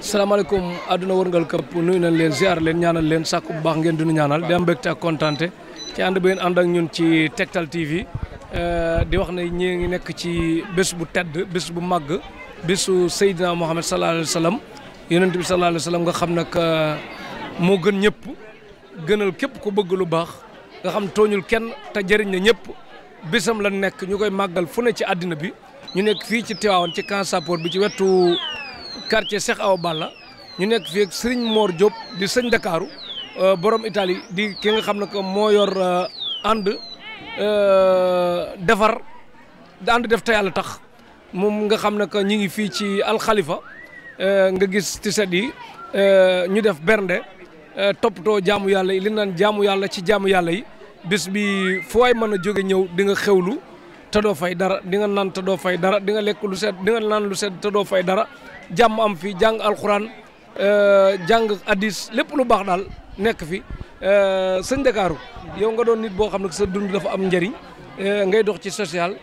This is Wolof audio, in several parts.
salaamaaleykum àdduna wërngal këpp nuyu nañ leen ziar leen ñaanal leen sàkku bu baax ngeen dinu ñaanal di am mbégte ak kontaante ci ànd ba ngeen ànd ak ñun ci Tektal TV euh, di wax ne ñi ngi nekk ci bés bu tedd bés bu màgg bésu Seydina Mohamed sallallahu alayhi wa sallam yonent bi sallallahu alayhi nga xam nag euh, moo gën ñëpp gënal képp ku bëgg lu baax nga xam tooñul kenn te jëriñ na ñëpp bésam la nekk ñu koy màggal fu ne ci àddina bi ñu nekk fii ci Tiwaawan ci camp Sapeur ci wetu quartier Cheikh aw Balla ñu nekk fii ak Serigne Mor di sëñ Ndakaaru euh, boroom Italie di ki nga xam ne que moo yor euh, ànd euh, defar ànd def te yàlla tax moom nga xam ne que ñu ngi fii ci alxalifa nga gis ci set yi ñu def bernde toppatoo jaamu yàlla yi li naan jaamu yàlla ci jaamu yàlla yi bis bi foo waay mën a jóge ñëw di nga xewlu te doo fay dara di nga naan te doo fay dara di nga lekk lu set di nga naan lu set te doo fay dara jàmm am fi jàng alxuraan euh, jàng addis lépp lu baax daal nekk fi euh, sëñ Ndakaaru yow nga doon nit boo xam ne sa dund dafa am njëriñ euh, ngay dox ci social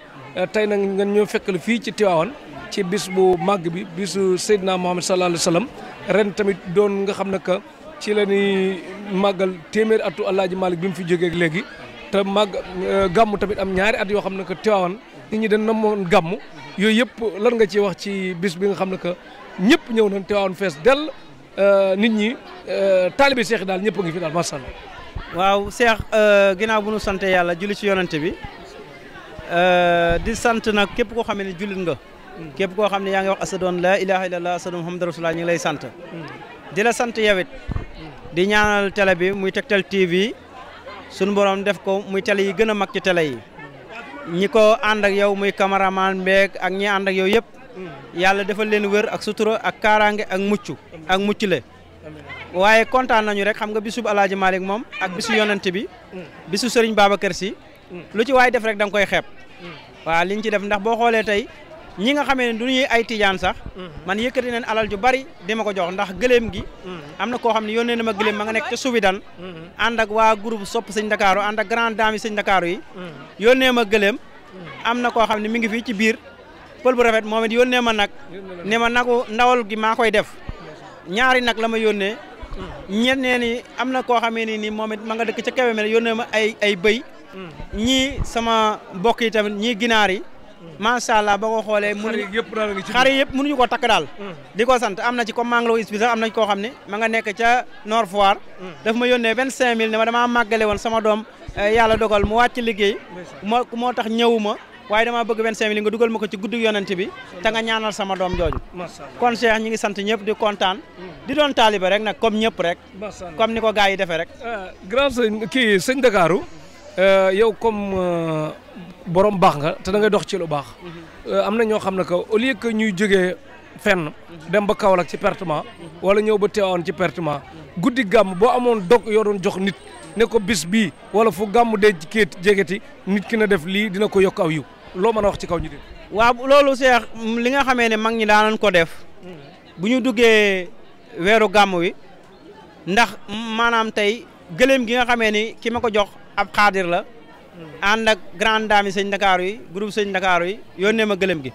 tey nag ngeen ñoo fekk la fii ci Tiwaawan ci bis bu màgg bi bisu Seydina Muhammad sallallahu alayhi wa sallam ren tamit doon nga xam ne que ci la ñuy màggal atu Alaaji Malick bi mu fi jógee ak léegi te màgg gàmm tamit am ñaari at yoo xam ne que Tiwaawan nit ñi dañ na moon gàmm yooyu yëpp lan nga ci wax ci bis bi nga xam ne que ñëpp ñëw nañ Tivaouane fees dell euh, nit ñi euh, taalibe seex daal ñëpp a ngi fi daal macha waaw Cheikh euh, ginnaaw bu nu sant yàlla julli ci yonante bi di sant nag képp koo xam ne jullit nga. képp koo xam ne yaa ngi wax asadoon la ilaha illallah asadoon muhammadu rasulullah ñu ngi lay sant. di la sant yawit di ñaanal télé bi muy Tektal TV sun borom def ko muy télé yi gën a mag ci télé yi. ñi ko ànd ak yow muy cameraman mbeeg ak ñi ànd ak yow yëpp mm. yàlla defal leen wér ak sutura ak kaaraange ak mucc ak mucc le waaye kontaan nañu rek xam nga bisub alaaji Malick moom ak bisu mm. yonent bi mm. bisu Serigne Babacar Sy lu ci waaye def rek danga koy xep waaw liñ ci def ndax boo xoolee ñi nga xamee ne ay tijaan sax mhm. man yëkkati neen alal ju bari di ma ko jox ndax gëléem gi mhm. am na koo xam ne yónnee na ma gëléem ma nga nekk ca Souvidane mhm. ànd ak waa groupe sopp sëñ Ndakaaru ànd ak grande dame yi sëñ Ndakaaru yi yónnee ma gëléem am na koo xam ne mi ngi fii ci biir pël bu rafet moom it yónnee ma nag ne ma nagu ndawal gi maa koy def ñaari nag la ma yónnee ñeneen ni am na koo xamee ni nii moom it ma nga dëkk ca Kébémer yónnee ma ay ay bëy sama mbokk yi tamit ginaar yi macha allah ba ko xoolee. mënuñu xar yëpp mënuñu ko takk daal. Mm. di ko sant am na ci comme maa ngi la ko expliqué am na koo xam ne ma nga nekk ca Nord Foire. Mm. daf ma yónnee vingt ma damaa màggale woon sama doom eh, yàlla dogal mu wàcc liggéey. moo tax ñëwuma waaye damaa bëgg 25 nga dugal ma ko ci guddi yonent bi te nga ñaanal sama doom jooju kon Cheikh ñi ngi sant ñëpp di kontaan mm. di doon taalibe rek nag comme ñëpp rek comme ni ko gars yi defee rek eh, borom baax nga te da ngay dox ci lu baax. Euh, am na ñoo xam ne que au lieu que ñuy jógee fenn. dem ba kaw Kaolack ci pertement. wala ñëw ba Tivaouane ci pertement. guddi gàmm boo amoon dog yoo doon jox nit. ne ko bis bii wala fu gàmm dee kéet jegeti nit ki na def lii dina ko yokk aw yiw loo mën a wax ci kaw ñu dégg. waaw loolu Cheikh li nga xamee ne mag ñi daanañ ko def. bu ñu duggee weeru gàmm wi. ndax maanaam tey gëléem gi nga xamee ni ki ma ko jox ab xaadir la. ànd ak grande dame yi sëñ Ndakaaru yi groupe sëñ ma gëlëm gi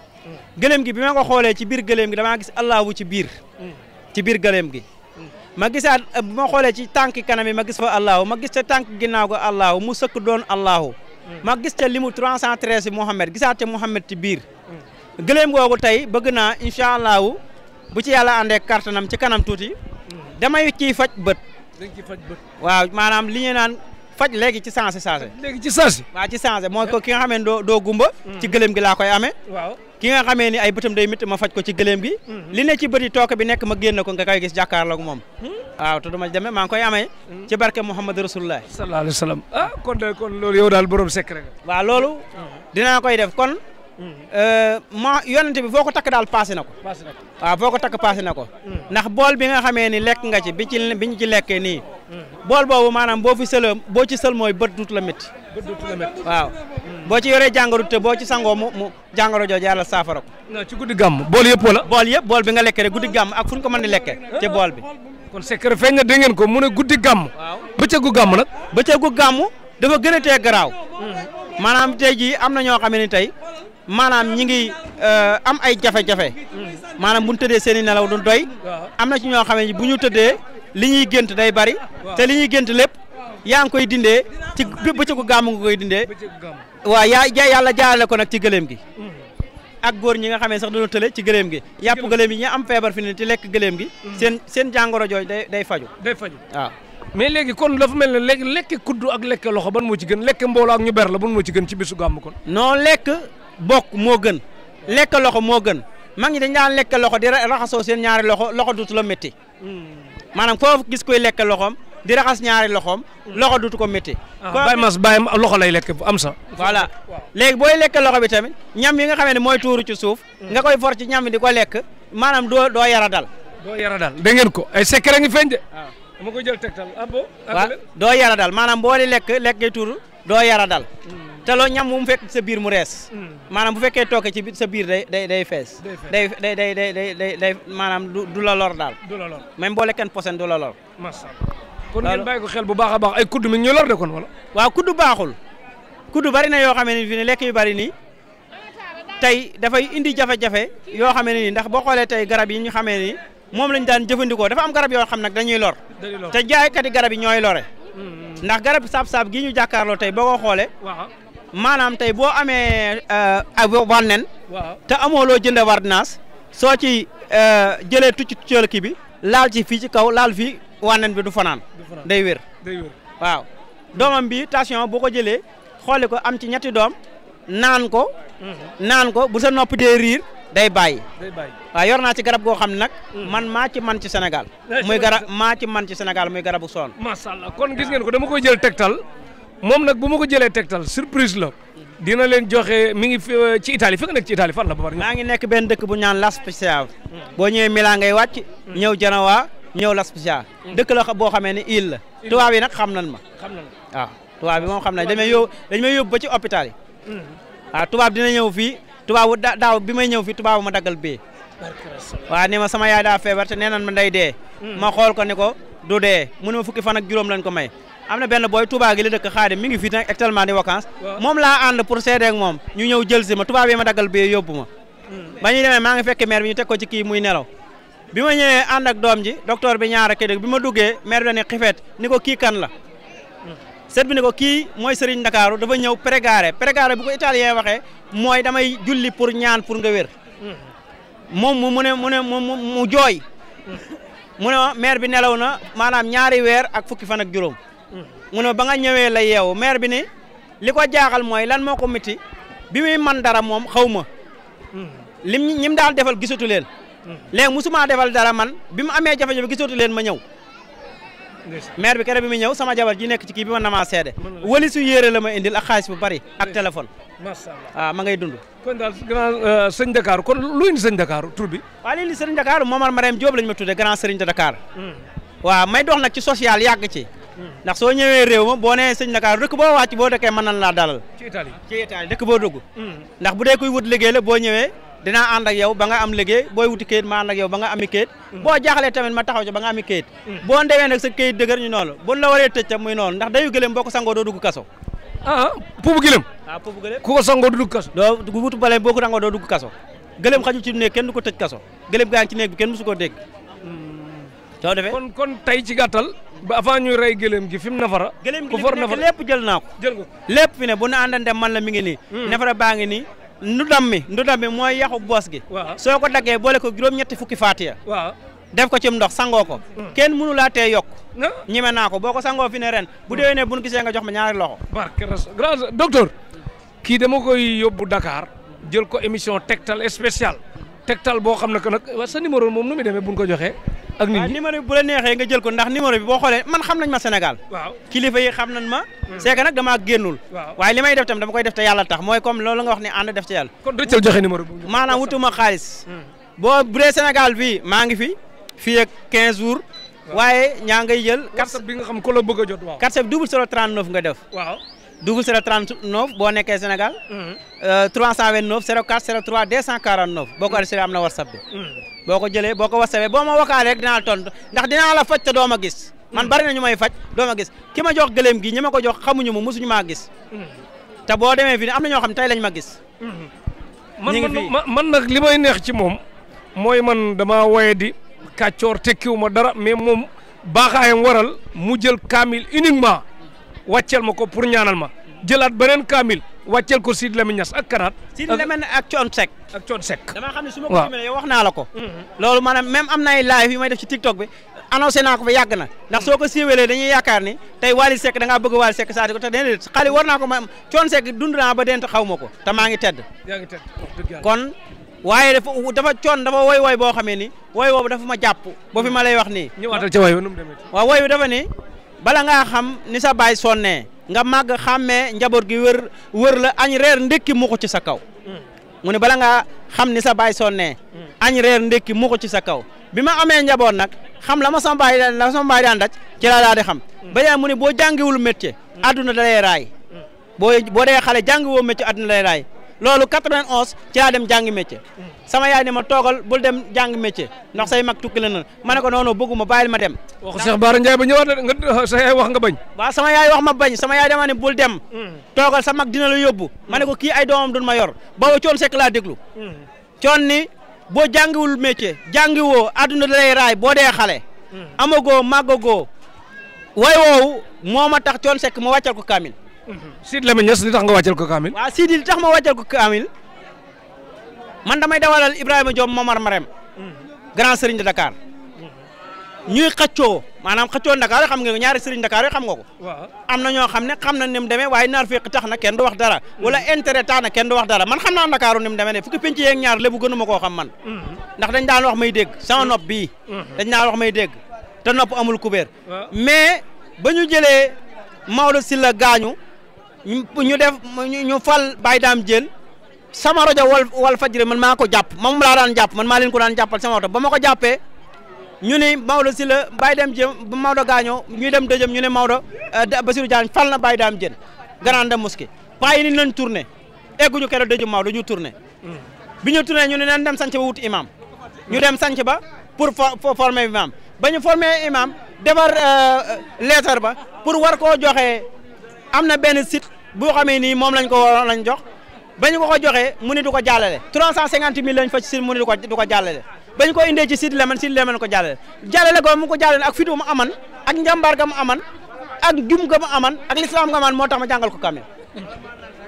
gëlëm gi bi ma ko xoolee ci biir gëlëm gi damaa gis allahu ci biir mm. ci biir gëlëm gi mm. ma gis gisaat euh, bu ma xoolee ci tànk kanam yi ma gis fa allahu ma gis ca tànk ginnaaw ko allahu mu sëkk doon allahu mm. ma gis ca limu 313 Mouhamed gisaat ca Mouhamed ci biir gëléem googu tey bëgg naa incha allahu bu ci yàlla àndee kartanam ci kanam tuuti damay ci faj bët waaw maanaam li faj léegi ci sensé sensé léegi ci sensé doo doo hmm. ci gëléem gi laa koy amee waaw ki ay bëtam day métti ma faj ko ci gëléem gi hmm. li ne ci bëti tooke bi nekk ma génn ko nga koy gis jàkkaarloog moom hmm. waaw te duma demee maa ngi koy amee ci barke Muhammad Rasulullah sallallahu ah, loolu dinaa koy def kon Euh, ma yonente bi foo ko takk daal paase na ko waaw foo ko takk paase na ko mm. ndax bool bi nga xamee ni lekk nga ci bi ci bi ñu ci lekkee nii mm. bool boobu maanaam boo fi sëloo boo ci sël mooy bët dut la métti bët dut waaw mm. boo ci yoree jàngoro te boo ci sangoo mu mu jàngoro jooju yàlla saafara ko ci guddi gàmm bool yëpp wala bool yëpp bool bi nga lekkee rek guddi gàmm ak fu ñu ko mën di lekke ci bool bi kon secret feeñ na dégg ngeen ko mu ne guddi gàmm bëccëgu gàmm nag bëccëgu gàmm dafa gën a tee garaaw maanaam tey jii am na ñoo xam ne tey maanaam ñi ngi euh, am ay jafe-jafe maanaam bu ñu tëddee seen i nelaw du doy am na ci ñoo xam ne bu ñu tëddee li ñuy gént day bari te li ñuy gént lépp yaa ngi koy dindee ci bëccëgu gàmm nga koy dindee waaw yaa yàlla jaarale ko nag ci gëléem gi mm-hmm. ak góor ñi nga xamee sax dañoo tële ci gëléem gi yàpp gëléem yi ñi am feebar fi ne ci lekk gëléem gi mm-hmm. seen seen jàngoro jooju day day faju day faju mais léegi kon dafa mel ne léegi lekk kudd ak lekk loxo ban moo ci gën lekk mbooloo ak ñu ber la ban moo ci gën ci bisu gàmm kon non lekk bokk moo gën lekk loxo moo gën mag ñi dañ daan lekk loxo di raxasoo seen ñaari loxo loxo duutu la métti hmm. maanaam foofu gis koy lekk loxoom di raxas ñaari loxoom hmm. loxo duutu ko métti ah, bàyyi mas bàyyi loxo lay lekk am sa voilà léegi booy lekk loxo bi tamit ñam yi nga xamee ne mooy tuuru ci suuf hmm. nga koy for ci ñam di ko lekk maanaam doo doo yara dal doo yara dal da ngeen ko ay secret ngi feeñ de ah. dama koy jël tegtal ah bon ah, doo yara dal maanaam boo di lekk lekk tuuru doo yara dal te loo ñam mu fekk sa biir mu rees. Mm. maanaam bu fekkee tooke ci sa biir day day day fees. day day day day day day maanaam du du la lor daal. du même boo lekkee posen du la lor. macha allah kon ngeen xel bu baax a baax ay kudd mi ngi ñu lor de kon wala. waaw kudd baaxul kudd bari na yoo xam ne fi ne lekk yu bari nii tey dafay indi jafe-jafe yoo xam ne nii ndax boo xoolee tey garab yi ñu xamee ni moom lañu daan jëfandikoo dafa am garab yoo xam nag dañuy lor. te jaaykati garab yi ñoo lore. Mm-hmm. ndax garab saab-saab gi ñu jàkkaarloo tey boo ko xoolee. maanaam tey boo amee euh, warnen te amoo loo jënd warnaas soo ci euh, jëlee tucc tuccal ki bi laal ci fii ci kaw laal fii warnen bi du fanaan day wér waaw doomam bi tension boo ko jëlee xooli ko am ci ñetti doom naan ko mhm. naan ko bu sa nopp dee riir day bàyyi waaw yor naa ci garab goo xam ne nag mhm. man maa ci man ci Sénégal muy garab maa ci man ci senegal muy garabu soon macha allah kon gis ko dama koy jël tegtal moom nag bu ma ko jëlee tegtal surprise la dina leen joxe mi ngi ci Italie fi nga nekk ci Italie fan la ba bari. maa ngi nekk benn dëkk bu ñaan La Spezia boo ñëwee Milan ngay wàcc. ñëw Genoa ñëw La Spezia. dëkk la boo xamee ni île la. tubaab yi nag xam nañ ma. xam nañ ma waaw tubaab yi moom xam nañ dañ may yóbbu dañ ba ci hôpital yi. Mm-hmm. waaw tubaab dina ñëw fii tubaabu daaw bi may ñëw fii tubaabu ma daggal bee. waaw ni ma sama yaay daa feebar te nee nañ ma day dee. Mm. ma xool ko ni ko du dee mu ne ma fukki fan ak juróom lañ ko may am na benn booy Touba gi la dëkk Xaadim mi ngi fii nag actuellement di moom laa ànd pour seede ak moom ñu ñëw jël si ma Touba bi ma daggal bi yóbbu ma hmm. ba ñuy demee maa ngi fekk maire bi ñu teg ko ci kii muy nelaw bi ma ñëwee ànd ak doom ji docteur bi ñaar ak bi ma duggee maire bi dane xifeet ni ko kii kan la hmm. seet bi ne ko kii mooy Serigne Ndakaaru dafa ñëw prégaré prégaré bu ko italien waxee mooy damay julli pour ñaan pour nga wér hmm. moom mu mu ne mu ne mu jooy mu ne bi nelaw na maanaam ñaari weer ak fukki fan ak juróom mu ne ba nga ñëwee la yeewu maire bi ni li ko jaaxal mooy lan moo ko miti bi muy man dara moom xawma ma lim ñim daal defal gisatu leen léegi musuma defal dara man bi mu amee jafe-jafe leen ma ñëw maire bi kere bi mu ñëw sama jabar ji nekk ci kii bi ma namaa seede wali su yére la ma indil a xaalis bu bari ak téléphone macha allah waaw ah, ma ngay dund kon daal grand euh, sëñ Dakar kon lu indi sëñ Dakar tur bi waaw li indi sëñ Dakar Momar mar Diop lañ ma tuddee grand sëriñ de Dakar hmm. ndax soo ñëwee réew ma boo nee sëñ Ndakaaru dëkk boo wàcc boo dëkkee mën nañ laa dalal ci Italie ci Italie dëkk boo dugg mm. ndax bu dee kuy wut liggéey la boo ñëwee dinaa ànd ak yow ba nga am liggéey booy wuti kayit ma ànd ak yow ba nga ami kayit mm. boo jaaxlee tamit ma taxaw ci ba nga ami kayit mm. boo ndewee nag sa kayit dëgër ñu noonu bu la waree tëj tam muy noonu ndax dayu gëlëm boo ko sangoo doo dugg kaso ah gëlëm ah puubu sangoo doo dugg kaso doo dugg kaso gëlëm xaju ci ci néeg soo defee kon kon tey ci gàttal. ba avant ñuy rey gëléem gi fi mu nafara. ku for nafara lépp jël naa ko. jël lépp fi ne bu ñu àndante man la mi ngi nii. Hmm. nafara baa ngi nii. ndudam mi ndudam mi mooy yaxu boos gi. waaw soo ko daggee boole ko juróom-ñetti fukki faatiya. waaw def ko cim ndox sangoo ko. Hmm. kenn mënu laa tee yokk. ñeme naa ko boo ko sangoo fi ne ren. bu hmm. déwénee bu nu gisee ga jox ma ñaari loxo. barke grâce docteur. kii dama koy yóbbu dakaar jël ko émission tegtal spéciale. tegtal boo xam ne que nag sa numéro moom nu muy demee bu ñu ko joxee ak nit numéro neexee nga jël ko ndax numéro bi boo xoolee man xam nañ ma Sénégal waaw kilifa yi xam nañ ma hmm. c'est que nag damaa génnul waaye li may def tam dama koy def te yàlla tax mooy comme loolu nga wax ne ànd def te yàlla kon dëccal joxe numéro bi maanaam wutuma xaalis hmm. boo bu dee Sénégal fii maa ngi fi fii ak 15 jours waaye ñaa ngay jël carte bi nga xam ko la bëgg jot waaw carte bi double zéro 39 nga def waaw double 0 39 boo nekkee Sénégal. 329 04 03 249. boo ko mhm. enregistré am na whatsapp bi. Mhm. boo ko jëlee boo ko whatsappee boo ma wakaale rek dinaa la tontu ndax dinaa la faj te doo ma gis. man mhm. bari na ñu may faj doo ma gis ki ma jox gëléem gi ñi ma ko jox xamuñu ma mosuñu maa gis. te boo demee fii am na ñoo xam tey lañ ma gis. man man nag li may neex ci moom. mooy man dama waye di kàccoor tekkiwu ma dara mais moom baaxaayam waral mu jël kaamil uniquement. wàcceel ma ko pour ñaanal ma jëlaat beneen kaamil wàcceel ko Sidi Lamine Niass ak kanaat Sidi Lamine ak Thione Seck ak Thione Seck dama xam ne su wax naa la ko mhm. loolu maanaam am na ay live yu may def ci TikTok bi annoncé naa ko fa yàgg na ndax soo ko siiwelee dañuy yaakaar ni tey Wally Seck da ngaa bëgg Wally Seck saa di ko te dene xale war naa ko ma Thione Seck dund naa ba dent xaw ma ko te maa ngi tedd kon waaye dafa dafa coon dafa woy woy boo xamee ni woy boobu dafa ma jàpp bo fi ma lay wax ni ñëwaatal ca woy ba nu mu demee dafa ni bala ngaa xam ni sa baay nee nga màgg xàmmee njaboot gi wër wër la añ reer ndékki mu ko ci sa kaw mm. mu ne bala nga xam ni sa baay sonnee mm. añ reer ndékki mu ko ci sa kaw bi ma amee njaboot nag xam la ma sama baay daan la sama baay daan daj ci xam mm. ba yaay mu ne boo jàngiwul métier adduna da lay raay boo boo dee xale jàngiwoo métier adduna da lay loolu 91 ci laa dem jàngi métier sama yaay ne ma toogal bul dem jàngi métier ndax say mag tukki la na ma ne ko noonu bëgguma bàyyil ma dem wax Cheikh Bara Ndiaye ba ñëwaat nga sa yaay wax nga bañ waaw sama yaay wax ma bañ sama yaay dama ne bul dem hmm. toogal sa mag dina la yóbbu ma ne ko kii ay doomam duñ ma yor booba coon sekk laa déglu coon hmm. ni boo jàngiwul métier jàngiwoo adduna da lay raay boo dee xale hmm. amagoo màggagoo way woowu moo ma tax coon sekk ma wàccal ko kaamil Sidy Lamine Niass li tax nga wàcceel ko ma wàcceel ko kaamil man damay dawalal Ibrahima Diop ma Marème grand sëriñ de Dakar ñuy xaccoo maanaam xaccoo Dakar xam nga ñaari sëriñ Dakar yi xam nga ko. waaw am na ñoo xam ne xam na ni mu demee waaye naar fekk tax na kenn du wax dara. wala intérêt tax na kenn du wax dara man xam naa Dakar ni mu demee ne fukki penc yeeg ñaar lébu gënuma koo xam man. ndax dañ daan wax may dégg sama nopp bii. dañ daan wax may dégg te nopp amul kubéer. mais ba ñu def ñu fal Baye Dame Diène sama rajo wal wal fajri man maa ko jàpp moom laa daan jàpp man maa leen ko daan jàppal sama oto ba ma ko jàppee ñu ni Maodo si la Baye Dame Diène bu Maodo gaañoo ñuy dem dëjëm ñu ne Maodo eh, Basirou Diagne fal na Baye Dame Diène grande mosquée paa yi ni nañ tourné egguñu keroog dëjëm Maodo ñu tourné bi ñu tourné ñu ne nañ dem sanc ba wut imam ñu dem sanc ba pour former imam ba ñu former imam defar eh, lettre ba pour war koo joxe am na benn site boo xamee nii moom lañ ko waroon nañ jox bañ ko ko joxe mu ni du ko jàllale trois cent cinquante mil lañ fa ci site mu ni du ko du ko jàllale bañ ko indee ci site lemen site lemen ko jàllale jàllale ko mu ko jàllale ak fitu mu aman ak njàmbaar ga aman ak jum ga mu aman ak lislaam ga mu aman moo tax ma jàngal ko kamil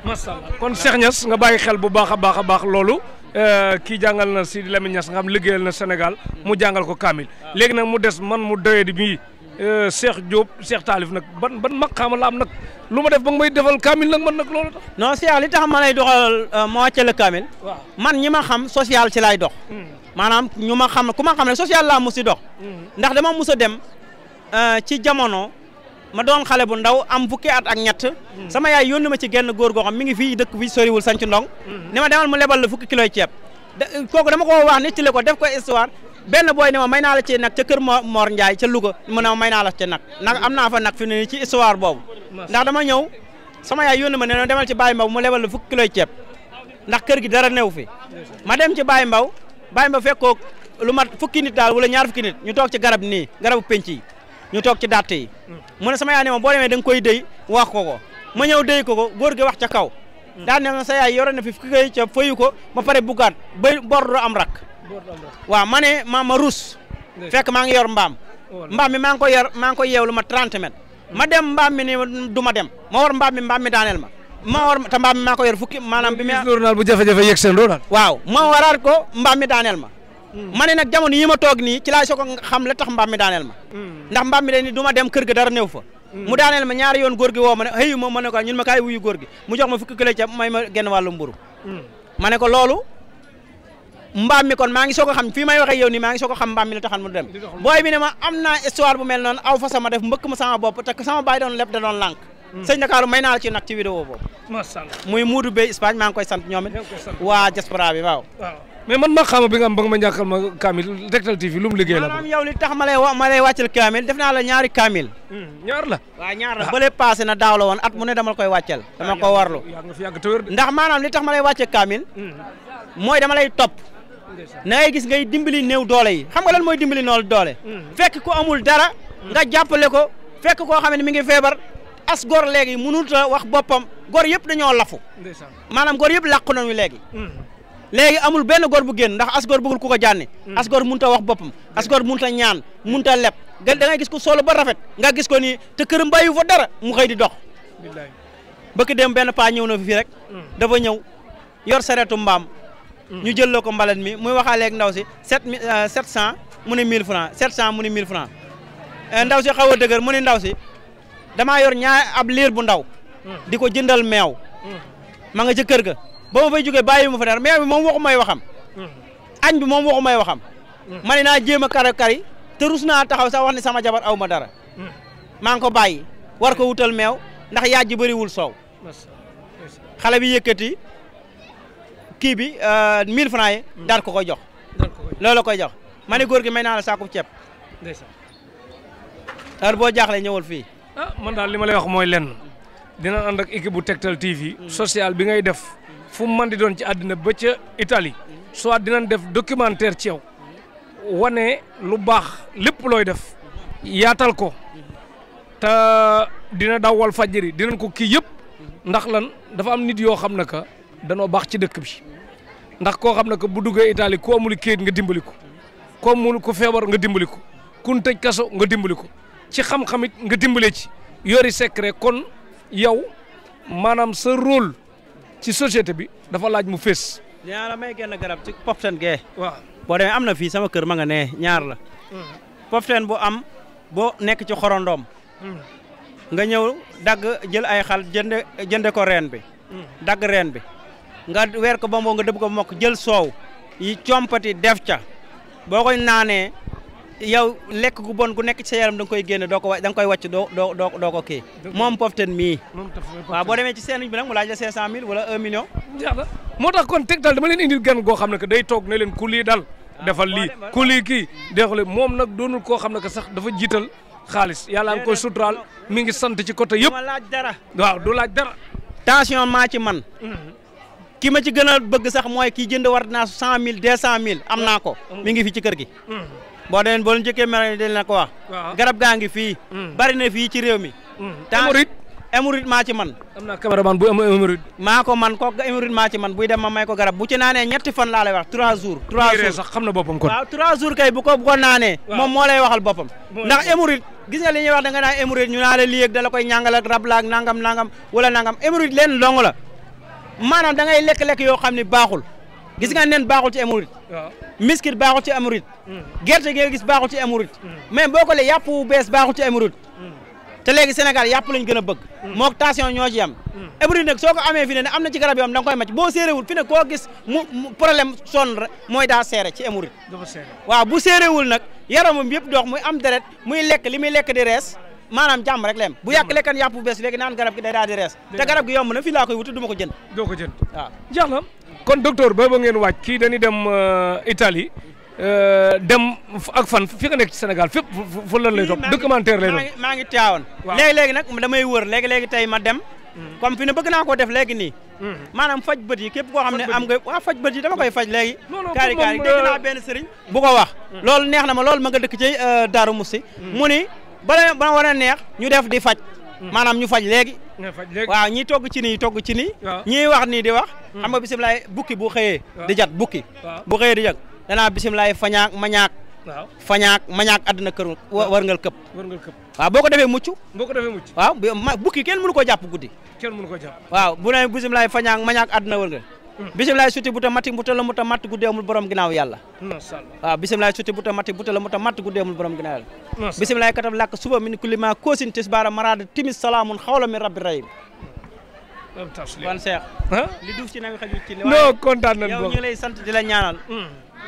masha Allah kon Cheikh Niass nga bàyyi xel bu baax a baax a baax loolu euh, kii jàngal na Sidi Lamine Niass nga xam liggéeyal na Sénégal mu jàngal ko Kamil ah. léegi nag mu des man mu doyee di bii Euh, Cheikh Diop Cheikh Talif nag ban ban maqaama la am nag lu ma def ba nga may defal kaamil nag man nag loolu tax. non Cheikh li tax ma lay doxal euh, ma wàcce la kaamil. waaw man ñi ma xam social ci lay dox. Hmm. maanaam ñu ma xam ku ma xam ne social laa mus si dox. Hmm. ndax dama mus a dem euh, ci jamono ma doon xale bu ndaw am fukki at ak ñett. Hmm. sama yaay yónni ma ci genn góor goo xam mi ngi fii dëkk bi soriwul sanc ndong. ne ma demal mu lebal la fukki kiloy ceeb. kooku dama ko wax benn booy ne ma may naa la ci nag ca kër Mor Ndiaye ca Louga mu ne ma may naa la ci nag nag am naa fa nag fi ne ci histoire boobu ndax dama ñëw sama yaay yónni ma ne demal ci baay Mbaw mu lebal la fukki kiloy ceeb ndax kër gi dara new fi ma dem ci Baye Mbaw Baye Mbaw fekkoo lu mat fukki nit daal wala ñaar fukki nit ñu toog ci garab nii garabu penc yi ñu toog ci datt yi mm. mu ne sama yaay ne ma boo demee da koy déy wax ko ko ma ñëw déy ko ko góor gi wax ca kaw mm. daal ne sa yaay na fi fukki kiloy ceeb ko ba pare buggaat ba bor am rak waaw ma ma ma rus fekk maa ngi yor mbaam oh, mbaam mi maa ko yor maa ko yeewlu ma 30 mètres ma dem mbaam mi ni du ma dem ma war mbaam mi mbaam mi daaneel ma ma war te mbaam mi maa ko yor fukki maanaam bi ma a bu jafe-jafe yegg seen doonal ma waraat ko mbaam mi daaneel ma hmm. ma ne nag jamono yi ma toog ni ci laa xam la tax mbaam mi daaneel ma hmm. ndax mbaam mi day ni du ma dem kër ga dara néew fa hmm. mu daaneel ma ñaari yoon góor gi ne xëyu ma ma ne ko ñun ma kaay wuyu góor mu jox ma fukki kilo ceeb may ma genn wàllu mburu ma ne ko mbaam mi kon maa ngi soog xam fii may waxee yow nii maa ngi soog a xam mbaam mi la taxal mu dem booy bi ne ma am naa histoire bu mel noonu aw fa sama def mbëkk ma sama bopp te sama baay doon lépp da doon lànk hmm. sëñ may naa la ci nag ci vidéo muy muudu bay Espagne maa ngi sant ñoom waa diaspora bi waaw mais man ma xama bi nga am ba nga ma ñàkkal ma kaamil lu mu liggéey la tax ma lay ma lay wàccal kaamil def naa la ñaari kaamil hmm, ñaar la ñaar la ah. bële na daaw la woon at mu ne dama koy wàccal dama ah, ko warlu ndax maanaam li tax ma lay wàcce kaamil hmm. mooy dama lay topp na ngay gis ngay dimbali néew doole yi xam nga lan mooy dimbali noonu doole. Mm. fekk ku amul dara. nga mm. jàppale ko fekk koo xam ne nga ngi feebar as gor léegi mënut a wax boppam gor yëpp dañoo lafu. maanaam gor yëpp làq nañu léegi. Mm. léegi amul benn gor bu génn ndax as gor bëggul ku ko jànne. as gor mënut a wax a a leb da ngay gis ko solo ba rafet nga gis ko ni te këram bàyyi dara mu xëy di dox. bëkk dem benn paa ñëw na fi rek. dafa ñëw yor sareetu mbaam. ñu jël la ko mbalit mi muy waxaale ak ndaw si sept mille euh, sept cent mu ne mille franc sept cent mu ne mille franc euh, ndaw si xaw a dëgër mu ndaw si dama yor ñaar ab liir bu ndaw. di ko jëndal meew. ma nga ca kër ga ba ma fay jógee bàyyi ma fa dara meew bi moom waxu may waxam. añ bi moom waxu may waxam. ma ne naa jéem a kari kari te na naa taxaw sax wax ne sama jabar aw ma dara. maa ngi ko bàyyi war ko wutal meew ndax yaaj ji bëriwul soow. xale bi yëkkati. kii bi 1000 euh, francs yi hmm. daal ko jox loolu la koy jox ma ne góor gi may naa la saakub ceeb heure boo jaaxle ñëwal fii ah man daal li ma lay wax mooy lenn dina ànd ak équipe bu Tektal TV hmm. social bi ngay def hmm. fu mu di doon ci àddina ba ca Italie soit dinañ def documentaire ci yow wane lu baax lépp looy def yaatal ko te dina dawal fajjari dinañ ko kii yëpp ndax lan dafa am nit yoo xam ne ka danoo baax ci dëkk bi ndax koo xam ne que bu duggee Italie ku amul kayit nga dimbali ko ku amul ku feebar nga dimbali ko kun tëj kaso nga dimbali ko ci xam-xamit nga dimbale ci yori secret kon yow maanaam sa rôle ci société bi dafa laaj mu fees. dinaa la may genn garab ci poften gee. boo demee am na fii sama kër ma nga ne ñaar la. Hmm. poften bu am boo nekk ci xorondoom. Hmm. nga ñëw dagg jël ay xal jënde jënde ko reen bi. Hmm. dagg reen bi. nga weer ko ba moo nga dëbb ko ba mokk jël soow yi compati def ca boo koy naanee yow lekk gu bon gu nekk ci sa yaram koy génne doo ko wa da nga koy wàcc doo doo doo ko kii. moom poften mii. waaw boo demee ci seen bi nag mu laaj la 500000 wala 1 million. jaaxal moo tax kon Tektal dama leen indil gan goo xam ne que day toog ne leen ku lii dal. Ah, defal lii ku lii kii. moom nag doonul koo xam ne que sax dafa jiital xaalis yàlla nga koy suturaal mi ngi sant ci côté yëpp. du laaj dara waaw du laaj dara. tension maa ci man. Mm-hmm. ki ma ci gën a bëgg sax mooy kii jënd war naa cent mille deux cent mille am naa ko mm. mi ngi fi ci kër gi mm. boo deen boo leen jëkkee mel dañ ko garab gaa ngi fii mm. bari na fii ci réew mi émouride maa ko man ko émouride maa ci man buy dem ma ko garab bu ci naanee ñetti fan laa lay wax trois jours trois jours sax trois jours kay bu ko bu ko naanee moom moo lay waxal boppam ndax émouride gis nga li wax da nga naan ñu naa la lii ak koy ñàngal maanaam da ngay lekk-lekk yoo xam ne baaxul gis nga nen baaxul ci amurit miskit baaxul ci amurit hmm. gerte gi gis baaxul ci amurit hmm. mais boo ko le yàpp wu bees baaxul ci amurit hmm. te léegi Sénégal yàpp lañ gën a bëgg mook tension ñoo ci yam amurit nag soo ko amee fi ne ne am na ci garab yoo xam da nga koy mac boo séeréwul fi ne koo gis mu problème sonn rek mooy daa seere ci amurit waaw bu séeréwul nag yaramam yëpp doox muy am deret muy lekk li muy lekk di rees maanaam jàmm rek leem bu yàq lekkan yàpp bu bees léegi naan garab gi day daal di rees te garab gi yomb na fii laa koy wuti du ma ko jënd doo ko jënd waaw jeex na kii dañuy dem euh, Italie euh, dem ak fan fi nga nekk ci Sénégal fépp fu lan lay topp maa ngi tiyaawoon léegi-léegi nag damay wër léegi-léegi tey ma dem mm-hmm. comme fi ne bëgg naa koo def léegi nii mm-hmm. maanaam faj bët yi képp koo xam ne am nga waa faj bët yi dama koy faj léegi kaari kaari euh, naa benn sëriñ bu ko wax mm-hmm. lool neex na ma loolu ma nga dëkk ci Daaru Musti mu ni bala ba war a neex ñu def di faj mm. maanaam ñu faj léegi waaw ñi togg ci nii togg ci nii ñiy wax nii di wax mm. xam nga lay bukki bu xëyee di jat bukki bu xëyee di jat danaa bisimilaay fañaak mañaak waaw fañaak mañaak àddina kër wërngal këpp wërngal këpp waaw boo ko defee mucc boo ko defee mucc waaw bukki kenn mënu ko jàpp guddi kenn mënu ko jàpp waaw bu ne bisimilaay fañaak mañaak àddina wërngal bisimilaay suti bu ta mati bu ta la mu ta matt gu deemul borom ginaaw yàlla waaw bisimilaay suti bu ta mati la mu matt gu deemul borom ginaaw yàlla bisimilaay katam làkk suba min kulima koosin tisbaara maraada timis salaamun xawla min rabbi rahim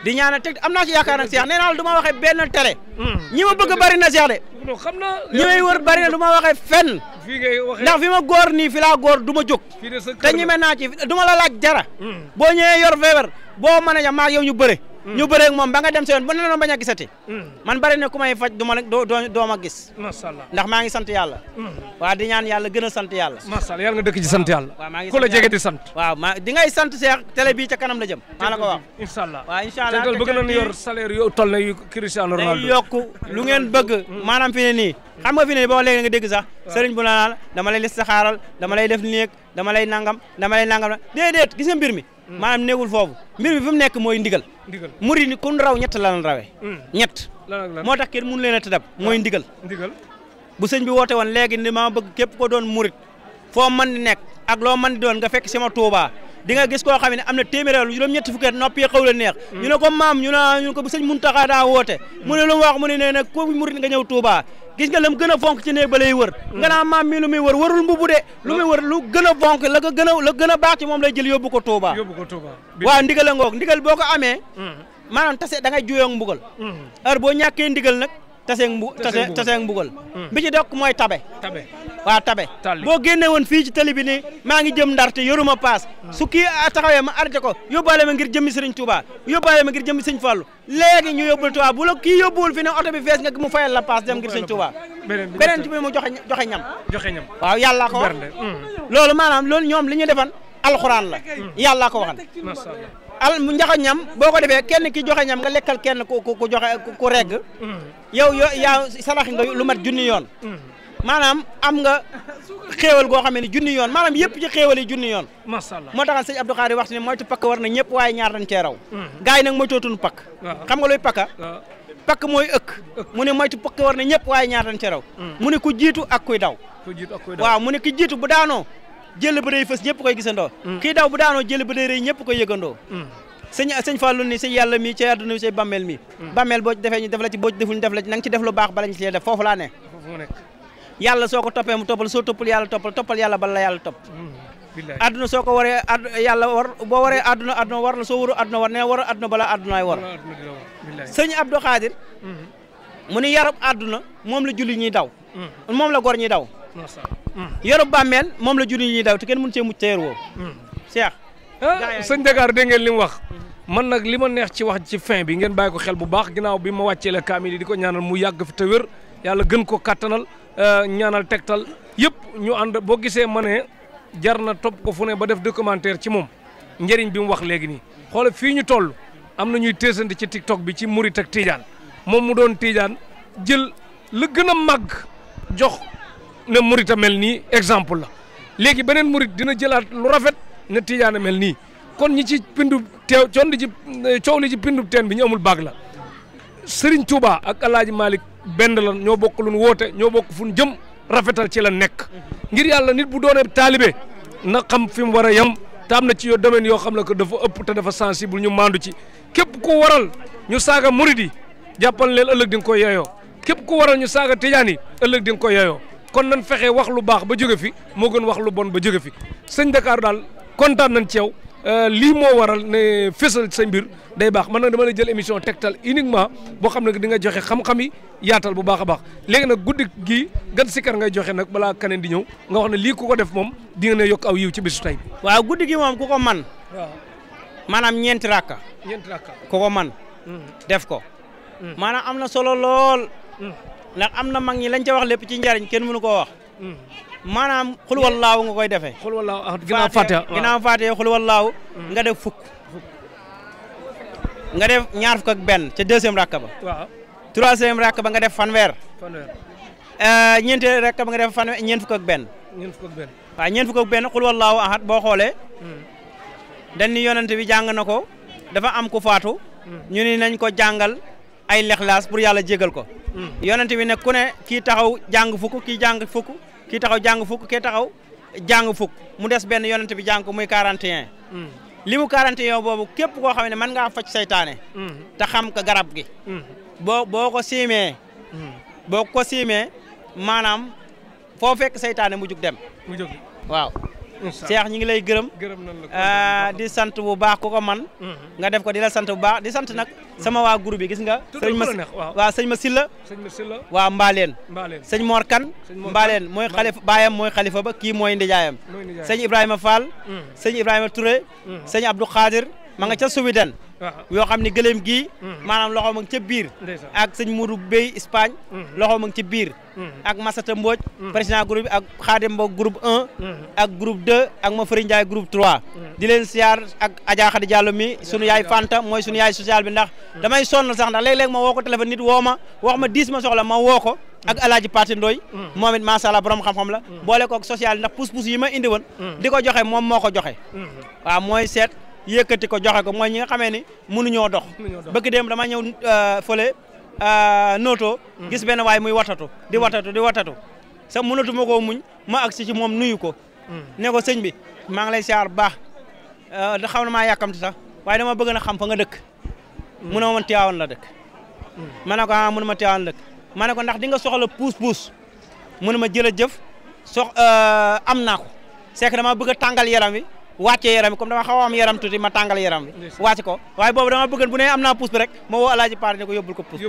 di ñaanal teg am naa ci yaakaar nag Cheikh nee naa la du ma waxee benn télé. Hmm. ñi ma bëgg bari na Cheikh de. xam na ñi may wër bari na du ma waxee fenn. fii ngay ndax fi ma góor nii fi laa góor du ma jóg. te ñi mel naa ci du ma la laaj dara. Hmm. boo ñëwee yor feebar boo mën a ñam maa yow yu bëre. ñu bëreeg moom ba nga dem sa yoon bu ne la bañ a gisati mm. man bari na ku may faj du doo doo ma gis macha ndax maa ngi sant yàlla mm. waaw di ñaan yàlla gën sant yàlla macha allah yàlla nga dëkk ci sant yàlla maa ngi ku la jege di sant waaw maa di sant Cheikh télé bii ca kanam la jëm maa la ko wax incha allah waaw incha allah te bëgg nañu yor salaire yu toll na yu Cristiano Ronaldo yokk lu ngeen bëgg mm. maanaam fi ni nii xam nga fi boo léegi nga dégg sax sëriñ bu la naan dama lay listaxaaral dama lay def néeg dama lay nangam dama lay nangam gis mbir mi Mm. naa neewul foofu mbir mi fi mu nekk mooy ndigal muri ni kun raw ñett mm. lan rawee ñett moo tax mun mënu leen a tëddab mooy ah. ndigal ndigal bu sëñ bi woote woon léegi ni maa bëgg képp ko doon murit foo man di nekk ak loo man di doon nga fekk sama Touba di nga gis koo xam ne am na téeméer juróom-ñetti fukki at noppi xaw la neex mm. ñu ne ko maam ñu ne ñu ne ko bu sëñ Muntaxa daa woote mu ne lu mu wax mu ne nee ku murit nga ñëw Touba gis nga lam gën a fonk ci ne ba lay wër mm. nga naa maam mi lu muy wër wërul mbubu de lu muy wër lu gën a fonk la ko a la gën baax ci moom lay jël yóbbu ko Touba waaw ndigal a ngoog ndigal boo ko amee mm. maanaam tase da ngay juyoo mbugal heure boo ñàkkee ndigal nag taseeg mbu taseeg mbugal hmm. bi ci dokk mooy tabe waaw tabe boo génne woon fii ci tali ni maa ngi jëm ndar te yoruma paas hmm. su kii ah, taxawee ma arrêté ko yóbbaale ma ngir jëmmi sëriñ Touba yóbbaale ma ngir jëmmi sëñ Fallou léegi ñu yóbbul Touba bu la kii yóbbuwul fi ne oto bi fees nga mu fayal la paas dem ngir sëñ Touba beneen bi mu joxe joxe ñam joxe ñam waaw yàlla ko wax hmm. loolu maanaam loolu ñoom li ñu defan alxuraan la yàlla ko waxan al mu njaxa ñam boo ko defee kenn ki joxe ñam nga lekkal kenn ku ku joxe ku regg mm. yow yo yaa sarax nga lu mat junni yoon mm. maanaam am nga xéewal goo xam ne junni yoon maanaam yëpp ci xéewal yi junni yoon masha Allah moo taxal sëñ Abdou Khadre wax ne moytu war na ñëpp waaye ñaar dañ cee raw mm. gars yi nag moytootuñu pakk xam nga luy pakka pakk mooy ëkk mu ne moytu pakk war na ñëpp waaye ñaar dañ cee raw mu ne ku jiitu ak kuy daw waaw mu ne ku jiitu bu daanoo jël ba day fës ñëpp koy gisandoo mm. kii daw bu daanoo jël ba day rëy ñëpp koy yëgandoo mm. sëñ sëñ Fallou ni sëñ yàlla mii ci àdduna bi sëñ bàmmeel mii mm. boo ci defee ñu def ci boo ci deful ñu def la ci na nga ci def lu baax bala ñu ci lee def foofu laa ne yàlla soo ko toppee mu soo toppal yàlla toppal toppal yàlla bala yàlla topp àdduna soo ko waree yàlla war boo waree àdduna àdduna war la soo waru àdduna war nee war a àdduna bala àddunaay war sëñ Abdou Khadir mm-hmm. mu ni yarab àdduna moom la julli ñuy daw moom la gor ñuy daw yoru bàmmeel moom la julli ñuy daw te kenn mënu cee mucc te yor woo Cheikh ah, sëñ Dakar dégg ngeen li mu wax man nag li ma neex ci wax ci fin bi ngeen bàyyi ko xel bu baax ginnaaw bi ma wàccee la kaamil yi di ko ñaanal mu yàgg fi te wér yàlla gën ko kattanal euh, ñaanal tegtal yëpp ñu ànd boo gisee ma ne jar na topp ko fu ne ba def documentaire ci moom njëriñ bi mu wax léegi nii xoolal fii ñu toll am na ñuy teesante ci tiktok bi ci murit ak tiijaan moom mu doon tiijaan jël la gën a màgg jox ne murit a mel nii exemple la léegi beneen murit dina jëlaat lu rafet ne tiijaan a mel nii kon ñi ci pindu teew coon coow li ci pindu teen bi ñu amul baag la sëriñ Touba ak El Hadj Malick benn la ñoo bokk lu woote ñoo bokk fu ñu jëm rafetal ci la nekk. ngir yàlla nit bu doonee taalibe na xam fi mu war a yem te na ci yoo domaine yoo xam ne que dafa ëpp te dafa sensible ñu maandu ci képp ku waral ñu saaga murit yi jàppal leen ëllëg di nga ko yeyoo képp ku waral ñu saaga tijaan yi ëllëg di nga kon nan fexe wax lu baax ba jóge fi moo gën wax lu bon ba jóge fi sëñ Dakar daal kontaan nañ ci yow euh, lii moo waral ne fésal sa mbir day baax man nag dama lay jël émission tegtal uniquement boo xam ne di nga joxe xam-xam yi yaatal bu baax a baax léegi nag guddi gii gan sikkar ngay joxe nag balaa kaneen di ñëw nga wax ne lii ko ko def moom di nga ne yokk aw yiw ci bisu tey. waaw guddi gi moom ku ko man waaw maanaam ñeenti rakka. ñeenti rakka ku ko man mm-hmm. def ko. Mm-hmm. maanaam ndax am na mag ñi lañ ca wax lépp ci njariñ kenn mënu koo wax maanaam xul wallaahu nga koy defee xul wallaahu ginnaaw fatiha ginnaaw fatiha mm. nga def fukk nga def ñaar fukk benn ca deuxième rakka ba waaw troisième rakka ba nga def fanweer fanweer euh, ñeenteel rakka nga def fanweer ñeent fukk ak benn ñeent fukk ak benn waaw ñeent benn xul wallaahu ahad boo xoolee mm. dañ ni yonent bi jàng na ko dafa am ku faatu mm. ñu ni nañ ko jàngal ay lexlaas pour yàlla jégal ko hmm. yonent bi ne ku ne kii taxaw jàng fukk kii jàng fukk kii taxaw jàng fukk kii taxaw jàng fukk mu des benn yonent bi jàng ko muy 41 hmm. li mu 41 boobu képp koo xam ne mën ngaa faj seytaane hmm. te xam ko garab gi boo boo ko siimee boo ko siimee maanaam foo fekk seytaane mu jug dem waaw Cheikh ñi ngi lay gërëm ah, di sant bu baax ku ko man mm-hmm. nga def ko di la sant bu baax di sant nag sama waa groupe bi gis nga sëñ ma waaw sëñ ma silla waaw mbaaleen sëñ Mor Kan mbaaleen mooy xalifa baayam mooy xalifa ba kii mooy ndijaayam sëñ Ibrahima Fall mm-hmm. sëñ Ibrahima Touré mm-hmm. sëñ Abdou Khadir ma nga ca Suweden yoo xam ne gëléem gi mm-hmm. maanaam loxo ma ngi ca biir ak sëñ Mourou Bey Espagne mm-hmm. loxo ma ngi ci biir mm-hmm. ak masa Mbodj président groupe ak Khadim Mbow groupe 1 ak groupe 2 ak ma Fëri Ndiaye groupe 3 di leen siyaar ak Adja Khadi Diallo mi sunu yaay Fanta mooy sunu yaay social bi ndax damay sonn sax ndax léeg-léeg ma woo ko nit woo ma ma diis ma soxla ma woo ko ak alaaji Pate Ndoy moom it macha allah xam-xam la boole kook social ndax pousse pousse yi ma indi woon di ko joxe moom moo ko joxe yëkkati ko joxe ko mooy ñi nga xamee ni mënuñoo dox bëgg dem dama ñëw euh, fële euh, nooto mm. gis benn waay muy watatu di mm. watatu di watatu sa mënatu ma koo muñ ma agsi moom nuyu ko mm. ne ko sëñ bi maa ngi lay siyaar baax da euh, xam na maa yàkkamti sax waaye dama bëgg na xam fa nga dëkk mu ne ma man Tiwaawan la dëkk ma ne ko ah mënu ma Tiwaawan la dëkk ma ne ko ndax di nga soxla puus-puus mënu ma jël a jëf sox am naa ko dama bëgg a tàngal yaram wi wàccee yaram bi comme dama ma tàngal yaram bi wàcc ko waaye boobu dama bëggoon bu ne am naa pousse bi rek ma woo alaaji Paar ne ko yóbbul ko pousse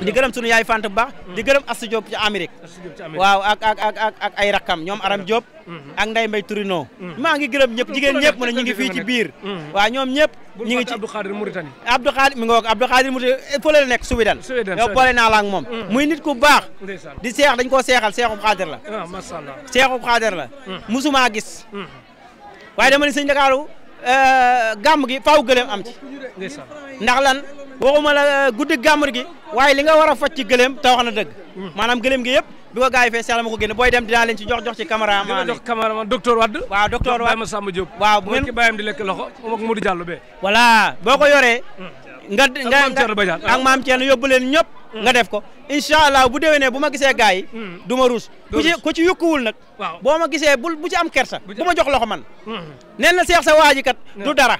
di gërëm sunu yaay fant bu di mm. gërëm Astou ci Amérique waaw ak ak ak ak ak ñoom Aram mm. Diop mm-hmm. ak Ndeye Mbaye Tourino mm. maa ngi gërëm ñëpp jigéen ñëpp mu ne ñu ngi fii ci biir waaw ñoom ñëpp ñu ngi ci Abdou Khadir Mauritanie Abdou Khadir mi nga wax Abdou Khadir Mauritanie eh, fële la nekk Soudan yow la ak moom muy nit ku baax di seex dañ koo seexal seexub Khadir la ah, seexub Khadir la musuma gis waaye dama ne sëñ Ndakaaru euh, gàmm gi faaw gëleem am ci ndax lan waxuma la euh, guddi gàmm gi waaye li nga war a faj ci gëleem te wax na dëgg maanaam gëleem gi yëpp bi ko fee sell ma ko génne booy dem dinaa leen ci jox jox ci cameraman jox cameraman docteur Wade waaw docteur Wade ma Samba Diop waaw bu ngeen di lekk loxo moom ak Modou Diallo bee voilà boo ko yoree nga nga ak maam Thierno yóbbu leen ñëpp nga def ko incha allah bu déwénee bu ma gisee gars yi hmm. du ma ruus ku ci ku ci yukkuwul nag boo ma gisee bul bu ci am kersa bu ma jox loxo man hmm. nee na seex sa waaji kat du dara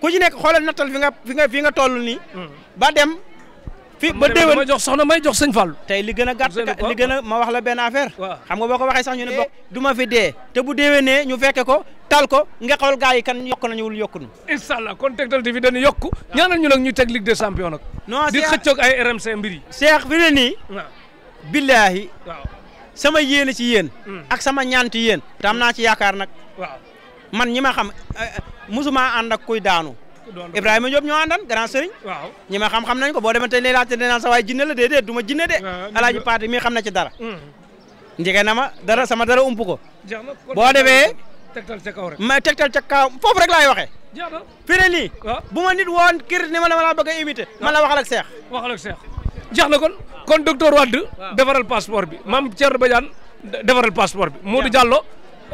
ku ci nekk xoolal nattal fi nga fi nga fi hmm. ba dem fii ba déwén ma jox soxna may jox sëñ Fall. tey li gën a gàtt gën a ma wax la benn affaire. xam nga boo ko waxee sax ñu ne bokk eh. du ma fi dee. te bu déwénee ñu fekke ko tal ko nga xool gars yi kan yokk nañu wul yokkuñu. incha allah kon Tektal TV dañuy yokku ñaanal ñu nag ñu teg Ligue des champions nag. non di xëccoog ay RMC mbir yi. Cheikh bi ne nii. billaahi sama yéene ci yéen. Hmm. ak sama ñaan ci yéen. te naa ci yaakaar nag. waaw man ñi ma xam eh, eh, musuma ànd ak kuy daanu. Ibrahima Diop ñoo àndan grand sëriñ waaw ñi ma xam-xam nañ ko boo demee tey lay laajte nee naa sa waaye jinne la déedéet du ma jinne de alaaji paate mii xam na ci dara hmm. njege na ma dara sama dara ump ko boo defee tegtal ca kaw rek ma tegtal ca kaw foofu rek laay waxee fi ne nii bu ma nit woon kër ni ma la ma laa bëgg a imité man la waxal ak seex waxal ak seex jeex na kon kon docteur Wade defaral passeport bi maam Thierno Badiane defaral passeport bi Modou Diallo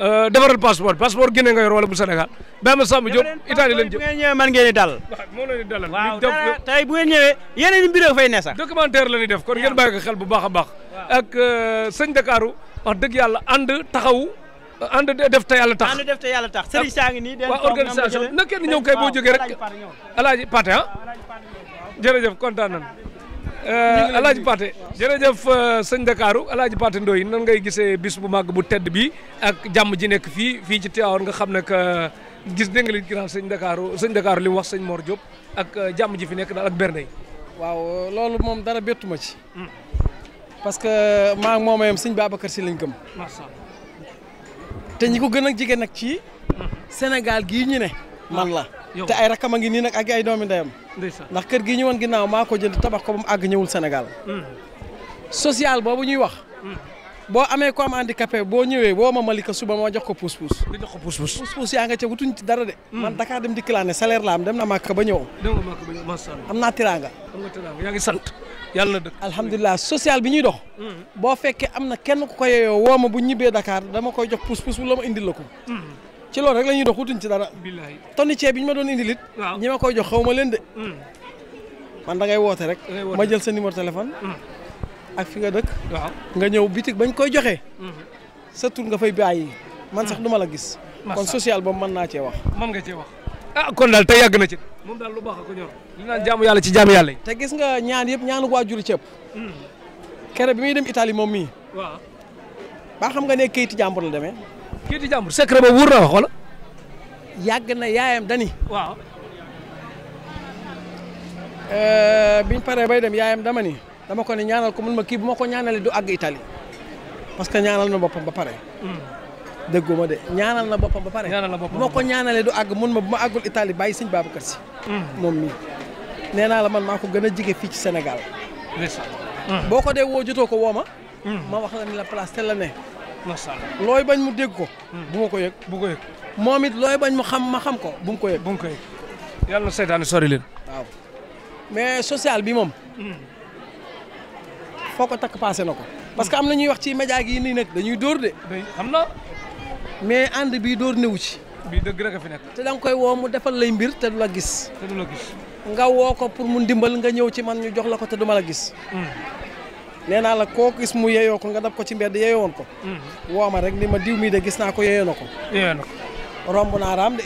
Euh, defaral passeport passeport Guinée nga yor wala bu Sénégal ba ma Samba Diop Italie lañ jëm bu ngeen ñëwee man ngeen di dal bu ngeen ñëwee yeneen i fay ne sax documentaire def kon ngeen bàyyi ko xel bu baax a baax ak euh, sëñ Dakaru wax dëgg yàlla ànd taxawu ànd def te yàlla tax ànd def yàlla tax sëriñ saa ngi nii waa organisation na kenn ñëw kay boo jógee rek alaaji Pate ah jërëjëf kontaan nañu Euh, alaaji Paate jërëjëf sëñ Ndakaaru alaaji Paate Ndoye nan ngay gisee bis bu màgg bu tedd bi ak jàmm ji nekk fii fii ci Tivaouane nga xam ne que gis dégg nga sëñ Ndakaaru sëñ Ndakaaru li wax sëñ Mor Diop ak euh, jàmm ji fi nekk daal ak bernde waaw euh, loolu moom dara bettuma ci hmm. parce que maa ngi moom yam sëñ kër si lañ gëm te ñi ko gën a jege nag ci hmm. Sénégal gii ñu ne man la te ay rakam a ngi nii nag ak ay doomi ndeyam ndax kër gi ñu woon ginnaaw maa ko jënd tabax ko ba mu àgg ñëwul Sénégal hmm. social boobu ñuy wax hmm. boo amee ko am handicapé boo ñëwee boo ma malika suba ma jox ko puus-puus jox ko puus-puus puus-puus yaa nga ca wutuñ ci dara de hmm. man Dakar dem dikk laa ne am dem na màkk ba ñëw am naa tiraanga yaa ngi sant yàlla na dëkk social bi ñuy dox boo fekkee am na kenn ku ko yeyoo woo ma bu ñibbee Dakar dama koy jox puus-puus wala ma indi la ko ci loolu rek la ñuy dox wutuñ ci dara. billaay tonni ceeb bi ñu ma doon indi lit ñi ma ko jox xaw ma leen de. Mm. man dangay woote rek. ma jël sa numéro téléphone. Mm. ak fi nga dëkk. waaw nga ñëw bitig bañ koy joxe. Mm-hmm. sa tur nga fay bàyyi. man sax mm. duma la gis. kon social boobu man naa cee wax. mën nga cee wax. ah kon daal tey yàgg na ci. moom daal lu baax a ko ñor. li naan yàlla ci jaamu yàlla yi. te gis nga ñaan yëpp ñaanu waajur ceeb. kere bi muy dem Italie moom mii. waaw. xam nga ne kayitu jàmbur la demee. kii di jàmbur secret ba wóor na wax yàgg na yaayam dani. waaw. Euh, biñ pare bay dem yaayam dama ni dama ko ne ñaanal ko mun ma kii bu ma ko ñaanalee du àgg Italie parce que ñaanal na boppam ba pare. Hmm. dëggoo ma de ñaanal na boppam ba pare. ñaanal na boppam bu ma ko ñaanalee du àgg mun ma bu ma àggul Italie bàyyi sëñ Babacar Si. Hmm. moom mii nee naa la man maa ko gën a jige fii ci Sénégal. boo ko dee woo jotoo ko woo ma. Hmm. ma wax la ni la place te la ne. macha allah looy bañ mu dégg ko. Hmm. bu ma ko yëg bu ko moom it looy bañ mu xam ma xam ko bu mu ko yëg. bu mu yàlla na seytaane sori leen. waaw mais social bi moom. Hmm. foo ko takk passé na ko. parce que am na ñuy wax ci média yi nii nekk dañuy dóor de. xam na mais ànd bi dóor newu ci. dëgg rek a fi nekk. te da nga koy woo mu defal lay mbir te la gis. te du la gis. nga woo ko pour mu ndimbal nga ñëw ci man ñu jox la ko te du ma la gis. Hmm. nee naa la koo gis mu yeyoo ko nga dab ko ci mbedd yeyoon ko. Mhm. woo ma rek ni ma diw mii de gis naa ko yeyoo na ko. yeyoo na ko. romb naa raam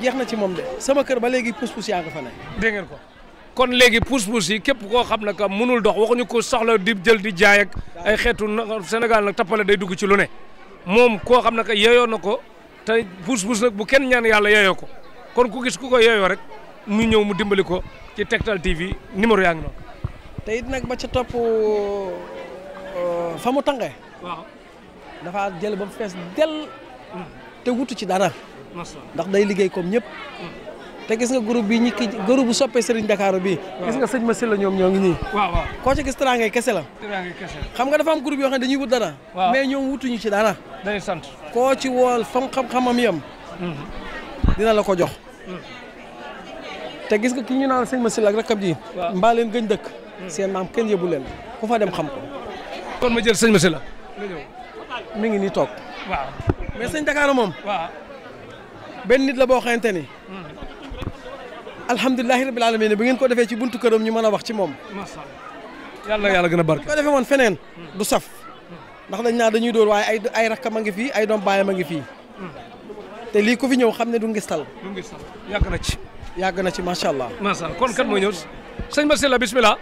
jeex na ci moom de sama kër ba léegi pousse-pousse yaa nga fa ne. dégg ko kon léegi pousse-pousse yi képp koo xam ne que mënul dox waxuñu ko soxla di jël di jaay ak. ay xeetu Sénégal nag tappale day dugg ci lu ne. moom koo xam ne que yeyoo na ko te pousse-pousse nag bu kenn ñaan yàlla yeyoo ko kon ku gis ku ko yeyoo rek mu ñëw mu dimbali ko ci Tektal TV numéro yaa te it nag ba ca topp euh, fa mu tàngee. waaw dafa jël ba mu fees jël te wutu ci dara. ndax day liggéey comme ñëpp. te gis nga groupe bi ñi ki groupe soppee Serigne Dakar bi gis nga sëñ ma si la ñoom ñoo ngi nii. waaw koo ci gis teraangay kese la. teraangay xam nga dafa am groupe yoo xam ne dañuy wut dara. mais ñoom wutuñu ci dara. day sant koo ci wool fam xam-xamam yam mm-hmm. dina la ko jox. Mm-hmm. te gis nga ki ñu naan sëñ ma si la ak rakkam ji. mbaa leen dëkk. seen maam kenn yóbbu leen ku fa dem xam ko. kon ma jël sëñ Massi la. nga ñëw mi ngi nii toog. waaw mais sëñ Dakar moom. waaw nit la boo xamante ni. alhamdulilahi rabil alamin bi ngeen ko defee ci buntu këram ñu mën a wax ci moom. macha yàlla yàlla gën a barke. ko woon feneen. du saf. ndax dañ naa dañuy dóor waaye ay ay rakkam a ngi fii ay doom ngi fii. te lii ku fi ñëw xam ne du ngistal. du ngistal yàgg na ci. yàgg na ci macha allah. macha allah kon sëñ Massi la bismillah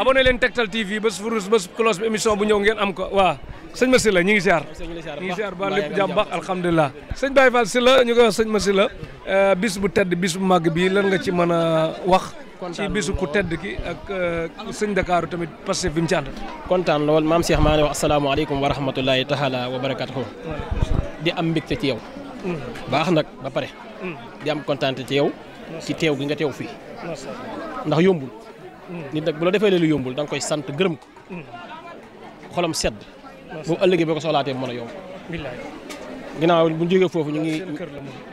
abonné leen Tektal TV ba su furus ba su close bi émission bu ñëw ngeen am ko waa sëñ ma si la ñu ngi siyaar ñu ngi siyaar ba lépp jàmm baax alhamdulilah sëñ Baye Fall si la ñu koy sëñ ma si la euh, bis bu tedd bis bu màgg bii lan nga ci mën a wax ci bisu ku tedd ki ak euh, sëñ Dakaaru tamit parce que fi mu ci ànd kontaan lool maam Cheikh maa ne wax asalaamaaleykum wa rahmatulahi taala wa barakatuhu di am mbégte ci yow mm. baax nag ba pare mm. di am kontaan ci yow ci teew gi nga teew fii yombul nit nag bu la defee lu yombul da nga koy sant gërëm ko. xolam sedd. bu ëllëgee boo ko soxlaatee mën a yomb. ginnaaw bu ñu foofu ñu ngi.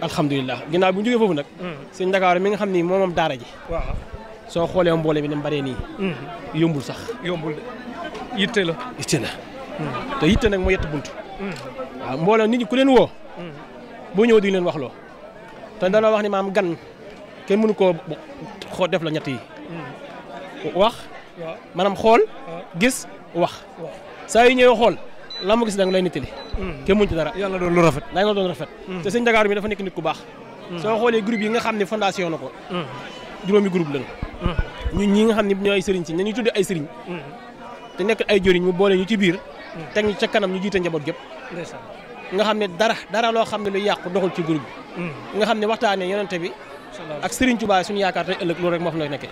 alhamdulilah ginnaaw bu ñu jógee foofu nag. Hmm. sëñ Ndakaaru mi nga xam ni moomam daara ji. waaw soo xoolee mboole mi ni mu baree nii. Hmm. yombul sax. yombul la. yitte la hmm. te yitte nag moo yett bunt. waaw nit ñi ku leen woo. boo ñëw di leen wax loo. te dana wax ni maam gan kenn mënu koo xoo def la ñett wax. maanaam xool. gis wax. saa yu ñëwee xool la mu gis da nga lay nittali. kenn muñ ci dara yàlla doon lu rafet. da nga doon rafet. Mm. te sëñ Dakar mi dafa nekk nit ku baax. Mm. soo xoolee groupe yi nga xam ne fondation na ko. Mm. juróomi groupe lañu. ñun ñi nga xam ne ñoo ay sëriñ si ñu tudd ay sëriñ. te nekk ay jëriñ mu boole ñu ci biir. teg ñu ca kanam ñu jiite njaboot gépp nga xam ne dara dara loo xam ne lu yàqu doxul ci groupe bi. nga xam ne waxtaanee yonente bi. ak sëriñ Tuubaa suñu yaakaar tey ëllëg loolu rek moo fa nekkee.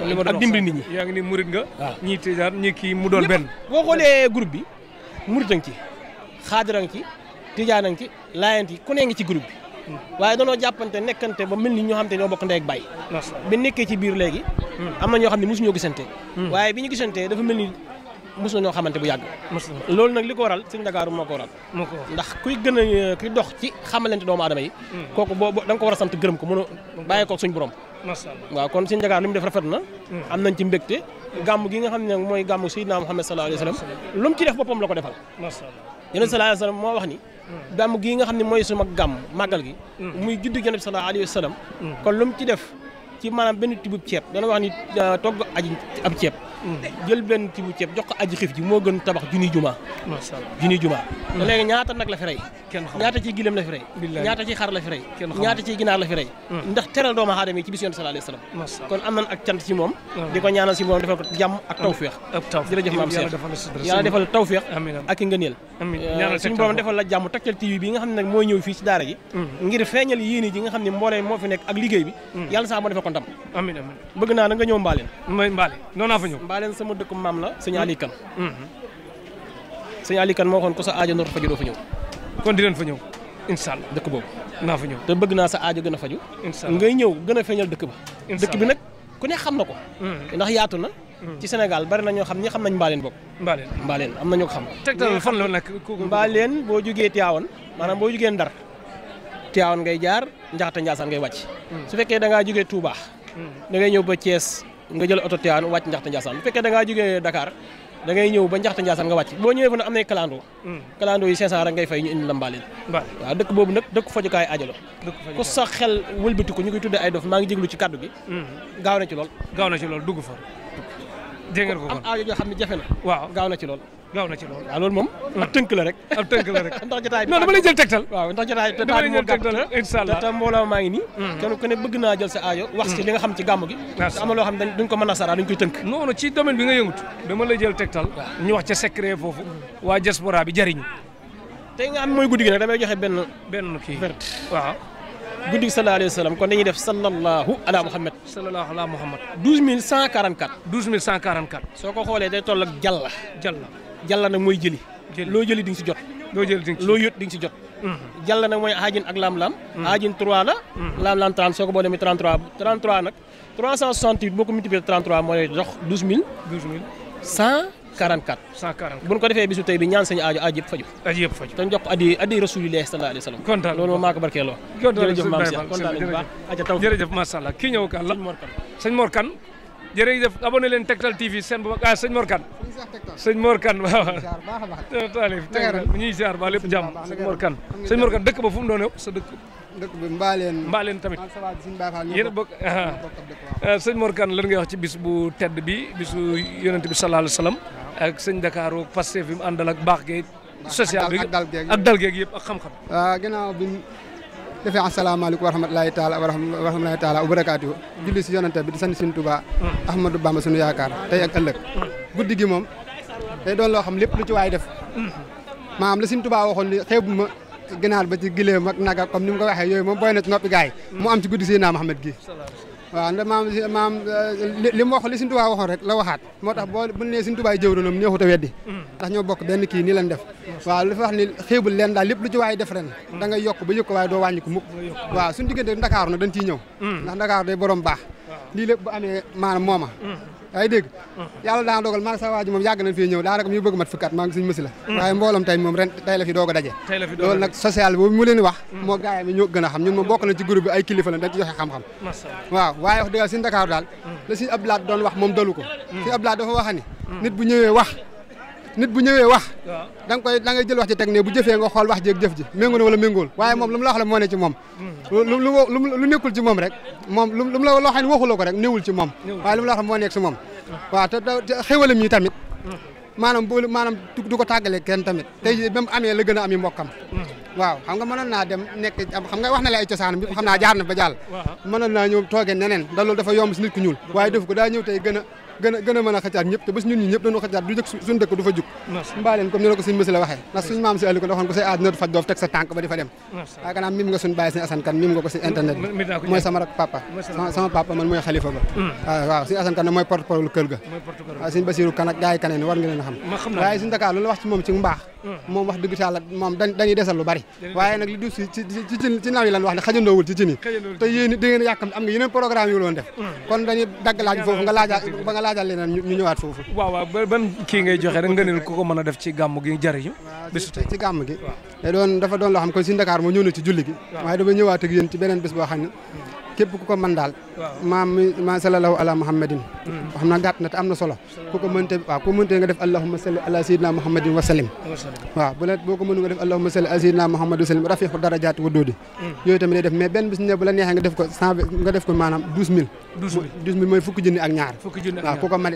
ak dimbali nit ñi yaa ngi ni murit nga ah. ñii tijaan ñi kii mu doon benn boo xoolee groupe bi murit a ci xaadir a ci tijaan a ngi ci laayant yi ku ne ngi ci groupe bi hmm. waaye danoo jàppante nekkante ba mel ni ñoo xam te ñoo bokk ndey ak baay bi nekkee ci biir léegi hmm. am na ñoo xam ne mosuñoo gisante hmm. waaye bi ñu gisantee dafa mel mos nañoo xamante bu yàgg. loolu nag li ko waral sëñ Ndakaaru moo ko waral. ndax kuy gën a euh, kuy dox ci xamalante doomu aadama yi. Hmm. kooku boo da nga ko war a sant gërëm ko mën a hmm. bàyyee koog suñu borom. waaw kon sëñ Ndakaaru li mu def rafet na. Hmm. am nañ ci mbégte. gàmm gi nga xam ne mooy gàmm Seydina Muhammad sallallahu alayhi wa ko defal. moo wax ni. gàmm gii nga xam ne mooy suma gàmm màggal gi. muy juddu yonent sallallahu alayhi wa kon lu ci def ci maanaam benn tibub ceeb dana wax ni euh, togg aji ab ceeb jël benn tibu ceeb jox ko aji xiif ji moo gën tabax junni juma. macha allah junni juma. te léegi ñaata nag la fi rey. kenn xamul ñaata ci gilem la fi rey. ñaata ci xar la fi rey. ñaata ci ginaar la fi rey. Hmm. ndax teral doomu aadama yi ci bis yonent sallallahu alayhi wasallam. kon am nan ak cant ci moom. Hmm. di ko ñaanal ci moom defal ko jàmm ak tawféex. ak tawféex jërëjëf maam Cheikh yàlla defal tawféex. amiin ak i ngëneel. amiin ñaanal eh, suñu borom defal la jàmm takkal TV bi nga xam ne nag mooy ñëw fii ci daara ji. Hmm. ngir feeñal yéene ji nga xam ne mboolee moo fi nekk ak liggéey bi. yàlla sax moo defal ko ndam. amiin amiin bëgg naa nga ñëw mbaaleen. mooy mbaaleen noonu naa fa ñëw mbaaleen sama dëkk maam la sëñ Aliou Kane hmm. Hmm. sëñ Aliou Kane moo xoon ko sa aajo noor faju doo fa ñëw kon di leen fa ñëw incha allah dëkk boobu naa fa ñëw te bëgg naa sa aajo gën a faju ngay ñëw gën a feeñal dëkk ba dëkk bi nag ku ne xam na ko hmm. ndax yaatu na ci Sénégal bari na ñoo xam ñi xam nañ mbaaleen boobu mbaaleen mbaaleen am na ñoo ko xam tegtal fan la mbaaleen boo jugee Tivaouane maanaam boo jugee Ndar Tivaouane ngay jaar Njaxate Njaasaan ngay wàcc su fekkee da ngaa jugee ngay ñëw ba nga jël oto Tivaouane wàcc Njaxte Ndiassane bu fekkee da jógee Dakar da ñëw ba Njaxte Ndiassane nga wàcc boo ñëwee fu ne am nay kalando kalando hmm. yi 500 rek ngay fay ñu indi la mbaalin waaw dëkk boobu nag dëkk fajukaay ajalo ku sa xel wëlbatiku ñu koy tuddee ay dof maa ngi jéglu ci kaddu gi hmm. ci lool gaaw na ci lool dugg fa jégal am aajo joo xam ne jafe na. waaw gaaw na ci lool. gaaw lool moom. ab tënk la rek. ab tënk la rek ndax jotaay bi. non dama lay jël waaw ndax jotaay bi dama lay mm. naa jël sa aajo. wax si mm. li nga ci gàmm gi. te am na loo xam ne duñ ko mën a saraa duñ koy tënk. non non ci domaine bi nga yëngutu dama lay jël tegtal. ñu wax ca foofu. waa diaspora jariñu. tey nga am mooy gi nag damay benn benn kii waaw guddi sallallahu alayhi wa sallam kon dañuy def soo ko xoolee day toll ak jàlla jàlla jàlla jëli loo jëli di si jot loo jëli di si jot loo yót di nga hmm. ak laam-laam hmm. aajin 3 la hmm. laam-laam 30 soo ko boo demee 33 33 nag boo ko multiplier 33 moo lay jox 12000 100 144. 144 bu ñu ko defee bisu tey bi ñaan sañu aajo aajo yëpp faju aajo yëpp faju te ñu jox addi addi rasulillahi Allah kii ñëw kan la sëñ Mor Kane jërëjëf Tektal TV seen bu ah sëñ Mor Kane sëñ Mor Kane waaw ba lépp jàmm sëñ Mor ba fu tamit yéen a ah. eh, Mor Kane lan ngay wax ci bu tedd bi bisu yonent bi sallallahu alayhi wasallam ak sëñ Dakar ak Pastef bi mu àndal ak baax geeg. social bi ak dal geeg yëpp ak xam-xam. waaw ginnaaw bi dafee asalaamaaleykum wa rahmatulahi taala wa rahmatulahi taala wa barakaatuhu julli si yonante bi di sant suñu Tuubaa Ahmadou Bamba suñu yaakaar tey ak ëllëg guddi gi moom day doon loo xam lépp lu ci waay def maanaam la suñu Tuubaa waxoon ni xeebu ma ginaar ba ci gileem ak naga comme ni mu waxee yooyu moom booy na noppi gaay mu am ci guddi Seydina Muhammad gi waaw ndax maam maam li mu wax li Sëñ Tuubaa waxoon rek la waxaat moo tax boo bu ñu nee Sëñ Tuubaa jëwriñam neexut a weddi ndax ñoo bokk benn kii nii lañ def waaw li fa wax ni xeebul leen daal lépp lu ci waaye def ren yokk ba yëg ko waaye doo wàññi ko mukk waaw suñu diggante Ndakaaru nag dañ ciy ñëw mm. ndax Ndakaaru day borom baax lii lépp bu amee maanaam mooma mm. yaa ngi dégg yàlla daan dogal maa ngi sa waa moom yàgg nañ fii ñëw daanaka mi bëgg mat fukkaat maa ngi suñu mm. waaye mbooloom tey moom ren tey fi doog a daje loolu nag social boobu mu leen wax mm. moo gaayam yi ñoo gën a xam ñun moom bokk nañ ci groupe ay kilifa lañ dañ ci joxe xam-xam waaw waaye wax dëgg suñu daal mm. la suñu Abdoulaye doon wax moom dalu ko suñu Abdoulaye dafa wax ni nit bu ñëwee wax nit bu ñëwee wax da nga koy da ngay jël wax ji teg ne bu jëfee nga xool wax ji ak jëf ji méngoo na wala waaye moom lu la wax la moo ne ci moom mm-hmm. lu lu nekkul ci moom rek moom lu mu la loo xam ne waxuloo ko rek néewul ci moom waaye la wax la moo nekk ci moom waaw te xéwalam tamit mm-hmm. maanaam bu maanaam kenn tamit tey amee la gën a ami mbokkam mm-hmm. waaw xam nga mënoon naa dem nekk xam nga wax na la ay cosaan bi xam naa jaar na ba jàll mënoon naa ñëw toogee neneen da loolu dafa yomb si nit ku ñuul waaye def ko daa ñëw tey gën gën a gën a a xacaat ñëpp te bés ñun ñi ñëpp xacaat du jëkk suñu dëkk du fa jug mbaa leen comme ko suñu monsieur la waxee ndax suñu maam si Aliou ko doxoon ko say aaj na doof teg tànk ba di fa dem yaakaar naa war nga leen a xam waaye suñu Dakar lu wax ci moom ci mbaax moom wax dëgg yàlla moom dañuy desal lu bari waaye nag li du ci ci ci lan wax ne xajandoowul ci cini te yéen da ngeen yàkkam am nga yeneen programme yu loon def mm. kon dañuy dagg laaj foofu nga laajal ba nga laajal leneen ñu ñëwaat foofu waaw ban kii ngay joxe rek nga ne ku ko mën a def ci gàmm gi jariñu bisu ci gàmm gi da doon dafa doon loo xam kon si Ndakaar moo ñëw na ci julli gi waaye dama ñëwaat ak yéen ci beneen bés boo xam képp ku ko mën daal. maam mi maa sallallahu muhammadin. Hmm. xam naa gàtt na te am na solo. ko ko mënu nga hmm. ko cent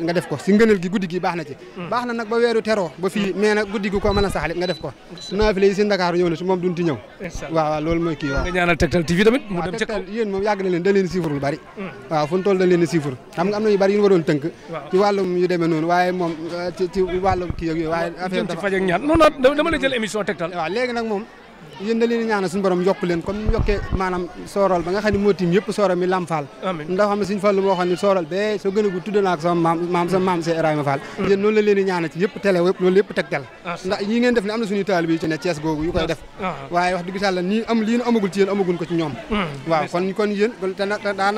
nga def ko si ngëneel gi guddi gi baax na ci. Hmm. baax na nag ba weeru teroo ba fii mais guddi gi ko mën a saxalit nga def ko. naafile yi si Ndakaaru ñëw na moom duñ ti ñëw. waaw loolu mooy kii waaw. ñaanal Tektal TV tamit mu dem ca yéen na leen da leen chiffre lu bari waaw fu ñu toll da leen chiffre xam nga yu bari yu ñu waroon tënk ci wàllum yu demee noonu waaye moom ci ci wàllum waaye affaire dafa faj ak ñaan non la jël émission tegtal waaw léegi yéen da leen di ñaanal suñu borom yokk leen comme ñu yokkee maanaam sooral ba nga xam moo tiim yëpp sooral mi Lam Fall ndax xam ne suñu Fallu a mm. wax dëgg yàlla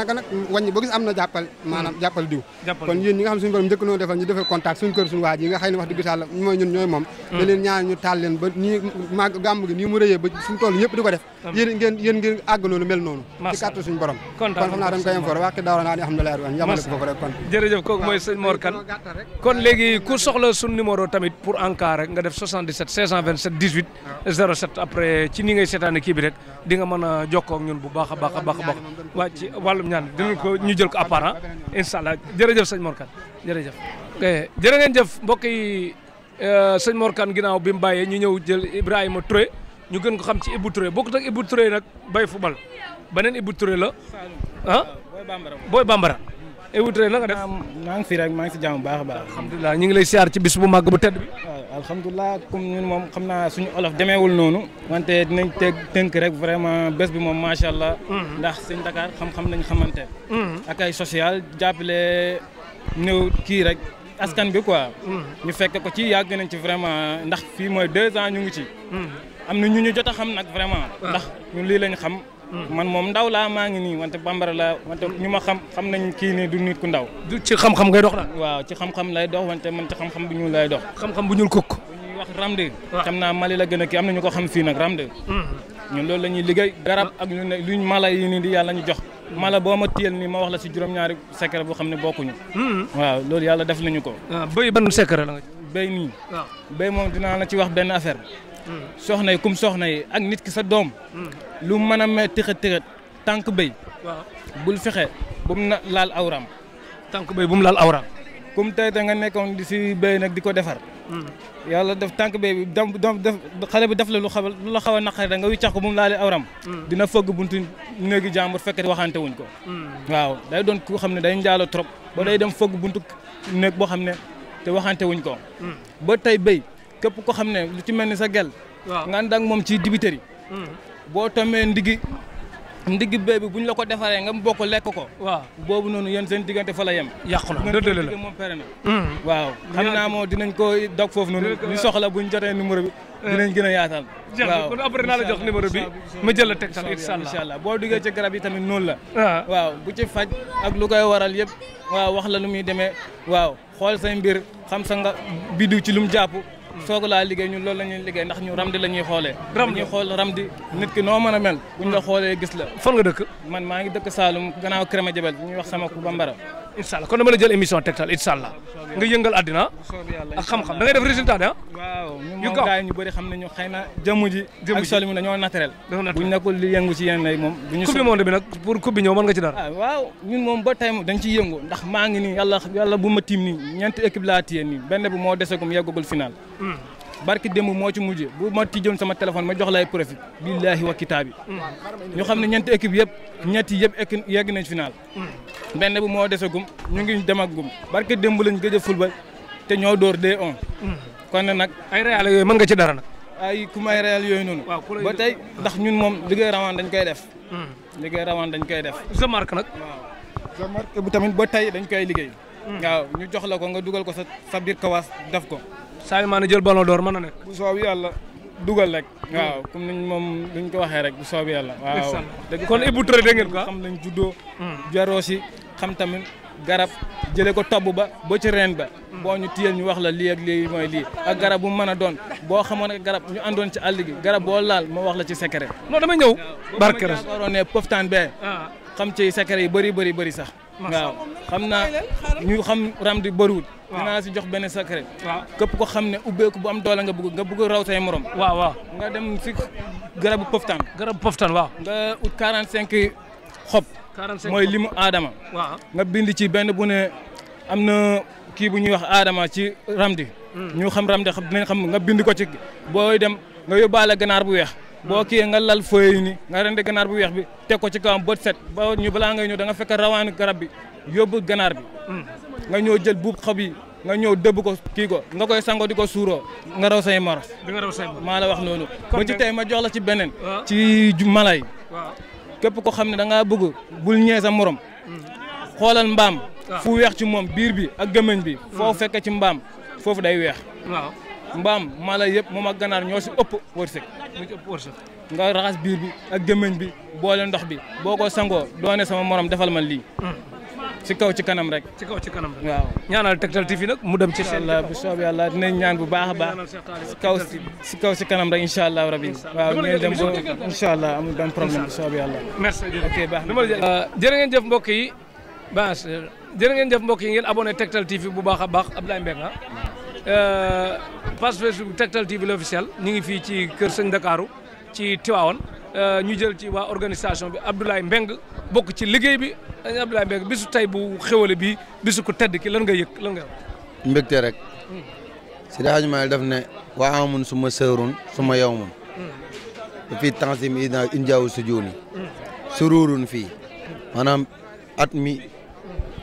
mm. am na jàppal mm. diw kon yéen ñi nga xam suñu borom njëkk noo defal ñu defal contact suñu kër suñu waaj yi nga xam ne wax dëgg yàlla ñooy ñun ñooy moom da leen ñaan ñu taal leen ba gi nii mu rëyee ba suñu tool yëpp di ko def yéen ngeen yéen ngeen àgg loolu mel noonu ci kàttu suñu ko foofu rek kon Mor Kane kon léegi ku soxla suñu numéro tamit pour en cas rek nga def 77 627 18 07 après ci ni ngay seetaane kii bi rek di nga mën a jokkoo ak ñun bu baax a baax a baax a baax waa ci wàllum ñaan dinañ ko ñu jël ko apparent ah. incha allah jërëjëf sëñ Mor Kane jërëjëf jërë ngeen jëf mbokk yi euh, sëñ Mor kan ginnaaw bi mu bàyyee ñu ñëw jël Ibrahima Touré ñu gën ko xam ci Ibou Touré bokkut ak Ibou Touré nag bay football beneen Ibou Touré la ah booy bambara Ibou na nga def maa ngi fi rek maa ngi si jàmm baax baax alhamdulilah ñu ngi lay siyaar ci bis bu màgg bu tedd bi waaw alhamdulilah comme ñun moom xam naa suñu olof demeewul noonu wante dinañ teg tënk rek vraiment bés bi moom macha allah mhm. ndax sëñ Dakar xam-xam lañ xamante mhm. ak ay social jàppale néew kii rek askan bi quoi mhm. ñu fekk ko ci yàgg nañ ci vraiment ndax fii mooy deux ans ñu ngi ci am na ñu ñu jot a xam nag vraiment. Ah. ndax ñun lii lañ xam. Hmm. man moom ndaw laa maa ngi nii wante bambara laa wante ñu ma xam xam nañ kii ne du nit ku ndaw. du ci xam-xam ngay dox daal. waaw ci xam-xam lay dox wante man ci xam-xam bu ñuul lay dox. bu ñuul kukk. bu ñuy wax ah. la gën a ñu ko xam fii nag ramde. Hmm. ñun loolu la ñuy liggéey. garab ak lu ne luñ mala yi nii di yàlla ñu jox. Hmm. mala boo ma téyel nii ma wax la si juróom-ñaari secret boo xam ne bokkuñu. waaw loolu yàlla def nañu ko. waaw ah, ba ban secret la nga. béy nii. waaw béy moom dinaa la ci wax benn affaire soxna yi kum soxna yi ak nit ki sa doom. lu mën a may tëxët tëxët tànk béy. waaw bul fexe bum na laal awram. tànk béy bum laal awram. kum tey te nga nekkoon di si béy nag di ko defar. Hmm. yàlla def tànk béy bi dam dam def xale bi def la lu xaw lu la xaw a naqari da nga wiccax ko bu mu laalee awram. Hmm. dina fëgg buntu néegi jàmbur fekk waxante wuñ ko. Hmm. waaw day doon ku xam ne day njaalo trop. ba day dem fëgg buntu néeg boo xam ne te waxante wuñ ko. ba tey béy. képp ko xam ne lu ci mel ni sa gel nga ànd ak moom ci dibiteri hmm. boo tomee ndigi ndigi bee bi la ko defaree nga bokk lekk ko waaw boobu noonu yéen seen diggante fa la yem yàqu la dëddale la moom pere na hmm. waaw xam naa moo dinañ ko dog foofu noonu ñu soxla buñ jotee numéro bi eh. dinañ gën a yaatal waaw kon après naa la jox numéro bi ma jël boo duggee ci garab yi tamit noonu la ah. waaw bu ci faj ak lu koy waral yëpp waaw wax la lu muy demee waaw xool say mbir xam sa nga biddiw ci lu mu soog laa liggéey ñun loolu la ñuy liggéey ndax ñu ramdi la ñuy xoolee ñuy xool ramdi nit ki noo mën a mel buñ la xoolee gis la fan nga dëkk man maa ngi dëkk Saalum gannaaw Crémé Jabel ñuy wax sama ku bambara incha allah kon a la jël émission tegtal incha allah nga yëngal àddina ak xam-xam da def résultat de ah. yu kaw waaw ñun ñu na jëmm ji. jëmm ji ak sol mi dañoo naturel. dafa naturel bu ñu nekkul li yëngu ci yeneen moom. du ñu coupe bi nag pour coupe bi ñëw nga ci dara. Ah, waaw ñun moom ba tey moom dañ yëngu ndax maa ngi nii yàlla yàlla bu ma tiim nii ñeenti équipe laa téye nii benn bi moo desegum yeggagul final. Hmm. barki démb moo ci mujj bu ma tijjoon sama téléphone ma jox lay profit billaahi wa kitaabi ñu xam ne ñeenti équipe yëpp ñetti yëpp ek yegg nañ final benn bu moo desagum ñu ngi dem ak gum barki démb lañ gëj a football te ñoo door D1 kon nag ay Real yooyu mën nga ci dara nag ay ku may Real yooyu noonu ba tey ndax ñun moom liggéey rawaan dañ koy def hmm. liggéey rawaan dañ koy def sa marque nag waaw sa marque bu tamit ba tey dañ koy liggéey hmm. waaw ñu jox la ko nga dugal ko sa sa biir kawaas def ko Sadio na jël ballon d'or man na ne. bu soob yàlla dugal rek. waaw comme niñ moom luñ ko waxee rek bu soob yàlla. waaw dëgg kon Ibou Touré dégg ngeen ko ah? xam lañ juddoo. Hmm. si xam tamit garab jëlee ko tobb ba ba ci reen ba. Hmm. boo ñu téyeel ñu wax la lii ak lii mooy lii ak garab bu mën a doon boo xamoon ak garab ñu àndoon ci àll garab boo laal moo wax la ci secret. non ma ñëw. barke la waaw ne poftaan bee. Ah. xam ci secret yi bëri bëri bëri sax. waaw xam naa ñu xam ram di bëriwul. dinaa si jox benn secret. waaw képp ko xam ne ubbeeku bu am doole nga bëgg nga bëgg raw say morom. waaw waaw nga dem si garabu poftan. garabu poftan wa nga ut 45 xob. 45 mooy limu aadama. waaw nga bind ci benn bu ne am na kii bu ñuy wax aadama ci ramdi. Hmm. ñu xam ramdi xam dinañ xam nga bind ko ci boo dem nga yóbbaale ganaar bu weex. Hmm. boo kii nga lal feuille ni nga rendi ganaar bu weex bi teg ko ci kawam bët set ba ñu balaa ngay ñëw da nga fekk rawaanu garab bi. yóbbu ganaar bi mm. nga ñëw jël buub xob yi nga ñëw dëbb ko kii ko nga koy sango di ko suuroo nga raw say moros maa wax noonu ko ci tey ma jox la ci beneen ci mala yi képp ko xam ne danga ngaa bëgg bul ñee sa morom mm. xoolal mbaam fu weex ci moom biir bi ak gëmëñ bi mm. foo fekk ci mbaam foofu day weex mbaam mala yëpp moom ak ganaar ñoo si ëpp wërsëg nga raxas biir bi ak gëmëñ bi boole ndox bi boo ko sangoo doone sama morom defal ma lii ci kaw ci kanam rek. ci kaw ci kanam rek waaw. ñaanal Tektal TV nag mu dem ci. incha allah bu soobee yàlla dinañ ñaan bu baax a baax. si kaw si kaw si kanam rek incha allah rabi. waaw dinañ dem ba incha allah amul benn problème bu soobee yàlla. merci ok baax na. Euh, jërë ngeen jëf mbokk yi. baax jërë ngeen jëf mbokk yi ngeen abonné Tektal TV bu baax a baax Abdoulaye Mbengue ah. euh, page Facebook Tektal TV l'officiel ñu ngi fii ci kër sëñ Ndakaaru ci Tiwaawan Euh, ñu jël ci waa organisation bi Abdoulaye Mbeng bokk ci liggéey bi euh, Abdoulaye Mbeng bisu tey bu xéwale bi bisu ko tedd ki lan nga yëg lan nga wax. mbégte rek. Hmm. Seydi Hadji Malick daf ne waa amun suma sërun suma yawmun. fii tansim injaawu sujuuni. sururun fii. Hmm. maanaam at mi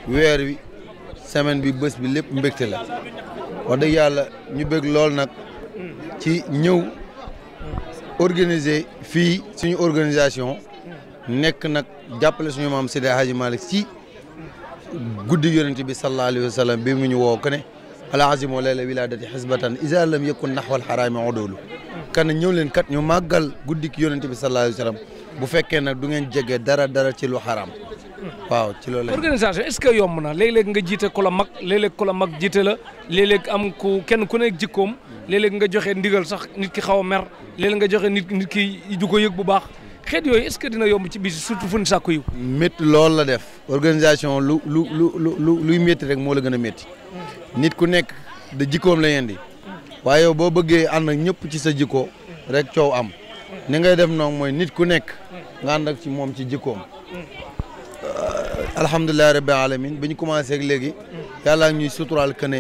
weer wi semaine bi bés bi lépp mbégte la wax dëgg yàlla ñu bég lool nag hmm. ci ñëw. organiser fii suñu organisation nekk nag jàppale suñu maam Seydi Hadji Malick si guddi yonent bi sallallahu alayhi wa sallam bi mu ñu woo ko ne alazimo layla wiladati xisbatan isa lam yakun naxwal xaraami doolu kan ñëw leen kat ñu màggal guddik yonent bi sallallahu alayhi wa bu fekkee nag du ngeen jege dara dara ci lu xaraam waaw ci loolu organisation est-ce que yomb na léeg-léeg nga jiite ku la mag léeg-léeg ku la mag jiite la léeg-léeg am ku kenn ku nekk jikkoom léeg-léeg nga joxe ndigal sax nit ki xaw a mer léeg-léeg nga joxe nit nit ki du yëg bu baax xeet yooyu est-ce que dina yomb ci bis surtout fu ñu sàkku yu métti loolu la def organisation lu lu lu lu luy métti rek moo la gën a métti nit ku nekk da jikkoom la yendi waaye yow boo bëggee ànd ñëpp ci sa jikko rek coow am ni ngay def noonu mooy nit ku nekk nga ànd moom ci jikkoom Euh, alhamdulilah rabbi alamin bi ñu commencé ak léegi yàlla ñuy suturaal këne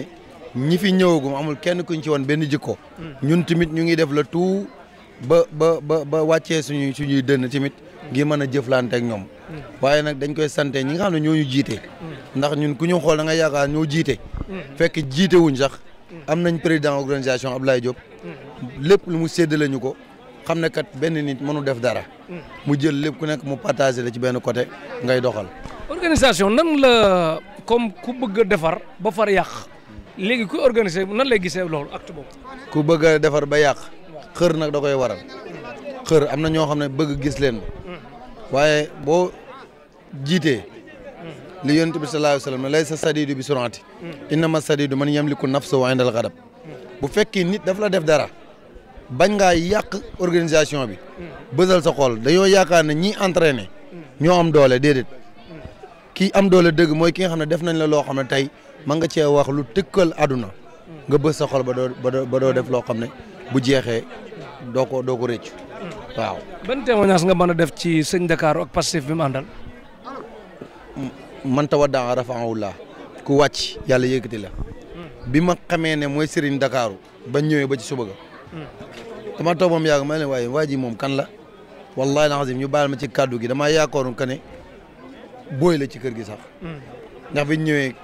ñi fi ñëwagum amul kenn kuñ ci woon benn jikko ñun tamit ñu ngi def la tout ba ba ba ba wàccee suñuy suñuy dënn tamit ngir man a jëflante ak ñoom waaye nag dañ koy sante ñi nga xam ne ñoo ñu jiite ndax ñun ku ñu xool da nga yaakaar ñoo jiite fekk jiite wuñ sax am nañ président organisation Abdoulaye Diop lépp lu mu séddale ko xam ne kat benn nit mënu def dara. mu jël lépp ku nekk mu partagé la ci benn côté ngay doxal. organisation nan la comme ku bëgg defar ba far yàq léegi ku organiser nan lay gisee loolu acte boobu. ku bëgg a defar ba yàq xër nag da koy waral xër am na ñoo xam ne bëgg gis leen waaye boo jiitee li yonent bi sallallahu alayhi wa sallam laysa sadidu bi surati innama sadidu man yamliku nafsahu indal ghadab bu fekkee nit daf la def dara. bañ ngaa yàq organisation bi. bësal sa xol dañoo yaakaar ne ñi ne ñoo am doole déedéet. kii am doole dëgg mooy ki nga xam ne def nañ la loo xam ne tey mën nga cee wax lu tëkkal àdduna. nga bës sa xol ba doo ba doo def loo xam ne bu jeexee doo ko doo ko rëcc. waaw ban témoignage nga mën a def ci sëñ Dakar ak Pastef bi mu àndal. man tawaddaa rafaahullah ku wàcc yàlla yëkkati la. bi ma xamee ne mooy Serigne Dakaru ba ñëwee ba ci suba ga dama toog moom ma ne waaye waa ji moom kan la wallahi alazim ñu baal ma ci kàddu gi damaa yaakaaroon que ne booy la ci kër gi sax mm. ndax biñ ñëwee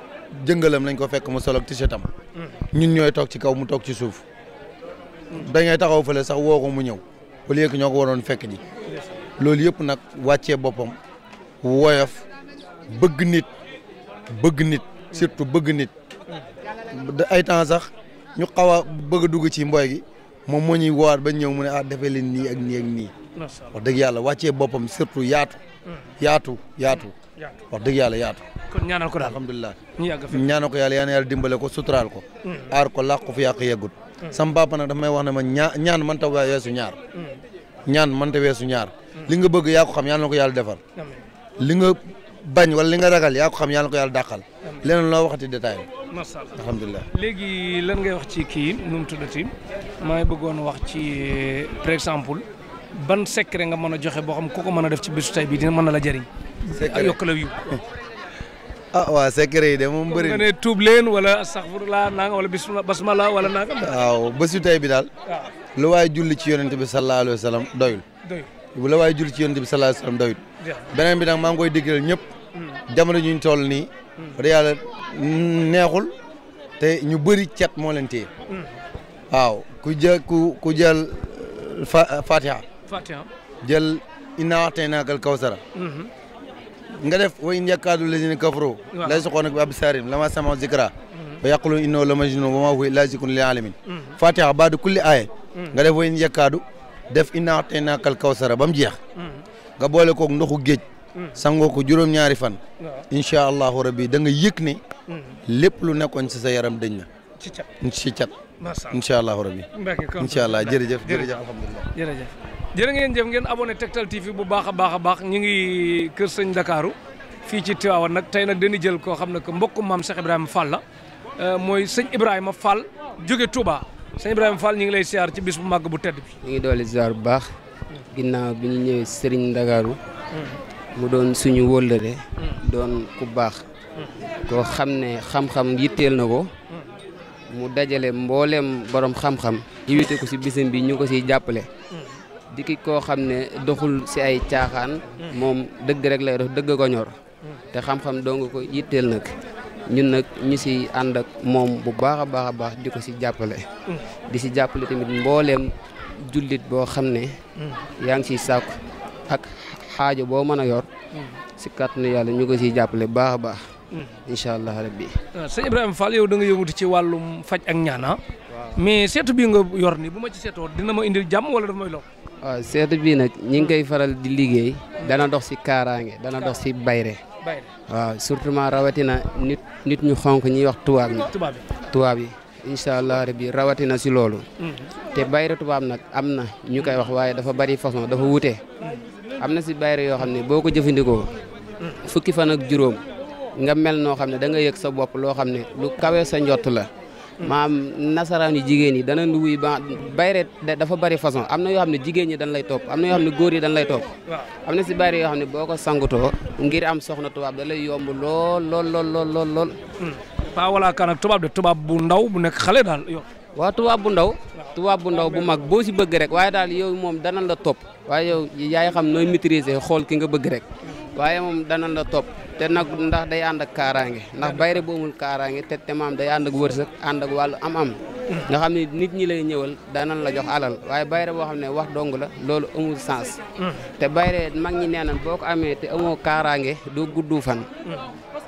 jëngalam lañ ko fekk mu solo ak t-shirtam mm. ñun ñooy toog ci kaw mu toog ci suuf da ngay taxaw fële sax woo ko mu ñëw au lieu que ko waroon fekk ji loolu yëpp nag wàccee boppam woyof bëgg nit bëgg nit surtout bëgg nit mm. ay temps sax ñu xaw bëgg dugg ci mboy gi moom moo ñuy woowaat ba ñëw mu ne a ah, defee leen nii ak nii ak nii. wax dëgg yàlla wàccee boppam surtout yaatu. Hmm. yaatu hmm. yaatu. wax dëgg yàlla yaatu. kon ñaanal ko daal alhamdulilah. ñu yàgg fi ñaanal ko yàlla yàlla dimbale ko suturaal ko. Hmm. aar ko làq ko fi yàq yeggut. sam papa nag dafa ma ñaa ñaan mënta weesu ñaar. ñaan mënta weesu ñaar. li nga bëgg yaa xam yàlla ko yàlla defal. bañ wala li nga ragal yaa ko xam yàlla na ko yàlla dàqal. leneen loo waxati détail la. macha allah alhamdulilah. léegi lan ngay wax ci kii nu mu maa ngi bëggoon wax ci euh, par exemple ban secret nga mën a joxe boo xam ku ko mën a def ci bésu tay bii dina mën na la jëriñ. a yokk la ah waa secret yi de moom bëri na. nga ne tuub leen wala astaghfirullah nanga wala bismillah basmala wala nanga. waaw bésu bi daal. Ah. lu waay julli ci yonent bi sallallahu alayhi wa sallam doyul. doyul waay julli ci yonent bi sallallahu alayhi beneen bi nag maa ngi koy diggal ñëpp. jamono ñu toll nii. wax dëgg neexul te ñu bëri cet moo leen waaw ku jël ku jël uh, fa uh, Fatiha. Fatiha jël kawsara. Mm-hmm. nga def wa in yakkaadu lazina kafaru. waaw la yasqoonaka bi absaarihim lammaa sami'u zikra. wa mm-hmm. yaquluuna innahu la majnuun wa maa huwa illaa zikrun lil aalamiin. Mm-hmm. Fatiha ba'da kulli aaya. nga def wa in yakkaadu def innaa a'taynaakal kawsara ba jeex. nga boole koog ndoxu géej. Mm. sangoo ko juróom-ñaari fan. incha allahu rabi da nga yëg ne. Mm. lépp lu nekkoon ci sa yaram dañ na. ci cat ci cat. macha allah incha allahu rabi. incha allah jërëjëf jërëjëf alhamdulilah jërëjëf. ngeen jëf ngeen abonné Tektal TV bu baax a baax a baax ñu ngi Kër Sëñ Ndakaaru fii ci Tiwaawan nag tey nag dañuy jël koo xam ne que mbokku maam Cheikh Ibrahima Fall euh, mooy sëñ Ibrahima Fall jóge Touba sëñ Ibrahima Fall ñu ngi lay siyaar ci bis bu màgg bu tedd bi. ñu bu baax. ginnaaw bi ñu ñëwee sëriñ Ndakaaru mu doon suñu wóllëre doon ku baax koo xam ne xam-xam yitteel na ko mu dajale mbooleem boroom xam-xam invité ko ci bisam bi ñu ko ciy jàppale di koo xam ne doxul ci ay caaxaan moom dëgg rek lay dox dëgg ko ñor te xam-xam doo nga ñun nag ñu ci ànd moom bu baax a baax a baax di ko ci jàppale di ci jàppale tamit mbooleem jullit boo xam ne mm. yaa ngi ciy sàkku ak xaajo boo mën a yor mm. si kàttanu yàlla ñu ko ciy jàppale baax a baax mm. incha allah rabbi euh, sëñ Ibrahima Fall yow da ci wàllum faj ak ñaana mais seetu bii nga yor ni bu ma ci seetoo dina ma indil jàmm wala dafa may lor waaw seetu bii nag ñi ngi koy faral di liggéey dana dox si kaaraange dana dox si bayre waaw ma rawatina nit nit ñu xonk ñuy wax tubaab tubaab yi incha allah rabbi rawatina si loolu. Mm-hmm. te bayra tubaab nag am na ñu koy wax waaye dafa bari façon dafa wute. Mm-hmm. am na si bayra yoo xam ne boo ko jëfandikoo. Mm-hmm. fukki fan ak juróom nga mel noo xam ne da nga yëg sa bopp loo xam ne lu kawe sa njott la. maam nasaraan yu jigéen ñi dana wuy ba bayre dafa bari façon am na yoo xam ne jigéen ñi dañ lay topp am na yoo xam ne góor yi dañ lay topp am na si bayre yoo xam ne boo ko sangutoo ngir am soxna tubaab da lay yomb lool lool lool lool lool lool paa wala kan ak tubaab de tubaab bu ndaw bu nekk xale daal waaw tubaab bu ndaw. tubaab bu ndaw bu mag boo si bëgg rek waaye daal yow moom danañ la topp. waaye yow yaay xam nooy maîtriser xool ki nga bëgg rek. waaye moom danañ la topp. te nag ndax day ànd ak kaaraange ndax bayre bu amul kaaraange te te maam day ànd ak wërsëg ànd ak wàllu am-am. nga xam ne nit ñi lay ñëwal danañ la jox alal waaye bayre boo xam ne wax dong la loolu amul sens. Mm. te bayre mag ñi nee nañ boo ko amee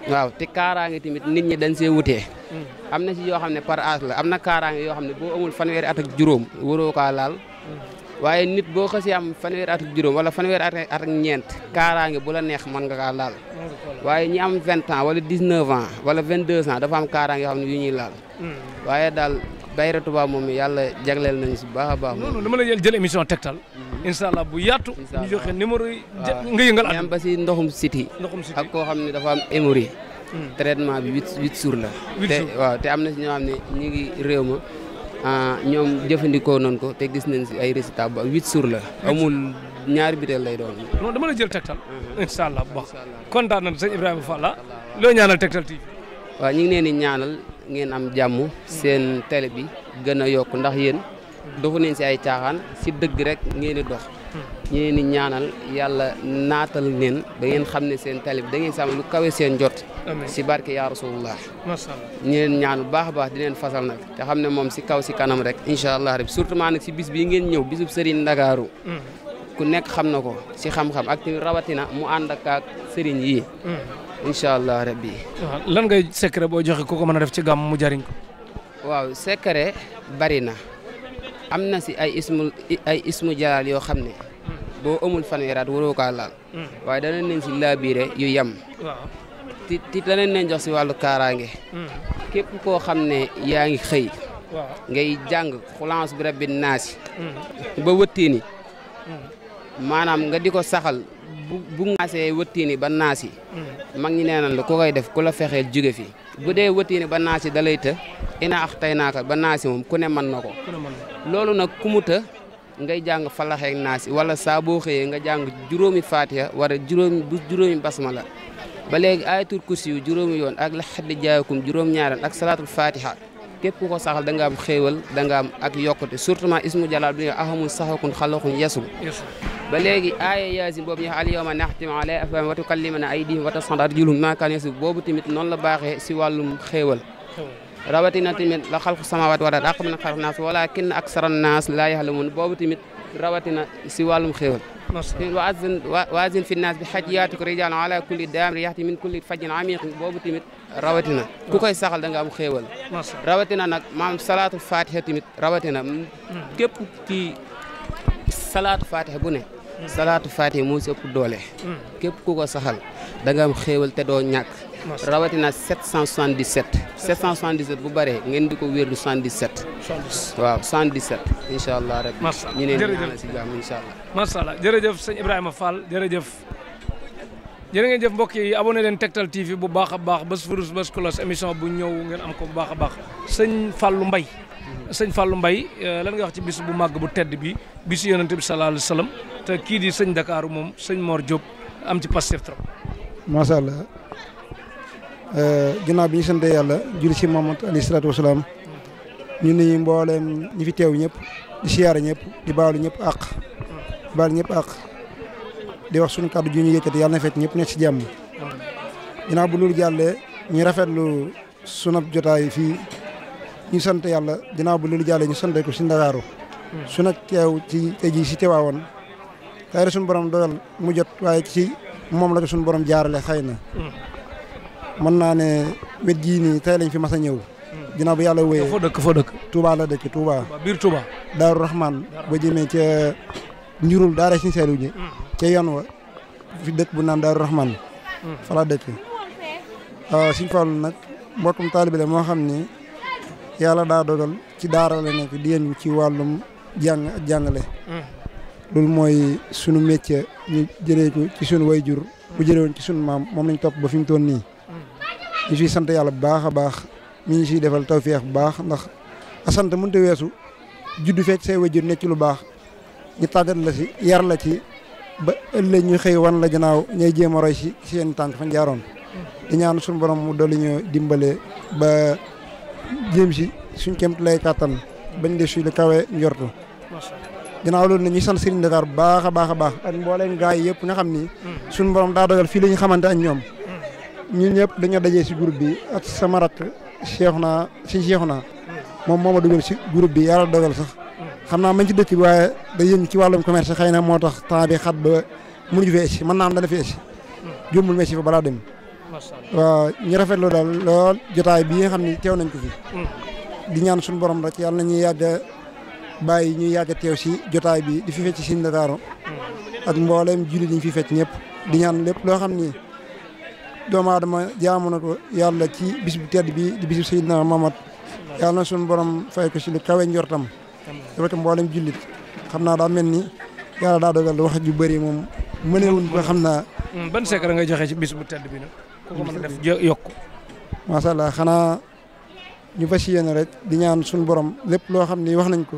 waaw te kaaraange tamit nit ñi dañ see wutee mm. am na ci yoo xam ne par âge am na kaaraange yoo xam ne boo amul fanweeri at ak juróom waroo kaa laal mm. waaye nit boo xasee am fanweeri at juróom wala fanweeri at ak ñeent kaaraange bu la neex mën nga kaa laal waaye ñi am vingt ans wala dix neuf ans wala vingt deux ans dafa am kaaraange yoo xam ne yu ñuy laal mm. waaye daal daayira Touba moom yàlla jagleel nañu si baax a baax. non non dama la jël émission tegtal. Mhm. incha allah bu yaatu. ñu joxe nga yëngal am ba si ndoxum siti ak xam ne dafa am hémorroïde. Hmm. bi huit huit la. te waaw te am na si ñoo xam ne ñu ngi réew ma. Ah, ñoom jëfandikoo noonu ko te gis nañ si ay résultats ba huit jours la. amul ñaari biteel lay doon. non dama la jël tegtal. Mhm. incha allah bu baax kontaan nañu sëñ Ibrahima ah. loo ñaanal tegtal TV. waaw ñu ngi leen ñaanal. ngeen am jàmm seen télé bi gën a yokk ndax yéen doxu nañ si ay caaxaan si dëgg rek ngeen di dox ñeen ni ñaanal yàlla naatal leen ba ngeen xam ne seen télé bi da ngeen sàmm lu kawe seen jot si barke yaa rasulullah ñeen ñaan bu baax a baax di leen fasal nag te xam ne moom si kaw si kanam rek incha allah rek surtout ma nag si bis bii ngeen ñëw bisub Serigne Ndakaaru mm-hmm. ku nekk xam na ko si xam-xam ak rawatina mu ànd ak sëriñ yi mm-hmm. incha allah rabbi waaw lan ngay secret boo joxe ku ko mën a def ci gàmm jariñ waaw secret bari na am na si ay ismu ay ismu jalaal yoo xam ne boo amul fanweeraat waroo kaa laal. Hmm. waaye danañ leen si laabiire yu yem. ti ti danañ leen jox si wàllu kaaraange. Hmm. képp koo xam ne yaa ngi xëy. ngay jàng xulance bi rabbi naasi. Hmm. ba wëttiini. maanaam nga di saxal bu bu naasee wëttiini ba naas yi mag ñi nee nañ la ku koy def ku la fexeel jóge fi bu dee wëttiini ba naas yi da lay të ina ax tey naaka ba naas yi moom ku ne man na ko loolu nag ku mu të ngay jàng falaxeek naas yi wala saa boo xëyee nga jàng juróomi faatiha wala juróomi bu juróomi basmala ba léegi ayatul yu juróomi yoon ak la xaddi jaayakum juróom ñaaran ak salaatul faatiha képp ku ko saxal da nga am xéewal da nga am ak yokkute surtout ismu jalaal bi nga axamul saxakun xalaxun yasul ba léegi aaya yaasin boobu ñu wax alyawma naxtim ala afwaahim wa tukallimana aydihim wa tasxadu arjuluhum maa kaanu yasib boobu tamit noonu la baaxee si wàllum xéewal rawatina tamit la xalqu samaawaati wal aa ak min xalaq naas walaakinna aksara naas laa yaxlamuun boobu tamit rawatina si wàllum xéewal waazin fi naas bi xajiyaatik rijaalan ala kulli daamirin rawatina ku koy saxal da nga am xéewal rawatina nag maam salaatu fatiha tamit rawatina képp ci salaatu fatiha bu ne salaatu fatiha moo si doole képp ku ko saxal da nga am xéewal te doo ñak rawatina 777 777 bu bare ngeen di ko wéeru 77 waaw 77 incha allah rabbi ñu ne ñaanal si jàmm incha allah jërëjëf sëñ Ibrahima Fall jërëjëf jërë ngeen jëf mbokk yi abonné leen Tektal TV bu baax a baax bés furus bés kolos émission bu ñëw ngeen am ko bu baax a baax sëñ Fallou Mbaye mhm. sëñ Fallou Mbaye euh, lan nga wax ci bis bu màgg bu tedd bi bisu yonent bi sallallahu alayhi te kii di sëñ moom sëñ Mor Diop am ci Pastef trop macha allah euh, ginnaaw bi ñu sant yàlla julli si Muhammad alayhi salaatu wasalaam ñu ni mbooleem fi teew ñëpp di siyaare ñëpp di baalu ñëpp àq ñëpp àq di wax suñu kaddu ju ñu yëkkati yàlla na fekk ñëpp nekk ci jàmm ginnaaw bu loolu jàllee ñu lu sunab jotaay fii ñu sant yàlla ginnaaw bu loolu jàllee ñu sant ko si Ndakaaru su nag teew ci tey jii si teewaawoon xëy borom doyal mu jot waaye ci moom la ko suñu borom jaarale xëy na mën naa ne wet jii nii tey fi mas a ñëw ginnaaw bu yàlla wooyee foo dëkk foo dëkk Touba la dëkk Touba Daaru Rahman ba jëmee ca njurul daara si seelu ca yoon wa fi dëkk bu naan Daaru Rahman hmm. fa laa dëkk ah, Sëñ Fallu nag mbokkum taalibe la moo xam ni yàlla daa dogal ci daara la nekk di yëngu ci wàllum jàng ak jàngale hmm. loolu mooy sunu métier ñu jëlee ko ci sunu wayjur bu jëlee woon ci sunu maam moom lañ topp ba fi mu toon nii hmm. ñu siy sant yàlla bu baax a baax ñu ngi siy defal tawféex bu baax ndax sant mënut a weesu juddu fekk say nekk ci lu baax ñu tàggat la si yar la ci ba ëllëg ñu xëy wan la gannaaw ñay jéem a roy si seen tànk fañ jaaroon di ñaan suñu borom mu dolli ñu dimbale ba jéem si suñ kemt lay kàttan bañ de suy lu kawe njortu gannaaw loolu ne ñu sant Serigne Dakar bu baax a baax a baax ak mbooleem gars yi yëpp nga xam ni suñu borom daa dogal fii la ñu xamante ak ñoom ñun ñëpp dañoo dajee si groupe bi ak sama rakk Cheikh naa si Cheikh naa moom moo ma dugal si groupe bi yàlla dogal sax xam naa mañ ci dëkk bi waaye day yëngu ci wàllum commerce xay na moo tax temps bi xat ba mënuñu fi ecc mën naa am dana fi ecc jumbul balaa dem waaw ñu rafetlu daal lool jotaay bi nga xam ne teew nañ ko fi mm. di ñaan suñu borom rek yàlla na ñuy yàgg bàyyi ñuy yàgg a teew si jotaay bi di fi fecc si Ndakaaru mm. ak mbooleem jullit yi ñu fi fecc ñëpp di ñaan lépp loo xam ni doomu aadama jaamu na ko yàlla ci bis bu tedd bi di bis bu Seydina Mamad yàlla na suñu borom fay ko si lu kawe njortam yow mboolem jullit xam naa daa mel ni yàlla daa dogal wax ju bëri moom mënewul ba xam naa. Mm, ban secret nga joxe ci bis bu tedd bi nag. ku ko mën allah xanaa ñu fas yéene rek di ñaan suñu borom lépp loo xam ni wax nañ ko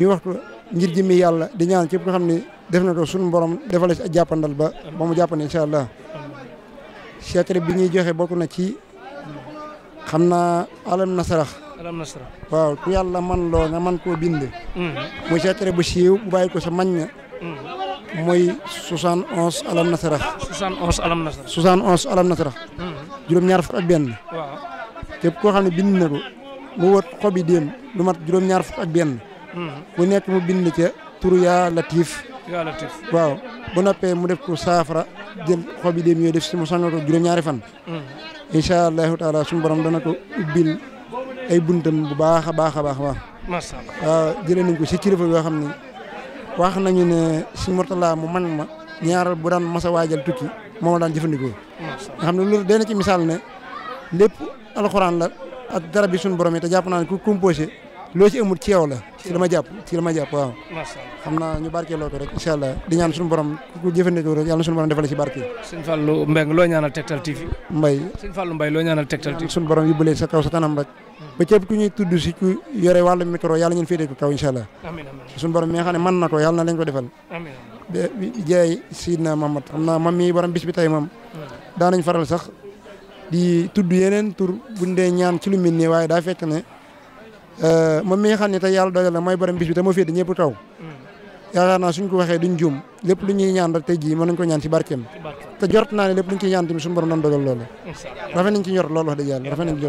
ñu wax njir ngir jëmmi yàlla di ñaan képp ko xam ni def na ko suñu borom defal ci jàppandal ba ba mu jàppandi incha allah. secret bi ñuy joxe bokk na ci xam naa alam nasarax. alam nasra waaw ku yàlla man loo nga man koo bind hmm. muy seetare bu siiw bu bàyyi ko sa mañ na mooy hmm. soixante onze alam nasra soixante onze alam nasra hmm. juróom-ñaar fukk ak benn waaw xam ne bind na ko mu wër xobi déem lu mat juróom-ñaar fukk ak benn nekk mu bind ca turu latif waaw bu noppee mu def ko saafara jël xobi déem yooyu def si mu sangal ko juróom-ñaari fan incha allahu taala suñu dana ko ubbil ay buntam bu baax a baax a baax a baax. macha allah waaw jëlee nañ ko si kilifa yoo xam ne wax nañu ne suñu Mourtala mu man ma ñaaral bu daan mas waajal tukki moom la daan jëfandikoo. xam ne loolu dana ci misaal ne lépp alxuraan la ak dara bi suñu borom yi te jàpp naa ne ku composé ci amul la ci la ma jàpp ci la ma jàpp waaw. xam naa ñu barkeeloo ko rek incha allah di ñaan suñu borom ku jëfandikoo rek yàlla borom defal la barke. sëñ Fallou Mbengue loo ñaanal Tektal TV. Mbaye sëñ Fallou Mbaye loo ñaanal Tektal TV. suñu borom yóbbulee sa kaw sa kanam rek. ba képp ku ñuy tudd si ku yore wàllu micro yàlla ñun féetee ko kaw incha allah. amiin amiin mi nga ne mën na ko yàlla na leen ko defal. amiin di jaay Sidna Muhammad xam naa mam mii borom bis bi tey moom. daanañ faral sax di tudd yeneen dee ñaan ci lu mel nii waaye daa fekk ne euh, moom mi nga xam ne tey na mooy ñëpp taw. Mm. yaakaar naa suñ ko waxee duñ juum lépp lu ñuy ñaan rek tey jii mën nañ ko ñaan ci barkeem te jort naa ne lépp lu ñu ciy ñaan tamit suñu borom doon dogal loolu rafet nañ ci ñor loolu wax dëgg yàlla rafet nañ ci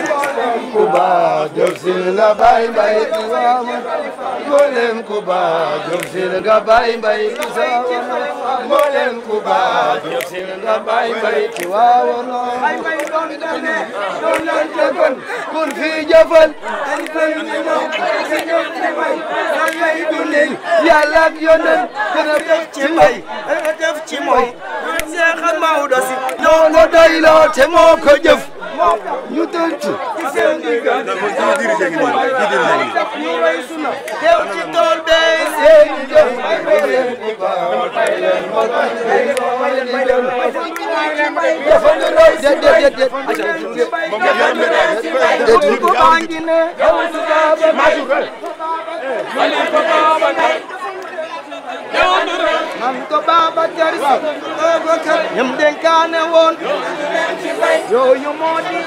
baax jóg si nga bay bay ci waama mboolem ku baax jóg si nga bay bay ci waama mboolem ku baax jóg si nga bay bay ci waama noonu kun fi jëfal ay bay ni ñoom si ñoom ci bay ay bay dundin yàlla ak yonent dina def mooy Seex Maodo si noonu doy loo te moo ko jëf ñu denc. ci seen ndigal. ñu roy sunu teew ci tool bee seen i jëf. may leen di baax may leen ma bañ leen may leen di jël. dafa ñu roy déet déet déet. man ko Babacar Si Babacar ñam dénkaane woon yooyu moo di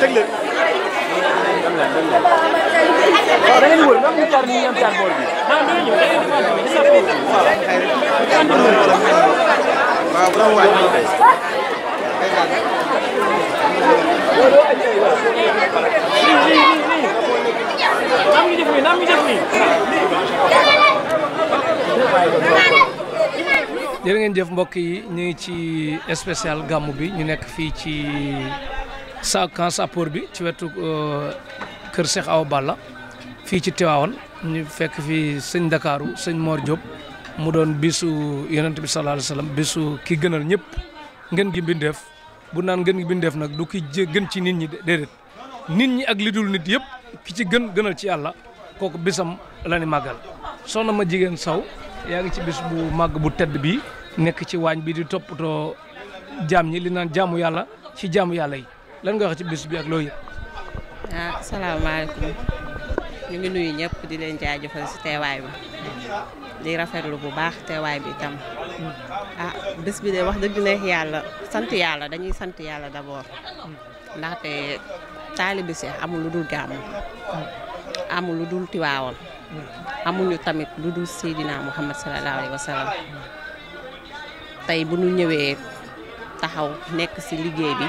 teg leen waaw da ngeen wër nga am ñu par ñu am jaar boor bi waaw bravo waay kay nam ñu def ñu mbokk yi ñu ngi ci spécial gàmmu bi ñu nekk fii ci sa camp bi ci wetu euh, kër Cheikh aw Balla fii ci Tivaouane ñu fekk fii sëñ Ndakaaru sëñ Mor Diop mu doon bisu yonent bi sallallahu alayhi bisu ki gënal ñëpp ngeen gi bindeef bu naan ngeen gi bindeef nag du ki gën ci nit ñi déedéet nit ñi ak li dul nit yépp ki ci gën gënal ci yàlla kooku bisam la ni màggal soxna ma jigéen saw yaa ngi ci bis bu màgg bu tedd bi nekk ci waañ bi di toppatoo jaam ñi li naan jaamu yàlla ci jaamu yàlla yi lan nga wax ci bis bi ak loo yëg. ah salaamaaleykum ñu ngi nuyu ñëpp di leen jaajëfal si teewaay bi di rafetlu bu baax teewaay bi itam ah bis bi de wax dëgg neex yàlla sant yàlla dañuy sant yàlla d'abord ndaxte taalibi seex amul lu dul gàmmu amul lu dul tiwaawoon amuñu tamit lu dul seydina muhammad sallallahu alayhi tey bu nu ñëwee taxaw nekk ci liggéey bi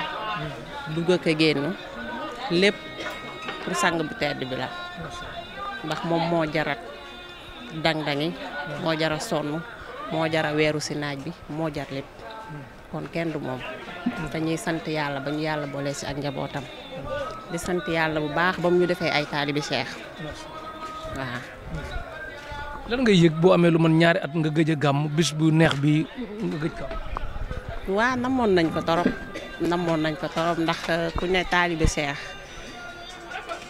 dugg a a génn lépp pour sang bu tedd bi la ndax moom moo jara dang-dangi moo jara sonn moo jar a weeru ci naaj bi moo jar lépp kon kenn du moom dañuy sant yàlla ba ñu yàlla boole ci ak njabootam di sant yàlla bu baax ba mu ñu defee ay taalibi Cheikh waaw. lan ngay yëg boo amee lu man ñaari at nga gëj a gàmm bis bu neex bi nga gëj ko waa namoon nañ ko torop namoon nañ ko torop ndax euh, ku ne taalibi Cheikh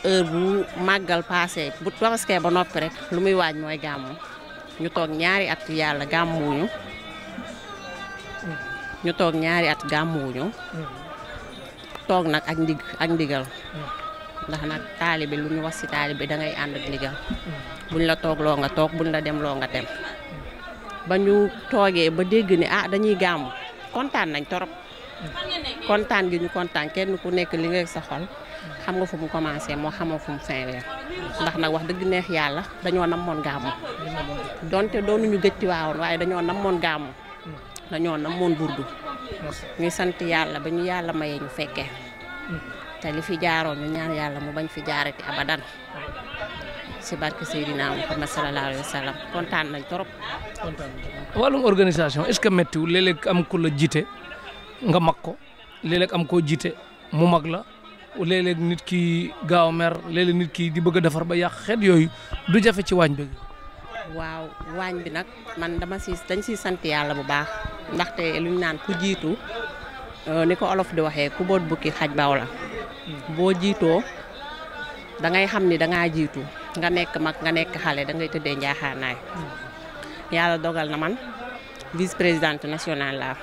heure bu màggal passé bu tabaskee ba noppi rek lu muy waaj mooy gàmm ñu toog ñaari at yàlla gàmmuwuñu mm. ñu toog ñaari at gàmmuwuñu mm. toog nag ak ndigg ak ndigal mm. ndax nag taalibe lu ñu wax si taalibe da ngay ànd ak ndigal buñ la toog loo nga toog buñ la dem loo nga dem ba ñu toogee ba dégg ni ah dañuy gàmmu kontaan nañ torop kontaan gi ñu kontaan kenn ku nekk li ngay sa xol xam nga fu mu commencé moo xamoo fu mu finweer ndax nag wax dëgg neex yàlla dañoo namoon gàmmu donte doonuñu gëj ci waawoon waaye dañoo namoon gàmmu mm. dañoo namoon burdu ñuy sant yàlla ba ñu yàlla mayee ñu fekkee te li fi jaaroo ñu ñaan yàlla mu bañ fi jaarati abadan si barke Seydina Muhammad sallallahu alayhi wa sallam kontaan nañ torop wàllum organisation est-ce que méttiwul léeg am ku la jiite nga mag ko léeg am koo jiite mu mag la léeg nit ki gaaw mer léeg nit ki di bëgg a defar ba yàq yooyu du jafe ci waañ bi waaw waañ bi nag man dama si dañ siy sant yàlla bu baax ndaxte lu ñu naan ku jiitu euh, ni ko olof di waxee ku boot bukki xaj baw la boo jiitoo da ngay xam ni dangaa jiitu nga nekk mag nga nekk xale da ngay tëddee njaaxaanaay yàlla dogal na man vice présidente nationale laa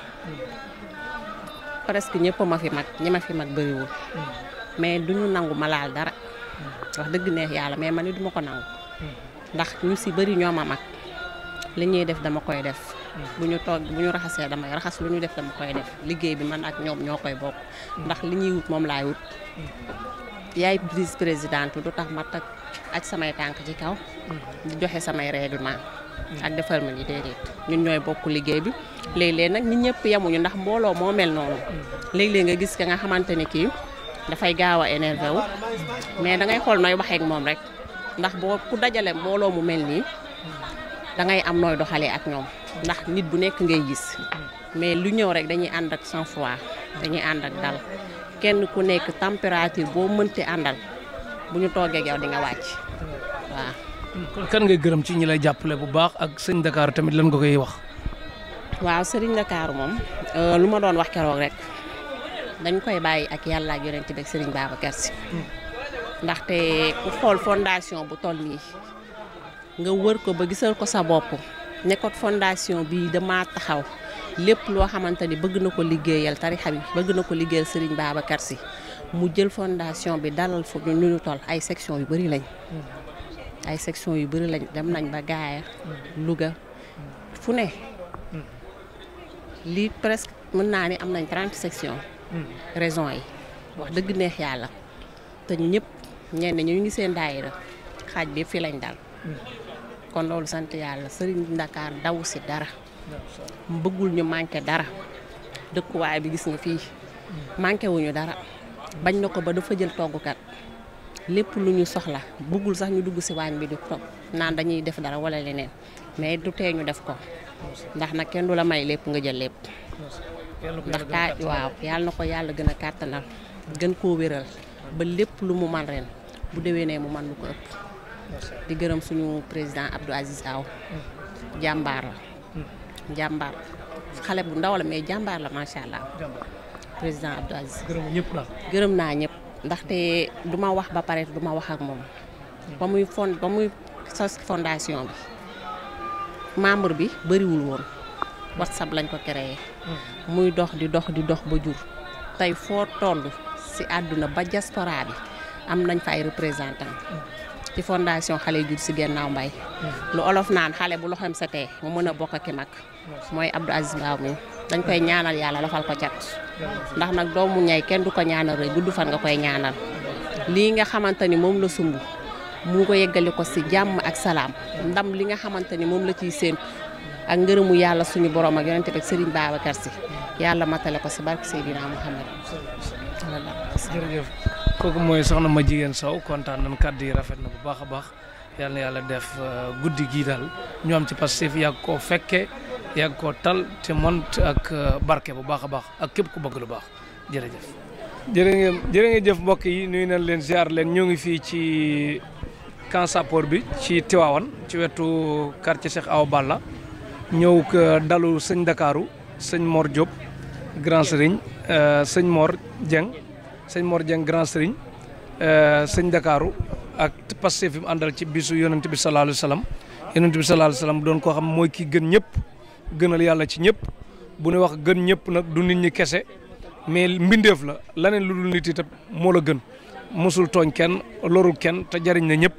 presque ñëpp ma fi mag ñi ma fi mag bëriwul mm. mais duñu nangu ma laal dara wax dëgg neex yàlla mais man ni duma ko nangu ndax ñu si bëri ñoo ma mag li ñuy def dama koy def bu ñu toog bu ñu raxasee damay raxas lu ñu def dama koy def liggéey bi man ak ñoom ñoo koy bokk ndax li ñuy wut moom laay wut yaay vice présidente du tax ma tak ak samay tànk ci kaw du joxe samay règlement ak defar ma ni déedéet ñun ñooy bokk liggéey bi léeg-léeg nag ñi ñëpp yamuñu ndax mbooloo moo mel noonu léeg-léeg nga gis ka nga xamante ne kii dafay gaaw a énervé wu mais dangay xool nooy waxeek moom rek ndax boo ku dajalee mbooloo mu mel nii dangay am nooy doxalee ak ñoom ndax nit bu nekk ngay gis mais lu ñëw rek dañuy ànd ak sang froid dañuy ànd ak dal kenn ku nekk température boo mënti àndal bu ñu toogee ak yow di nga wàcc waaw. kan ngay gërëm ci ñu lay jàppale bu baax ak sëñ Dakar tamit lan nga koy wax. waaw sëriñ Dakar moom euh, lu ma doon wax keroog rek dañ koy bàyyi ak yàlla ak yonent bi ak sëriñ Babacar Si ndaxte ku xool fondation bu toll nii nga wër ko ba gisal ko sa bopp nekkoon fondation bi damaa taxaw lépp loo xamante ni bëgg na ko liggéeyal tarixam bi bëgg na ko liggéeyal Serigne Babacar si mu jël fondation bi dalal fo ñu ñu toll ay section yu bëri lañ ay section yu bëri lañ dem nañ ba Louga fu ne lii presque mën naa ni am nañ trente section mm. raison yi wax dëgg neex yàlla te ñëpp ñenn ñu ngi seen daayira xaaj bi fi lañ dal kon loolu sant yàlla sëriñ Ndakaar daw si dara bëggul ñu manqué dara dëkkuwaay bi gis nga fii manqué wuñu dara bañ na ko ba dafa jël toggukat lépp lu ñu soxla bëggul sax ñu dugg si waañ bi di toog naan dañuy def dara wala leneen mais du tee ñu def ko ndax nag kenn du la may lépp nga jël lépp ndax taa waaw yàlla na ko yàlla gën a kàttanal gën koo wéral ba lépp lu mu man ren bu déwénee mu man lu ko ëpp di gërëm suñu président Abdou Aziz Aw mm. jàmbaar la mm. jàmbaar xale bu ndaw la mais jàmbaar la macha allah président Abdou Aziz gërëm ñëpp gërëm naa ñëpp ndaxte du ma wax ba pare du ma wax ak moom mm. ba muy fond ba muy sos fondation bi membre bi bëriwul woon whatsapp lañ ko créé muy dox di dox di dox ba jur tey foo toll ci àdduna ba jasporaa bi am nañ fa ay représentant ci fondation xale yu jur si gennaaw mbay lu olof naan xale bu loxoom sa tey mu mën a bokk ki mag mooy Abdou Aziz Mbaw mi dañ koy ñaanal yàlla lafal ko cat ndax nag doomu ñay kenn du ko ñaanal rek gudd fan nga koy ñaanal lii nga xamante ni moom la sumb mu ko yeggali ko si jàmm ak salaam ndam li nga xamante ni moom la ciy séentu ak ngërëmu yàlla suñu borom ak yonente bi Serigne Babacar si yàlla matale ko si barke Seydina Mouhamed Thiès jërëjëf kooku mooy soxna ma jigéen Sow kontaan nañ kàddu yi rafet na bu baax a baax yal na yàlla def euh, guddi gii daal ñoom ci Pastef yàgg koo fekke yàgg koo tal te mont ak euh, barke bu baax a baax ak képp ku bëgg lu baax jërëjëf. jërë ngeen jërë jëf mbokk yi nuyu nañ leen ziar leen ñoo ngi fii ci camp bi ci Tivaouane ci wetu quartier Cheikh Awa Balla ñëw euh, dalu sëñ Ndakaaru sëñ moor Diop grand sëriñ sëñ Mor Dieng. sëñ moor Dieng grand Serigne euh, sëñ Dakaru ak Pastef fi mu àndal ci bisu yonent bi sallallahu alayhi wa sallam yonent bi sallallahu alayhi doon koo xam mooy kii gën ñëpp gënal yàlla ci ñëpp bu ñu wax gën ñëpp nag du nit ñi kese mais mbindeef la laneen lu dul nit itam moo la gën mosul tooñ kenn lorul kenn te jariñ na ñëpp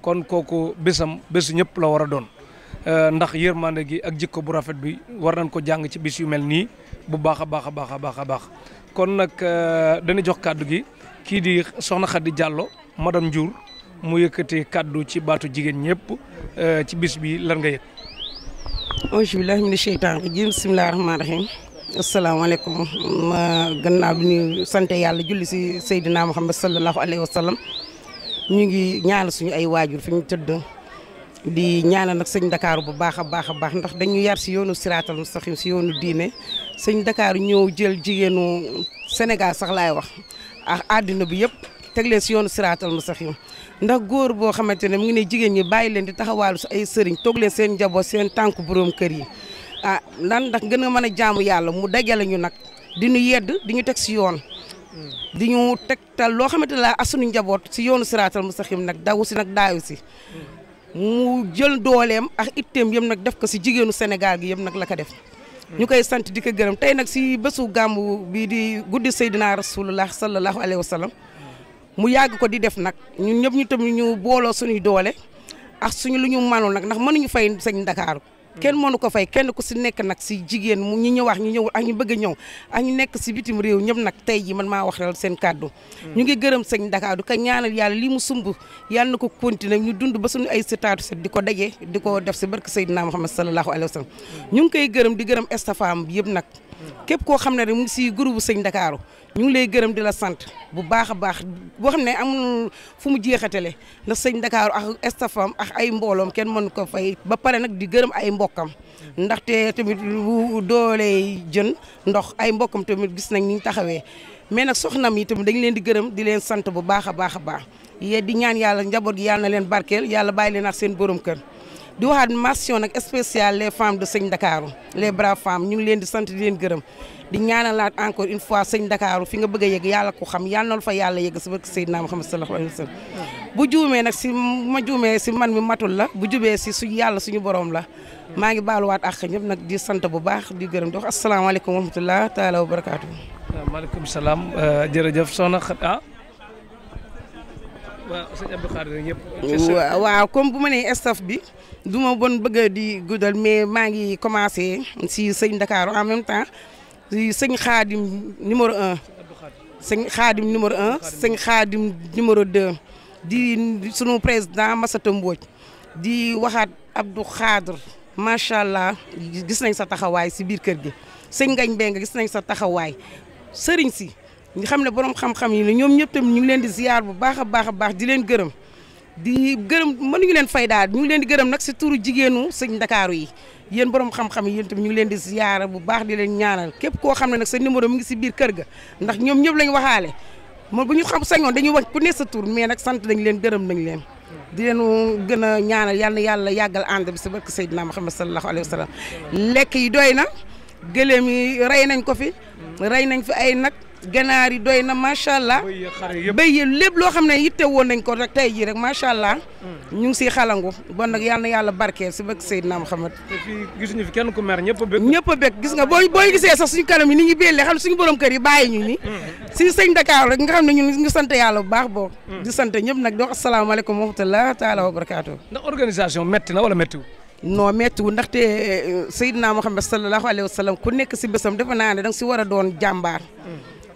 kon kooku bésam bésu ñëpp la war a doon euh, ndax yërmande gi ak jikko bu rafet bi war nañ ko jàng ci bis yu mel nii bu baax a baax a baax a baax a baax kon nag euh, dañu jox kàddu gi kii di soxna Khady Diallo madame Ndiour mu yëkkati kàddu ci baatu jigéen ñépp euh, ci bis bi lan nga yëg. auzu billaahi mina sheytaani rajiim bismillaahi rahmaani ma gannaaw bi ñu sant yàlla julli si Seydina Muhammad sallallahu alayhi wa sallam ñu ngi ñaanal suñu ay waajur fi ñu tëdd. di ñaanal nag sëñ ndakaaru bu baax a baax a baax ndax dañu yar si yoonu siraatal mustaxim si yoonu diine sëñ Dakar ñëw jël jigéenu senegal sax laay wax ak àddina bi yëpp teg leen si yoonu siraatal mustaxim ndax góor boo xamante ne mu ngi ne jigéen ñi bàyyi leen di taxawaalu si ay sëriñ toog seen njaboot seen tànk borom kër yi ah nan ndax gën a mën a jaamu yàlla mu dajale ñu nag di ñu yedd di ñu teg si yoon. di ñu tegtal loo xamante ne laa njaboot si yoonu siraatal mustaxim nag dawu nag daayu si. mu jël dooleem ak itteem yëpp nag def ko si jigéenu Sénégal gi yëpp nag la ko def. ñu koy sant di ko gërëm tey nag si bésu gàmmu bii di guddi Seydina Rasulullah sallallahu alayhi wa sallam mu yàgg ko di def nag ñun ñëpp ñu tam ñu booloo suñuy doole ak suñu lu ñu mënul nag ndax mënuñu fay sañ Ndakaaru. kenn mënu ko fay kenn ku si nekk nag si jigéen mu ñu ñëwaat ñu ñëwul ak ñu bëgg ñëw ak ñu nekk si bitim réew ñëpp nag tey ji man maa waxal seen kàddu mm. ñu ngi gërëm sëñ Dakar du ko ñaanal yàlla lii mu sumb yàlla na ko continuer ñu dund ba suñu ay sitaatu set di ko dajee di ko def si barke Seydina Muhammad sallallahu alayhi wa sallam mm. ñu ngi koy gërëm di gërëm estafam yëpp nag mm. képp koo xam ne rek mu si groupe sëñ ndakaaru ñu ngi lay gërëm di la sant bu baax a baax waxam ne am fu mu jeexatale ndax sëñ Ndakaaru ak stafam ak ay mbooloom kenn mën ko fay ba pare nag di gërëm ay mbokkam ndaxte tamit bu doolee jën ndox ay mbokkam tamit gis nañ ni ñu taxawee mais nag soxna yi tamit dañ leen di gërëm di leen sant bu baax a baax a baax yee di ñaan yàlla njaboot gi yàlla leen barkeel yàlla bàyyi leen ak seen borom kër di waxaat mention nag spéciale les femmes de señ Ndakaaru les braves femmes ñu ngi leen di sant di leen gërëm di ñaanalaat encore une fois Sëñ Ndakaaru fi nga bëgg a yàlla ko xam yàlla na fa yàlla yegg si barke Seydina Muhammad sallallahu alayhi wa sallam bu juumee nag si ma juumee si man mi matul la bu jubee si su yàlla suñu borom la maa ngi baaluwaat ak ñëpp nag di sant bu baax di gërëm di wax asalaamaaleykum wa rahmatulah taala wa barakaatu. waaleykum salaam euh, jërëjëf soxna ah. waaw waaw comme bu ma nee estaf bi du ma bon bëgg di guddal mais maa ngi commencé si sëñ Dakar en même temps si sëñ Xaadim numéro un. sëñ Xaadim numéro en sëñ Xaadim numéro deux di sunu président Massata Mbodj di waxaat Abdou Khadr macha allah gis nañ sa taxawaay si biir kër gi sëñ Ngañ Mbengue gis nañ sa taxawaay sëriñ si. nga xam ne boroom xam-xam yi la ñoom ñëpp tamit ñu ngi leen di ziar bu baax a baax a baax di leen gërëm di gërëm mënuñu leen fay daal ñu ngi leen di gërëm nag si turu jigéenu sëñ ndakaaru yi yéen borom xam-xam yi yéen tamit ñu ngi leen di ziar bu baax di leen ñaanal képp koo xam ne nag sa numéro mu ngi si biir kër ga ndax ñoom ñëpp lañ waxaale moom bu ñu xam sañoon dañuy wax ku sa tur mais nag sant nañ leen gërëm nañ leen di leen gën a ñaanal yal yàlla yàggal ànd bi si barke Seydina Muhammad sallallahu alayhi wa sallam lekk yi doy na gëléem yi rey nañ ko fi rey nañ fi ay nag ganaar yi doy na macha allah béy lépp loo xam ne yitte woon nañ ko rek tey jii rek macha allah. Mm. ñu ngi siy xalangu bon nag yal na yàlla barkeel si bëgg Seydina Muhammad. te fii gisuñu fi kenn ku mer ñëpp ñëpp a gis nga boo boo gisee sax suñu kanam yi ni ñu béylee xam ne suñu borom kër yi bàyyi ñu ni mm. suñu sëñ Dakar rek nga xam ne ñun ñu ngi sant yàlla bu baax boo mm. sant ñëpp nag di wax asalaamaaleykum wa rahmatulah taala wa barakaatu. ndax organisation métti na wala méttiwul. non méttiwul ndaxte eh, Seydina Muhammad sallallahu alayhi wa sallam ku nekk si bésam defe naa ne danga si war a doon jàmbaar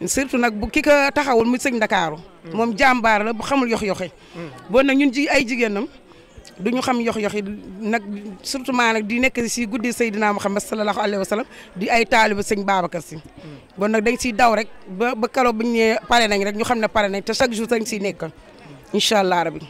surtout nag bu ki ko taxawul mu sëñ Ndakaaru moom jàmbaar la bu xamul yox-yoxe bon nag ñun ji ay jigéenam duñu xam yox-yox yi nag surtout maa nag di nekk si guddi Seydina Muhammad sallallahu alayhi wa sallam di ay taaliba sëñ Babacar si bon nag dañ siy daw rek ba ba bu ñu nee pare nañ rek ñu xam ne pare nañ te chaque jour dañ siy nekk incha allah rabi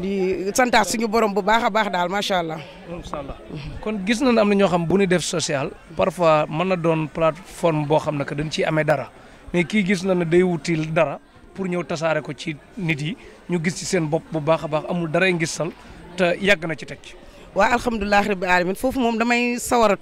di santaat suñu borom bu baax a baax daal macha allah. macha kon gis nañ am na ñoo xam bu ñu def social. parfois mën na doon plateforme boo xam ne que dañ ciy amee dara. mais kii gis na ne day wutil dara pour ñëw tasaare ko ci nit yi ñu gis ci seen bopp bu baax a baax amul dara ngi sal te yàgg na ci teg ci. waaw alhamdulilah rabbi alamin foofu moom damay sawar a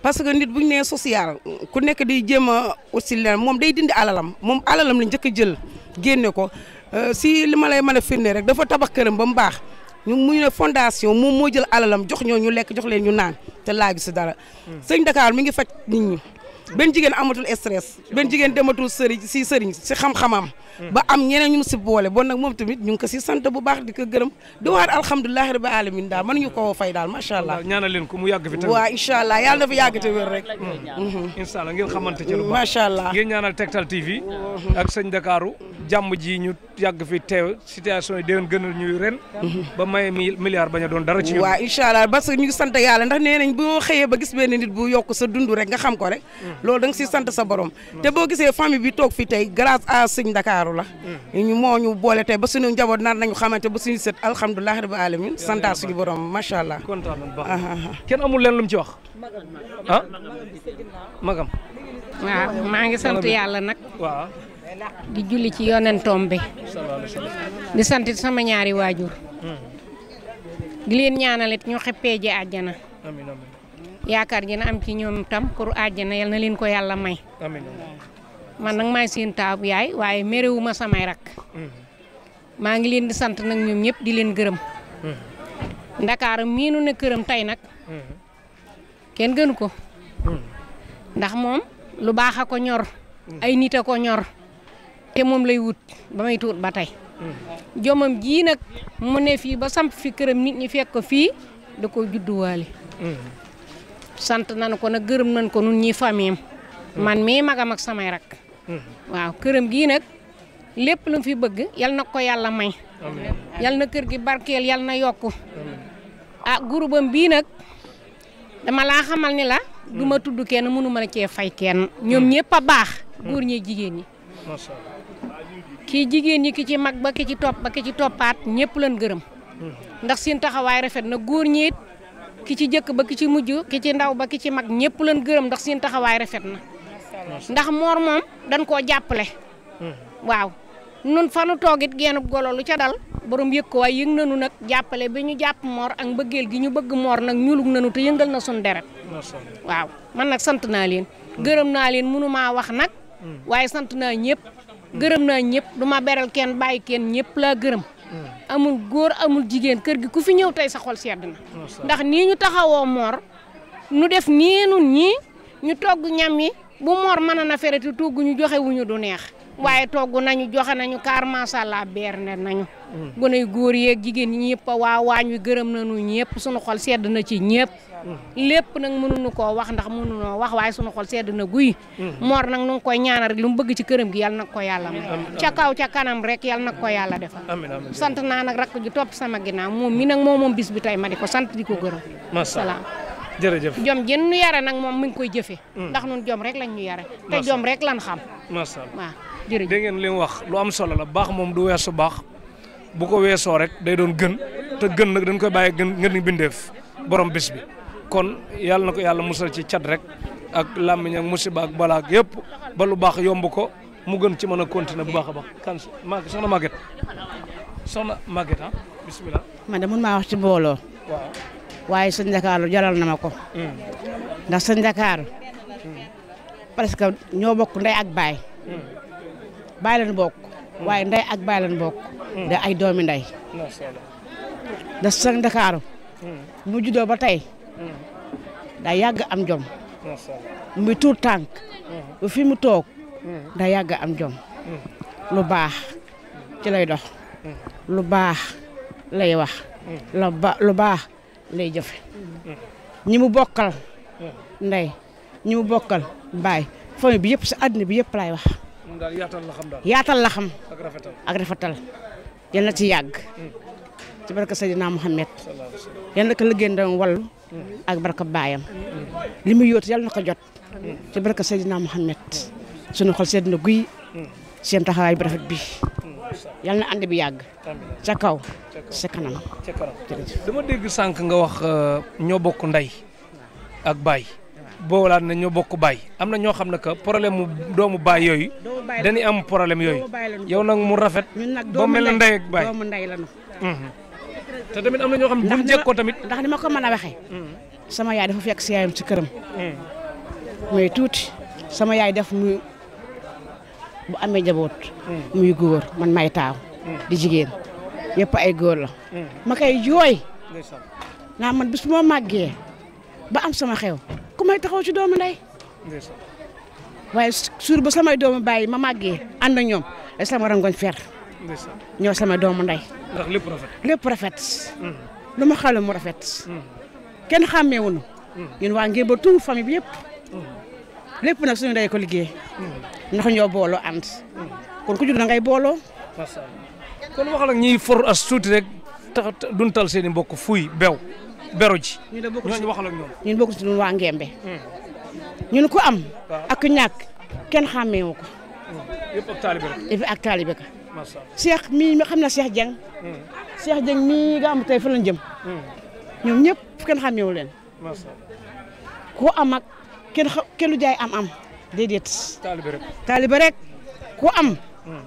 parce que nit bu ñu nee social ku nekk di jéem a aussi leneen moom day dindi alalam moom alalam la njëkk a jël génne ko euh, si li ma lay mën a firnde rek dafa tabax këram ba mu baax. ñu muy ne fondation moom moo jël alalam jox ñoo ñu lekk jox leen ñu naan te laaju si dara. Hmm. sëñ Dakar mi ngi faj nit ñi benn jigéen amatul stress benn jigéen dematul sëriñ si sëriñ si xam-xamam ba am ñeneen ñu si boole bon nag moom tamit ñu ngi ko si sant bu baax di ko gërëm di waat alhamdulilahi rabbi alamin daal mën ñu ko fay daal macha allah ñaanal leen ko mu yàgg fi tamit waaw incha allah yàlla dafa rek mm. mm-hmm. incha allah ngeen xamante ci lu macha allah ngeen ñaanal Tektal TV ak jàmm ji ñu yàgg fi teew situation yi déwén gënal ñuy ren mm-hmm. ba may milliard bañ a doon dara ci waaw incha allah parce que ñu ngi sant yàlla ndax nee nañ bu xëyee ba gis benn bu yokk sa dund rek nga xam ko rek mm. loolu danga nga siy sant sa borom te boo gisee famille bi toog fii tey grâce à sëñ Ndakaaru la mm. ñu moo ñu boole tey ba suñu njaboot nar nañu xamante ba suñu sët alhamdulilah rabbi alamin santaar suñu borom macha allah kontaan nañu baax kenn ci wax ah? maa ngi sant yàlla nag waaw di julli ci yonentoom bi di sant sama ñaari waajur mm. di leen ñaanalit ñu xeppee ji àjjana yaakaar ji na am ci ñoom tam pour àjjana yal na leen ko yàlla may. man nag maay seen taabu yaay waaye mérewu ma samay rak. Mm-hmm. maa ngi leen di sant nag ñoom ñëpp di leen gërëm. Mm-hmm. Ndakaaru miinu na këram tey nag. Mm-hmm. kenn gënu ko. ndax moom lu baax a ko ñor. ay nit a ko ñor. te moom lay wut ba may tuut ba tey. jomam jii nag mu fii ba samp fi këram nit ñi fekk ko fii da ko judduwaale. sant nañ ko nag gërëm nañ ko nun ñi famille man mii magam ak samay rak mm-hmm. waaw këram gii nag lépp lu fi bëgg yal na ko yàlla may yal na kër gi barkeel yal na yokku ah gurubam bii nag dama laa xamal ni la duma mm. tudd kenn mënu la cee fay kenn ñoom mm. ñëpp a baax góor mm. ñi jigéen ñi kii jigéen ñi ki ci mag ba ki ci toppaat ñépp lañ gërëm ndax seen taxawaay rafet na góor ñi ki ci jëkk ba ki ci mujj ki ci ndaw ba ki ci mag ñëpp leen gërëm ndax seen taxawaay rafet na ndax moor moom dañ koo jàppale hmm. waaw nun fanu toogit geenub golo lu ca dal borom yëg ko waaye yëg nanu nag jàppale bi ñu jàpp moor ak mbëggeel gi ñu bëgg moor nag ñulug nanu te yëngal na sun deret waaw man nag sant naa liin gërëm naa leen mënumaa wax nag hmm. waaye sant naa ñëpp gërëm naa ñëpp duma beral kenn bàyyi kenn ñëpp laa gërëm amul góor amul jigéen kër gi ku fi ñëw tey saxol sedd na ndax nii ñu taxawoo moor nu def nii nun ñii ñu togg ñam yi bu moor mën a na fereti togg ñu joxe wuñu du neex waaye togg nañu joxe nañu kaar macha allah beerne nañu. gone yu góor yeeg jigéen ñëpp waa waañ wi gërëm nu ñëpp sunu xol sedd na ci ñëpp. lépp nag mënuñu koo wax ndax mënuñoo wax waaye sunu xol sedd na guy. moor nag nu ngi koy ñaanal rek lu mu bëgg ci këram gi yal na ko yàlla may. ca kaw ca kanam rek yal na ko yàlla defal. sant naa nag rakk ji topp sama ginnaaw moom mi nag moom moom bis bi tey ma di ko sant di ko gërëm. macha allah jërëjëf jom jën nu yare nag moom mi ngi koy jëfe mm. ndax nun jom rek lañ ñu yare te jom rek jërëjëf dégg ngeen li mu wax lu am solo la baax moom du weesu baax bu ko weesoo rek day doon gën te gën nag dañ ko bàyyi gën ngeen ni bindeef borom bis bi kon yàlla na ko yàlla musal ci cat rek ak làmmiñ ak musiba ak balaa ba lu baax yomb ko mu gën ci mën a continuer bu baax a baax kan soxna Maguette soxna Maguette ah bisimilah. man de mun maa wax ci mbooloo. waaye sëñ Ndakaaru jaral na ma ko. Hmm. ndax sëñ Ndakaaru. Hmm. ñoo bokk ndey ak baay. Hmm. bàyyi leen bokk waaye ndey ak bàyyi leen bokk hmm. de ay doomi ndey da sang Ndakaaru hmm. mu juddoo ba tey hmm. daa yàgg am jom muy tuur tànk bu fi mu toog daa yàgg am jom lu baax ci lay dox lu baax lay wax lu baax lay jëf ñi mu bokkal ndey ñi mu bokkal baay famille bi yëpp si àddina bi yëpp lay wax moom daal yaatal la xam daal. yaatal la ak rafetal yal na ci yàgg. ci barka Seydina Mouhamed. yal na ko liggéey ndawam wallu ak barka baayam. li muy yóotu yal na ko jot. ci barka Seydina Mouhamed. sunu xol sedd guy. seen taxawaay bu rafet bi. yal na ànd bi yàgg. ca kaw dama dégg sànq nga wax euh, ñoo bokk ndey ak baay. boolaat na ñoo bokk baay am na ñoo xam ne que problème mu doomu baay yooyu dañuy am problème yooyu yow nag mu rafet ba mel na ndey ak baay doomu la mhm. te tamit am na ñoo xam ne bu ñu jekkoo tamit ndax ni ma ko mën a waxee mhm. sama yaay dafa fekk si yaayam ci këram mhm. tuuti sama yaay def muy bu amee jaboot muy góor man may taaw di jigéen yëpp ay góor la ma koy jooy naa man bu ma màggee ba am sama xew ku may taxaw ci doomu ndey. waaye suur ba samay doomu baay ma màggee ànd ak ñoom ay sama rangoñ fer. ñoo sama doomu ndey. ndax lépp rafet. lépp rafet. Mm-hmm. lu ma xale mu rafet. Mm-hmm. kenn xàmmee wuñu. Mm-hmm. ñun waa Ngéba tout famille bi yëpp. lépp nag suñu ndey ko liggéey. ndax ñoo booloo ànd. kon ku jur da booloo. kon waxal ak ñiy for as tuuti rek tax duntal seen i mbokk fuy bew. beru ji. ñooñu waxal ak ñoom ñun bokkul ci ñun waa Ngembe. Hmm. ñun ku am. ak ñàkk kenn xàmmeewu ko. Hmm. yëpp ak taalibe rek. ak mii nga xam na Cheikh Dieng. Hmm. Cheikh Dieng mii nga fa lañ jëm. ñoom ñëpp kenn xàmmeewu leen. macha ku am ak kenn xa kenn jaay am-am déedéet. taalibe rek rek ku am.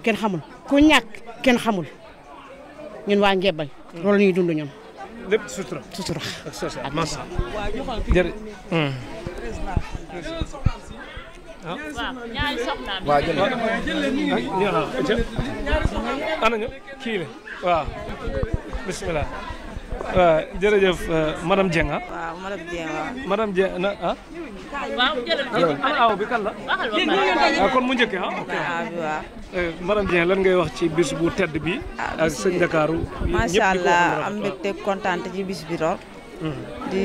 kenn xamul ku ñàkk kenn xamul ñun waa Ngembe. loolu la ñuy dund ñoom. lépp sutura. sutura ak macha allah jërëjëf. Euh, ah waaw jërëjëf ana waaw aw bi kan la. Ah, ah, ah, waaw kon eh, lan ngay wax ci bis bu tedd bi. ak sëñ Ndakaaru. macha allah am mbégte kontaan ci bis bi lool. Hmm. di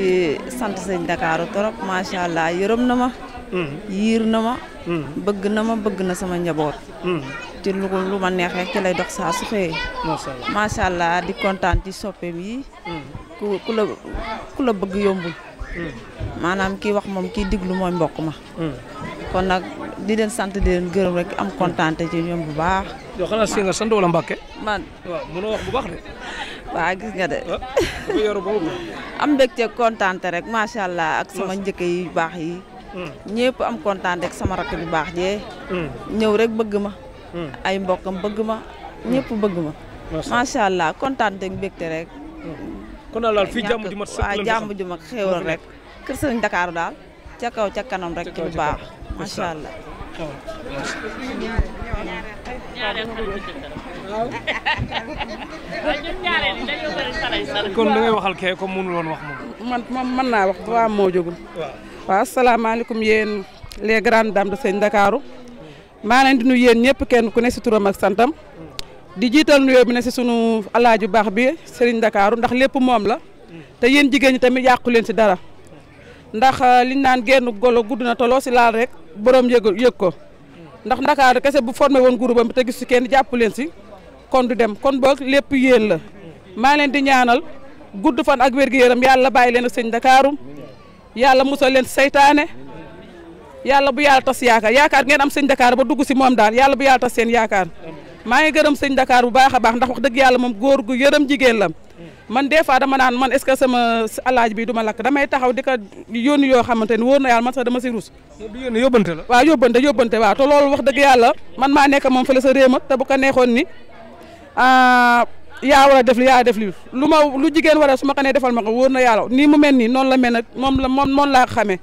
sant sëñ Ndakaaru trop macha allah yërëm na ma. Hmm. yiir na ma. Hmm. bëgg na ma bëgg na sama njaboot. ci lu lu ma neexee ci lay dox saa su xëyee. macha allah di kontaan ci soppeem yi. ku ku la ku la bëgg yombul. maanaam ki wax moom kii diglu mooy mbokk ma. Hmm. kon nag di leen sant di leen gërëm rek am kontaante ci ñoom bu baax. yow xanaa si nga sant wala Mbàkke. man waaw wax bu baax de. waa gis nga de. Ah, am mbégte kontaante rek macha allah ak sama njëkk yu baax yi. Hmm. ñëpp am kontaante sama rakk bu baax jee. Hmm. ñëw rek bëgg ma. ay mbokkam bëgg ma. ñëpp bëgg ma. macha allah kontaante ak mbégte rek. kon daal fi fii jàmm ju mat waaw jàmm ju mag xéewal rek kër sëriñ daal ca kaw ca kanam rek ci baax macha allah kon da ngay waxal kee comme mënul woon wax moom man moom mën naa wax waa moo jógul waaw asalaamaaleykum yéen les grandes dames Ndakaaru maa leen di nuyu yéen ñëpp kenn ku ne si turam ak santam di jiital nuyoo bi ne si sunu alaaju baax bi Serigne Ndakaaru ndax lépp moom la te yéen jigéen ñi tamit yàqu leen si dara ndax euh, liñ naan genn golo gudd na toloo si laal rek borom yëg yëg ko ndax Ndakaaru kese bu formé woon groupam te gis si kenn jàpp leen si kon du dem kon boog lépp yéen la maa leen di ñaanal gudd fan ak wér-gu-yaram yàlla bàyyi leen ak sëñ Ndakaaru yàlla musal leen seytaane yàlla bu yàlla tas yaakaar yaakaar ngeen am sëñ Ndakaaru ba dugg si moom yàlla bu yàlla seen yaakaar maa ngi gërëm sëñ Dakar bu baax a baax ndax wax dëgg yàlla moom góor gu yërëm jigéen la man des fois dama naan man est-ce que sama alaaj bi du lakk damay taxaw di ko yónni yoo xamante ne wóor na yàlla man sax dama si ruus yóbbante la waaw yóbbante yóbbante waaw te loolu dëgg yàlla man maa nekk moom fële sa réew te bu ko neexoon ni ah, yaa war a def li yaa def li lu ma lu jigéen war a su ma ko nee defal ma ko wóor na yàlla nii mu mel nii noonu la mel nag moom la moom noonu laa xamee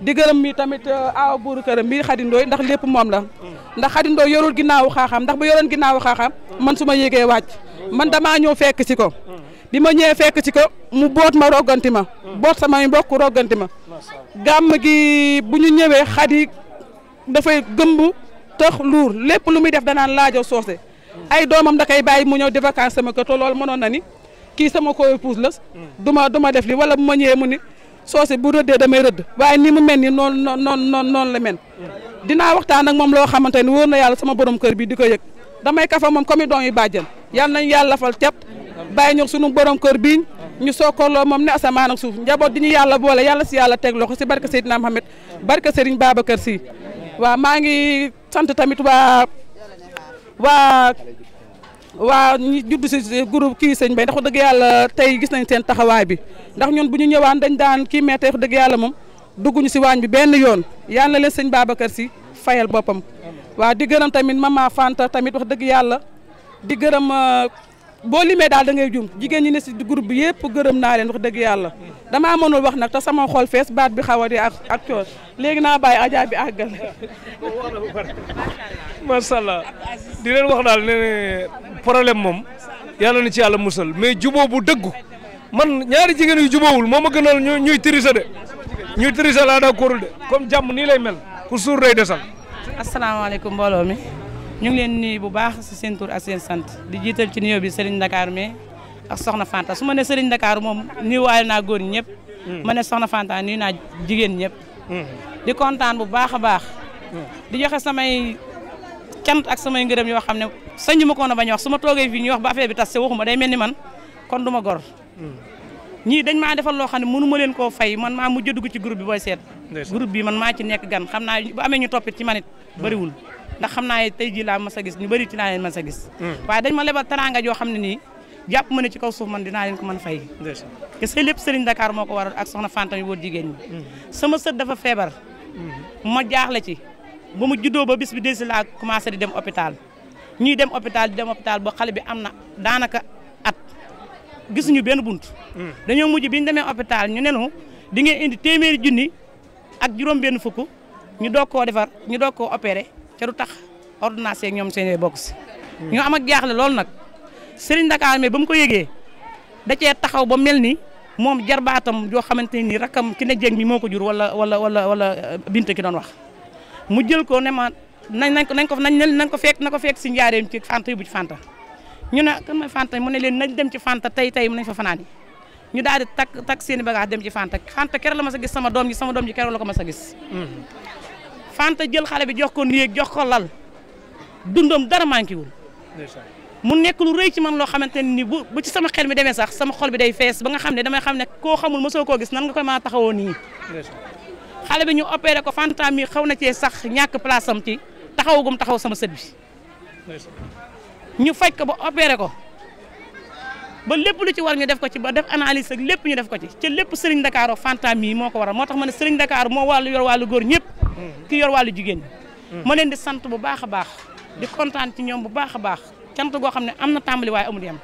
di gërëm mi tamit aaw euh, buuru këram mi Xadi Ndooy ndax lépp moom la ndax Xadi Ndooy yorul ginnaaw xaaxam ndax ba yoroon ginnaaw xaaxam man su ma yéegee wàcc man dama ñëw fekk ci ko bi ma ñëwee fekk ci ko mu boot ma rogganti ma boot samay mbokk rogganti ma gàmm gi bu ñu ñëwee Xadi dafay gëmb tëx luur lépp lu muy def danaan laajo soose ay doomam da kay bàyyi mu ñëw di vacance sama kër te loolu mënoon na ni kii sama koy puus la duma duma def li wala bu ma ñëwee mu ni soose bu rëddee damay rëdd waaye ni mu mel ni noonu noonu noonu noonu la mel dinaa waxtaan ak moom loo xamante ni wóor na yàlla sama borom kër bi di ko yëg damay kafa moom comme doom yu bàjjen yal nañu yàlla fal cat bàyyi ñu sunu borom kër biiñ ñu sookorloo moom ne asamaan ak suuf njaboot di ñu yàlla boole yàlla si yàlla teg loxo si barke Seydina Mohamed barke Serigne Babacar Sy waaw maa ngi sant tamit waa waa waa ñu judd si groupe kii sëñ Mbaye ndax dëgg yàlla tey gis nañ seen taxawaay bi ndax ñun bu ñu ñëwaan dañ daan kii tey dëgg yàlla moom dugguñu si waañ bi benn yoon yàlla na leen sëñ Babacar si fayal boppam. waa di gërëm tamit mama Fanta tamit wax dëgg yàlla di gërëm. Euh, boo limee daal da ngay jum jigéen ñi ne si groupe bi yëpp gërëm naa leen wax dëgg yàlla damaa mënul wax nag te sama xol fees baat bi xaw a dee ak ak léegi naa bàyyi ajaa bi àggal. macha allah di leen wax daal ne problème moom yàlla na ci yàlla musal mais juboo bu dëggu man ñaari jigéen yu juboowul moom ma gënal ñuy ñuy tirise de ñuy tirise laa daa kóorul de comme jàmm nii lay mel ku suur day desal. asalaamaaleykum mbooloo mi. ñu ngi leen nuyu bu baax si seen tur ak seen sant di jiital ci nuyoo bi Serigne Dakar mais ak Soxna Fanta su ma ne sëriñ Dakar moom nuyuwaale naa góor ñëpp. Hmm. ma ne Soxna Fanta nuyu naa jigéen ñëpp. Hmm. di kontaan bu baax a baax. Hmm. di joxe samay cant ak samay ngërëm yoo xam ne sañu ma ko woon a bañ wax su ma toogee fii ñu wax ba affaire bi tas se waxuma day mel ni man kon du ma gor. ñii dañ maa defal loo xam ne mënu ma leen koo fay man maa mujj dugg ci groupe bi booy seet. groupe maa ci gan xam naa bu amee ñu toppit ci bariwul ndax xam naa tey jii laa mas a gis ñu bëri ci naa leen mas a gis mm. waaye dañ ma lebal teraanga yoo xam ne nii jàpp ma ne ci kaw suuf man dinaa leen ko mën fay lépp Serigne Dakar moo ko waral ak soxna Fanta mi wóor jigéen ñi mm. sama sët dafa feebar mm-hmm. ma jaaxle ci ba mu juddoo ba bis bi desi laa commencé di dem hôpital ñuy dem hôpital di dem hôpital ba xale bi am na daanaka at gisuñu benn bunt mm. dañoo mujj bi ñu demee hôpital ñu ne nenu di ngeen indi téeméeri junni ak juróom benn fukk ñu doog koo defar ñu doog ko opeere te du tax ordonnance ñoom seenee bokk si. ñu am ak jaaxle loolu nag sëriñ Dakar mais ba mu ko yëgee da cee taxaw ba mel ni moom jarbaatam joo xamante ni rakkam ki ne jéeg mi moo ko jur wala wala wala wala euh, bint ki doon wax mu jël ko ne ma nañ nañ ko nañ ko nañ ko fekk na ko fekk si njaareem ci fanta yóbbu ci fanta. ñu ne kan mooy fanta mu ne leen nañ dem ci fanta tey tey mu nañ fa fanaan ñu daal di takk takk seen dem ci fanta fanta keroog la ma sa gis sama doom ji sama doom ji keroog la ko ma sa gis. Mm-hmm. Fanta jël xale bi jox ko néeg jox ko lal dundam dara manqué wul. mu nekk lu rëy ci man loo xamante ne ni bu bu ci sama xel mi demee sax sama xol bi day fees ba nga xam ne damay xam ne koo xamul ma soo koo gis nan nga koy mën a taxawoo nii. xale bi ñu opéré ko Fanta mi xaw na cee sax ñàkk place am ci taxawagum taxaw sama sët bi. ñu faj ko ba opéré ko. ba lépp lu ci war ñu def ko ci ba def analyse ak lépp ñu def ko ci ca lépp Serigne Dakar Fanta mii moo ko waral moo tax ma ne Serigne Dakar moo wàllu yor wàllu góor ñëpp mm. ki yor wàllu jigéen mm. ma leen di sant bu baax a baax di kontaan ci ñoom bu baax a baax cant goo xam ne am na tàmbali waaye amul yem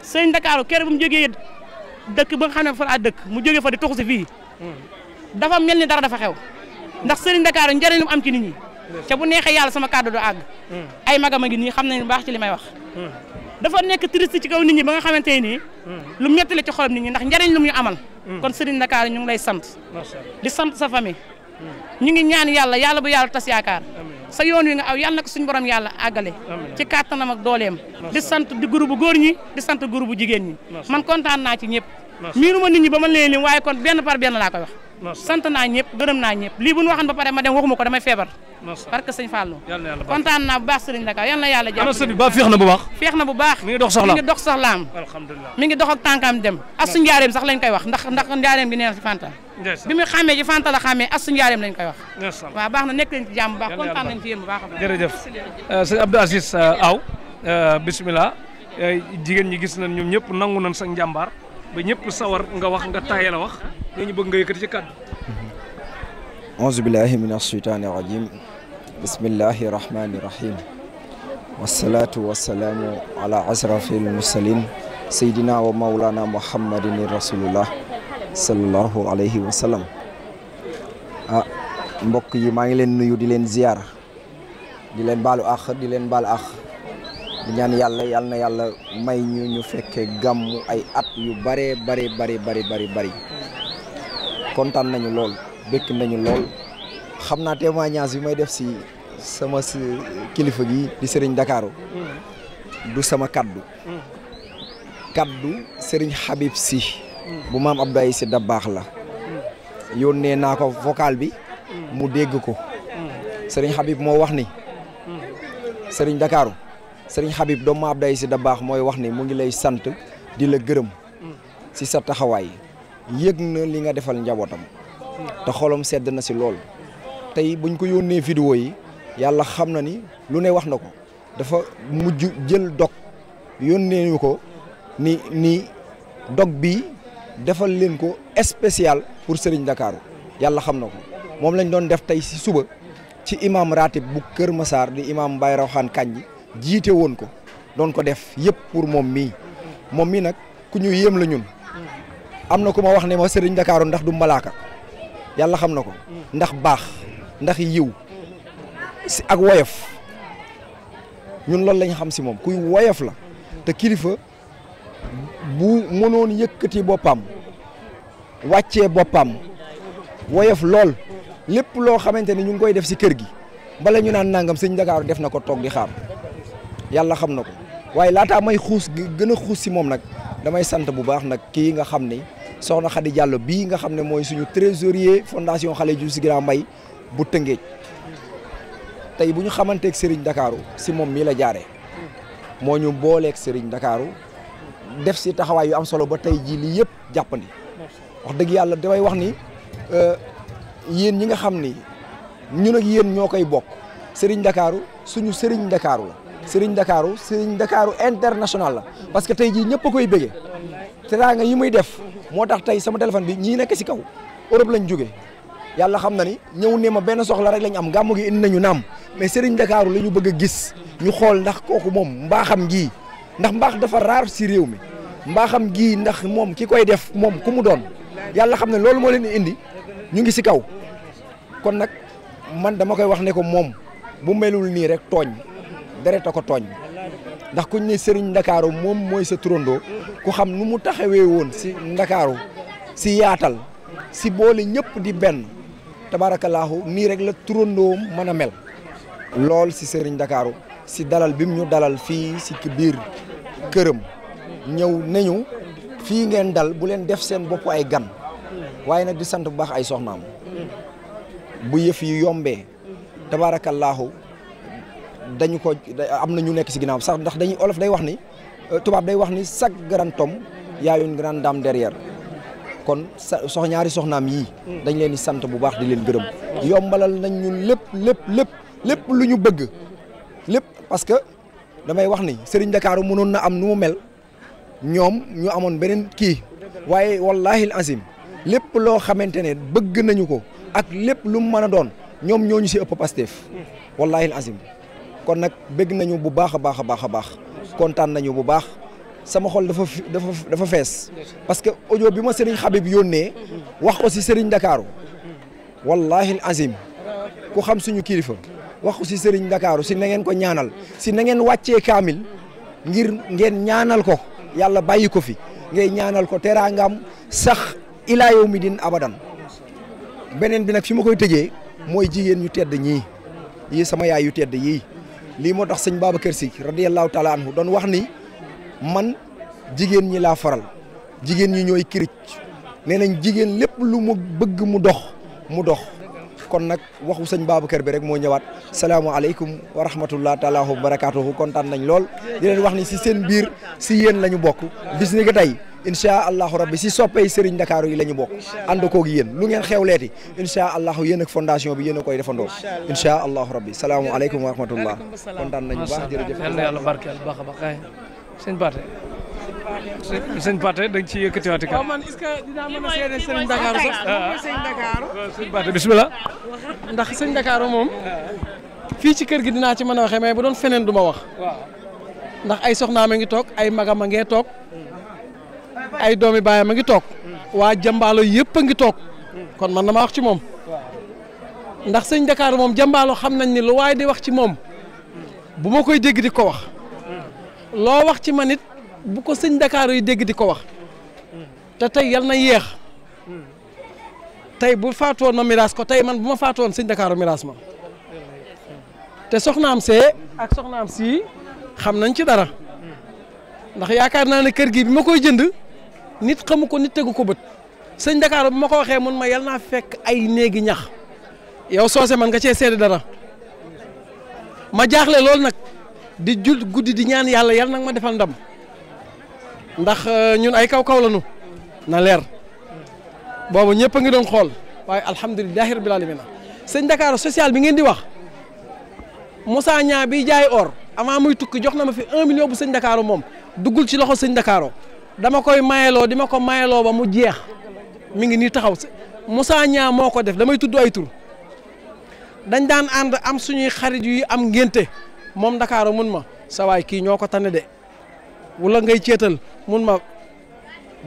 Serigne Dakar kër bu mu jógee dëkk ba nga xam dëkk mu jógee fa di tuxu si fii mm. dafa mel ni dara dafa xew ndax Serigne Dakar njëriñ lu mu am ci nit ñi ca bu neexee yàlla sama kàddu àgg ay magam a nii xam nañu baax ci li may wax dafa nekk triste ci kaw nit ñi ba nga xamante nii lu metti la ci xolam nit ñi ndax njariñ lu mu ñu amal hmm. kon Serigne Ndakaaru ñu ngi lay sant di sant sa fami hmm. ñu ngi ñaan yàlla yàlla bu yàlla tas yaakaar sa yoon wi nga aw yàlla na ko suñu borom yàlla àggale ci kàttanam ak dooleem di sant di groupe góor ñi di sant groupe jigéen ñi man kontaan naa ci ñëpp miiruma nit ñi ba ma leen lim waaye kon benn par benn laa koy wax sant naa ñëpp gërëm naa ñëpp lii bu ñu waxan ba pare ma dem waxuma ko damay feebar parce que sëñ kontaan naa bu baax sëriñ ba feex na bu baax feex na bu baax mi ngi dox soxlaam mi ngi dox soxlaam mi ngi dox ak tànkaam dem asu njaareem sax lañ koy wax ndax ndax njaareem gi neena ci Fanta bi mu xàmmee ci Fanta la xàmmee asu njaareem lañ koy wax waaw baax na nekk leen ci jàmm bu baax kontaan nañ ci yéen bu baax jërëjëf euh, sëñ Abdou Aziz euh, Aw euh, bismillah jigéen ñi gis nañ ñoom ñëpp nangu nañ sa njàmbaar ba ñëpp sawar nga wax nga taayal a wax ñu bëgg nga yëkkati ci kàddu auzu billahi min asheytaani rajim bismillahi rahmani rahim wasalaatu wasalaamu ala asrafil mursalin saydina wa maulana muhammadin rasulullah sallallahu alayhi wa sallam ah mbokk yi maa ngi leen nuyu di leen ziyaar di leen baalu àq di leen baal àq di ñaan yàlla yàlla na yàlla may ñu ñu fekkee gàmmu ay at yu bare bare bari bari bari bari kontaan nañu lool bëkk nañu lool xam naa témoignage bi may def si sama kilifa gi di Serigne Ndakaaru du sama kàddu kàddu sëriñ Habib Sy bu maam si Sy baax la yónnee naa ko vocal bi mu dégg ko sëriñ Habib moo wax ni Serigne Ndakaaru sëriñ Habib doomu si Sy baax mooy wax ni mu ngi lay sant di la gërëm si sa taxawaay yëg na li nga defal njabootam te xolam sedd na si lool tey buñ ko yónnee vidéo yi yàlla xam na ni lu ne wax na ko dafa mujj jël dog yónnee ñu ko ni ni dog bi defal leen ko spécial pour Serigne Ndakaaru yàlla xam na ko moom lañ doon def tey si suba ci imam ratib bu Kër Massar di imam Baye Rawxaan ji jiite woon ko doon ko def yëpp pour moom mii moom mii nag ku ñu yéem la ñun am na ku ma wax ne ma sëriñ Ndakaaru ndax du malaaka yàlla xam na ko ndax baax ndax yiw si ak woyof ñun loolu lañ xam si moom kuy woyof la te kilifa bu mënoon yëkkati boppam wàccee boppam woyof lool lépp loo xamante ni ñu ngi koy def si kër gi bala ñu naan nangam sëñ Ndakaaru def na ko toog di xaar yàlla xam na ko waaye laataa may xuus gën a xuus si moom nag damay sant bu baax nag kii nga xam ni soxna Khady Diallo bii nga xam ne mooy suñu trésorier fondation xale ju si Grand Mbay bu Tëngéej tey bu ñu xamanteek sëriñ Ndakaaru si moom mii la jaare moo ñu booleeg sëriñ Ndakaaru def si taxawaay yu am solo ba tey jii lii yëpp jàppandi wax dëgg yàlla damay wax ni euh, yéen ñi nga xam ni ñu ak yéen ñoo koy bokk sëriñ Ndakaaru suñu Serigne Ndakaaru la Serigne Dakaru Serigne Dakaru international la parce que tey jii ñëpp a koy bége teraanga yi muy def moo tax tey sama téléphone bi ñii nekk si kaw Europe lañ jóge yàlla xam na ni ñëw ne ma benn soxla rek lañu am gàmmu gi indi nañu naam mais Serigne Dakaru la ñu bëgg a gis ñu xool ndax kooku moom mbaaxam gii ndax mbaax dafa raar si réew mi mbaaxam gii ndax moom ki koy def moom ku mu doon yàlla xam ne loolu moo leen indi ñu ngi si kaw kon nag man dama koy wax ne ko moom bu melul nii rek tooñ deret a ko tooñ ndax kuñ ne Serigne Ndakaaru moom mooy sa turandoo ku xam nu mu taxawee woon si Ndakaaru si yaatal si boole ñëpp di benn tabaarakallaahu nii rek la turandoom mën a mel lool si sëriñ Ndakaaru si dalal bi mu ñu dalal fii si biir këram ñëw nañu fi ngeen dal bu leen def seen boppu ay gan waaye nag di sant bu baax ay soxnaam bu yëf yombee tabaarakallaahu dañu ko am na ñu nekk si ginnaaw sax ndax dañuy olof day wax ni euh, tubaab day wax ni chaque grand homme y a une grande dame derrière kon sox ñaari soxnaam yii. dañ leen di sant bu baax di leen gërëm. yombalal nañ ñun lépp lépp lépp lépp lu ñu bëgg lépp parce que damay wax ni sëriñ Ndakaaru mënoon na am nu mu mel ñoom ñu amoon beneen kii waaye wallaahi asim lépp loo xamante ne bëgg nañu ko ak lépp lu mën a doon ñoom ñooñu ñu si ëpp Pastef wallaahi asim kon nag bëgg nañu bu baax a baax a baax a baax kontaan nañu bu baax sama xol dafa dafa fees parce que audio bi ma Serigne Habib yónnee wax aussi Serigne Ndakaaru wallahi azim ku xam suñu kilifa wax aussi Serigne Ndakaaru si na ngeen ko ñaanal si na ngeen wàccee kaamil ngir ngeen ñaanal ko yàlla bàyyi ko fi ngay ñaanal ko teraangaam sax ilaa yow mi din beneen bi nag fi ma koy tëjee mooy jigéen ñu tedd ñii yii sama yaay yu tedd yii lii moo tax sëñ Babacar Sy radiyallahu taala anhu doon wax ni man jigéen ñi laa faral jigéen ñi ñooy kirij nee nañ jigéen lépp lu mu bëgg mu dox mu dox kon nag waxu sëñ Babacar bi rek moo ñëwaat salaamaaleykum wa rahmatullah taala wa barakaatuhu kontaan nañ lool di wax ni si seen biir si yéen la ñu bokk bis ni ko tey incha allahu rabbi si soppey Serigne ndakaaru yi la ñu bokk ànd koog yéen lu ngeen xewleeti incha allahu yéen ak fondation bi yéen koy defandoo incha allahu rabbi salaamualeykum wa rahmatullah kontaan nañu bu baax jërëjëf yàlla yàlla barkeel baax a baax sëñ Baate sëñ Pathé da nga ciy yëkkatiwaati kan. Oh, que a seede sëñ Dakar sax. waaw sëñ Dakar. sëñ Pathé ndax sëñ Dakar moom. fii ci kër gi dinaa ci mën a waxe mais bu doon feneen du ma wax. ndax ay soxnaam a ngi toog ay magam a ngee toog. ay doomi baayam a ngi toog. waa jambaalo yëpp a ngi toog. kon man na ma wax ci moom. ndax sëñ Dakar moom jambaalo xam nañ ni lu waaye di wax ci moom. bu ma koy dégg di ko wax. Hmm. loo wax ci man bu ko sëñ ndakaaru yi dégg di ko wax te tey yal na yéex tey bu faatoon ma miraas ko tey man bu ma faatoon sëñ ndakaaru miraas ma te soxnaam see ak soxnaam sii xam nañ ci dara ndax yaakaar naa ne kër gi bi ma koy jënd nit xamu ko nit tegu ko bët sëñ Dakar bu ma ko waxee mun ma yal naa fekk ay néegi ñax yow soose man nga cee seede dara ma jaaxle loolu nag di jul guddi di ñaan yàlla yal nag ma defal ndam. ndax euh, ñun ay kaw kaw lañu na leer boobu ñëpp a ngi doon xool waaye alhamdulilahi rabbil alamina sëñ Dakar social bi ngeen di wax musaa ñaa bi jaay or avant muy tukki jox na ma fi un million bu sëñ Dakar moom duggul ci loxo sëñ Dakar dama koy mayeloo di ko mayeloo ba mu jeex mi ngi nii taxaw Moussa Niang moo ko def damay tudd ay tur dañ daan ànd am suñuy xarit yu am ngénte moom Dakar mun ma sa waay kii ñoo ko tane de. wala ngay ceetal mun ma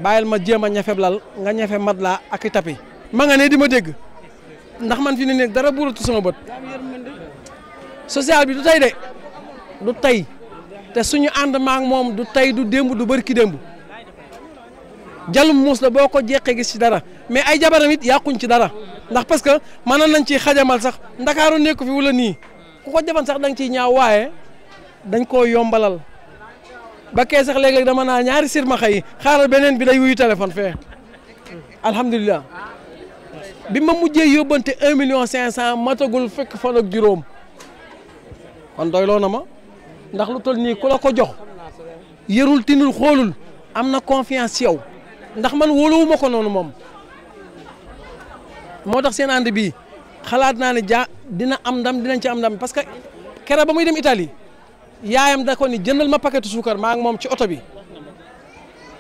bàyyil ma jéem a ñafe lal nga ñafe mat laa ak i ma nga ne di ma dégg ndax man fi ne nekk dara buratu sama bët social bi du tey de du tey te suñu ànd maak moom du tey du démb du bëri ki démb jalum muus la boo ko jeqee gis ci dara mais ay jabaram it yàquñ ci dara ndax parce que mënoon nañ ciy xajamal sax ndakaaru nekku fi wala nii ku ko jaban sax da nga ñaaw waaye dañ koo yombalal ba kee sax léeg dama naa ñaari sirmaxa yi xaaral beneen bi day wuy téléphone fee alhamdulilah bi ma mujjee yóbbante un million cinq cent matagul fekk fan ak juróom kon doyloo na ma ndax lu toll nii ku ko jox yërul tinul xoolul am na confiance yow ndax man wóoluwuma ko noonu moom moo tax seen ànd bii xalaat naa ne ja dina am ndam dinañ ci am ndam parce que kera ba muy dem itali yaayam da ko ni jëndal ma paquetu suukar maa ngi moom ci oto bi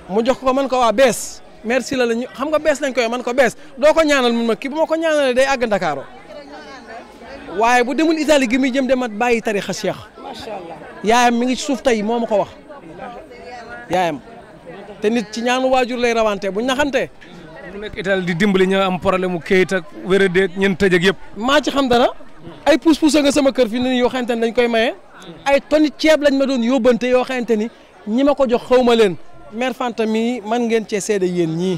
mu jox ko man ko waa bees merci la la xam nga bees lañ koy man ko bees doo ko ñaanal mun ma kii bu ma ko ñaanalee day àgg Ndakaaro waaye bu demul Italie gi muy jëm demat bàyyi tarixa Cheikh yaayam mi ngi ci suuf tey moo ma ko wax yaayam te nit ci ñaanu waajur lay rawante bu ñaxante mu nekk Italie di dimbali ñu am problème mu kayit ak wéradéeg ñeent tëj yëpp maa ci xam dana ay pousse pousse nga sama kër fi ni yoo xamante ne dañ koy maye ay toni ceeb lañ ma doon yóbbante yoo xamante ni ñi ma ko jox xaw ma leen mère Fanta mii man ngeen cee seede yéen ñii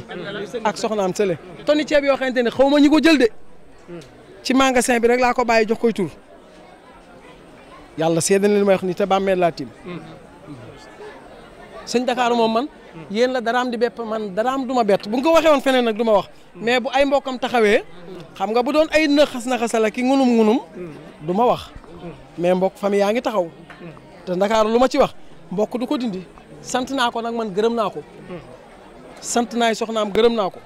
ak soxnaam sële toni ceeb yoo xamante ni xaw ma ñi ko jël de ci magasin bi rek laa ko bàyyi jox koy tur yàlla seede leen ma yox ni te bàmmeel laa tiim sëñ Dakar moom man yéen la daraam di bépp man daraam du ma bett bu nga ko waxee woon feneen nag du ma wax mais bu ay mbokkam taxawee xam nga bu doon ay nëxas naxasala ki ngunum ngunum du ma wax mais mbokk famille yaa ngi taxaw te Ndakaaru lu ma ci wax mbokk du ko dindi sant naa ko nag man gërëm naa ko sant naa naay soxnaam gërëm naa ko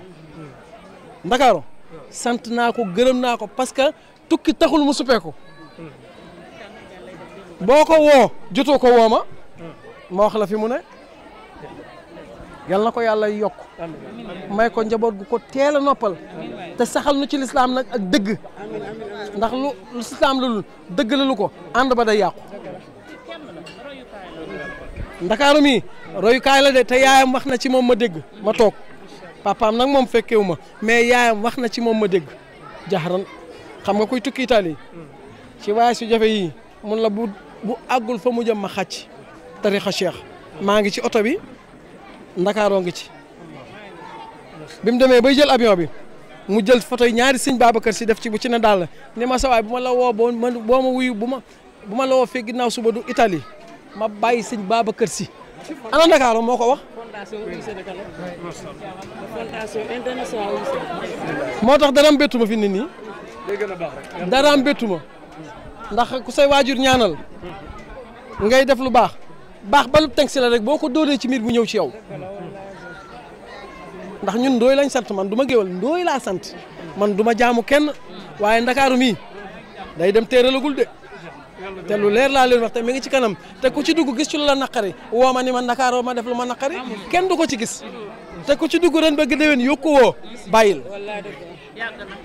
Ndakaaru sant naa ko gërëm naa ko parce que tukki taxul mu suppeeku boo ko woo jotoo ko woo ma wax la fi mu ne yal na ko yàlla yokk may ko njaboot gu ko teel a noppal te saxal nu ci lislaam nag ak dëgg ndax lu lislaam la lu dëgg la lu ko ànd ba day yàqu ndakaaru mi royukaay la de te yaayam wax na ci moom ma dégg ma toog papaam nag moom fekkewu ma mais yaayam wax na ci moom ma dégg jaxaran xam nga kuy tukki ci waaye su jafe yi mun la bu bu àggul fa mu jëm ma xàcc tarixa cheikh maa ngi ci oto bi ndakaaroo ngi ci bi mu demee bay jël avion bi mu jël photo yi ñaari sëñ Babacar si def ci bu ci ne daal ne ma sawaay bu ma la woo boo ma boo ma wuyu bu ma bu ma la woo fii ginnaaw suba du Italie ma bàyyi sëñ Babacar si ana ndakaaroo moo ko wax moo tax daraam bettu ma fi nit ñi daraam bettu ma ndax ku say waajur ñaanal ngay def lu baax baax balub teg si la rek boo ko dóoree ci miir bu ñëw ci yow ndax ñun ndooy lañ sant man du ma géwal ndooy laa sant man du ma jaamu kenn waaye ndakaaru mii day dem téeralagul de te lu leer laa leen wax te mi ngi ci kanam te ku ci dugg gis ci la naqari woo ma ni ma ndakaaroo ma def lu ma naqari kenn du ko ci gis te ku ci dugg ren bëgg déwén yokku woo bàyyil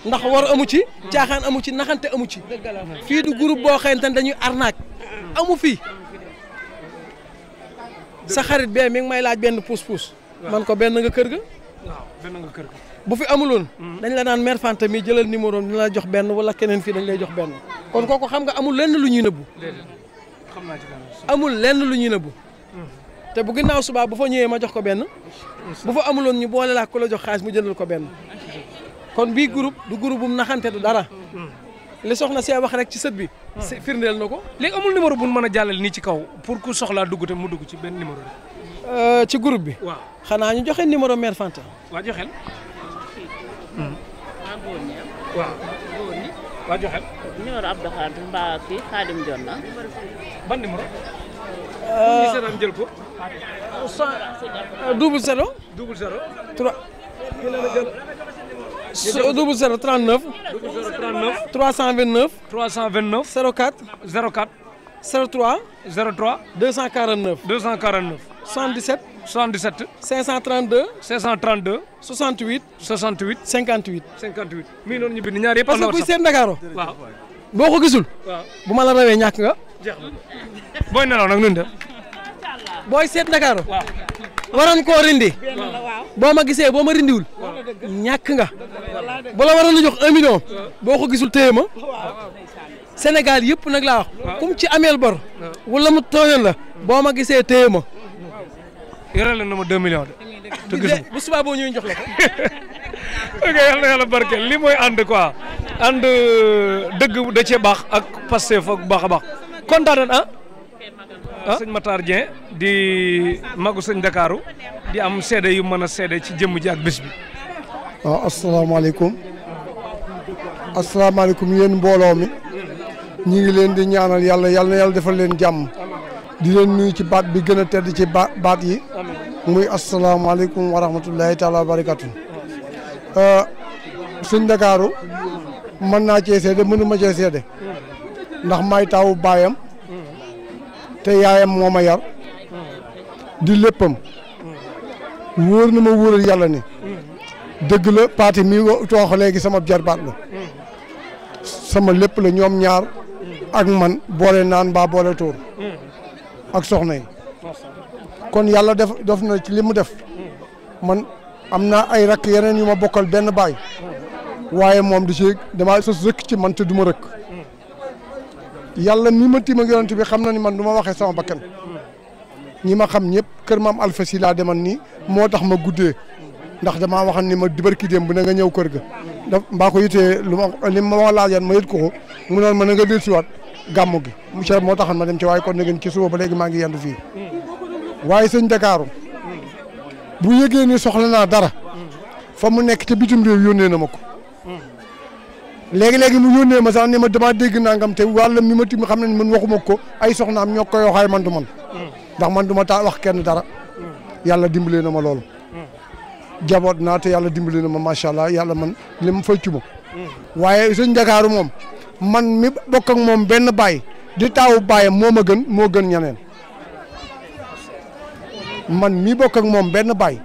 ndax war amu ci caaxaan amu ci naxante amu ci fii du groupe boo xëyante dañuy arnaaj amu fii sa xarit bee mi ngi may laaj benn puus-puus. man ko benn nga kër ga. waaw benn bu fi amuloon. Mm-hmm. dañ la naan mère Fanta mi jëlal numéro am dina jox benn wala keneen fi dañ lay jox benn. kon kooku xam ga amul lenn lu ñuy nëbbu. amul lenn lu ñuy nëbbu. Mm-hmm. te bu ginnaaw subaa bu fo ñëwee ma jox ko benn. bu fa amuloon ñu boole laa ku la jox xaalis mu jëndal ko benn. kon bii groupe du groupe mu naxante du dara. Mm-hmm. li soxna see wax rek ci sët bi. Hmm. firndeel na ko léegi amul numéro bu mën a jàllale nii ci kaw pour ku soxlaa dugg te mu dugg ci benn numéro rek. Euh, ci groupe bi. waaw xanaa ñu joxe numéro mère Fanta. waa joxel. Hmm. Ah, ah. waaw. waa joxel. numéro Abdou Khadim mbaa kii Khadim euh, euh, trois. double 0 39. double 0 39. 329. 329. 04. 04. 03. 03. 249. 249. 77. 77. 532. 532. 68. 68. 58. 58 mi noonu ñu bind ñaar yëpp. parce que kuy seet Ndakaaru. waaw boo ko gisul. bu ma la rawee ñàkk nga. jeex na booy nelaw nag nu def. booy seet Ndakaaru. waroon koo rindi boo ma gisee boo ma rindiwul ñàkk nga bu la waroon a jox million boo ko gisul téye ma Sénégal yëpp nag laa wax kum ci ameel bor wala mu tooñoon la boo ma gisee téye ma yoreel na ma deux millions de te gis bu subaa boo ñëwee jox la ko ok yal na barke li mooy ànd ko ànd euh, dëgg da cee baax ak Pastef ak baax a baax kontaan ah Ah. sëñ Matar Dieng di magu sëñ Ndakaaru di am seede yu mën a seede ci jëmm ji ak bés bi. waaw ah, asalaamaaleykum asalaamaaleykum yéen mbooloo mi ñu ngi leen di ñaanal yàlla yàlla na yàlla defal leen jàmm di leen nuyu ci baat bi gën a tedd ci baat yi muy asalaamaaleykum wa rahmatullahi taala wa barakatu ah, sëñ Ndakaaru mën naa cee seede mënu ma seede hmm. ndax may taawu baayam te yaayam moo a yar di léppam wóor na ma wóoral yàlla ni dëgg la paati mi toox léegi sama jarbaat la sama lépp la ñoom ñaar ak man boole naan mbaa boole tuur ak soxna yi kon yàlla def def na ci li mu def man am naa ay rakk yeneen yu ma bokkal benn baay waaye moom di ci dama sës rëkk ci man te du ma rëkk yàlla mi ma tiim ak yonent bi xam na ni man du ma waxee sama bakkan ñi ma xam ñëpp kër maam Alpha si laa deman nii moo tax ma guddee ndax damaa waxan ni ma dibarki démb bu na ñëw kër ga da mbaa ko yitee lu ma li ma laajan ma yët ko ko mu noon ma na nga del siwaat gàmmu gi monsieur moo taxan ma dem ci waaye kon na ngeen ci suba ba léegi maa ngi yendu fii waaye sëñ Ndakaaru bu yëgee ni soxla naa dara fa mu nekk ca bitim réew yónnee na ma ko léegi-léegi mu yónnee ma sax ne ma damaa dégg nangam te wàlla mi ma ti xam ne man waxuma ko ay soxnaam ñoo koy waxaay man du man ndax man duma ma wax kenn dara yàlla dimbalee na ma loolu jaboot naa te yàlla dimbalee na ma macha allah yàlla man li ma fëccu ma waaye sëñ Ndakaaru moom man mi bokk ak moom benn baay di taawu baayam moo ma gën moo gën ñeneen man mi bokk ak moom benn baay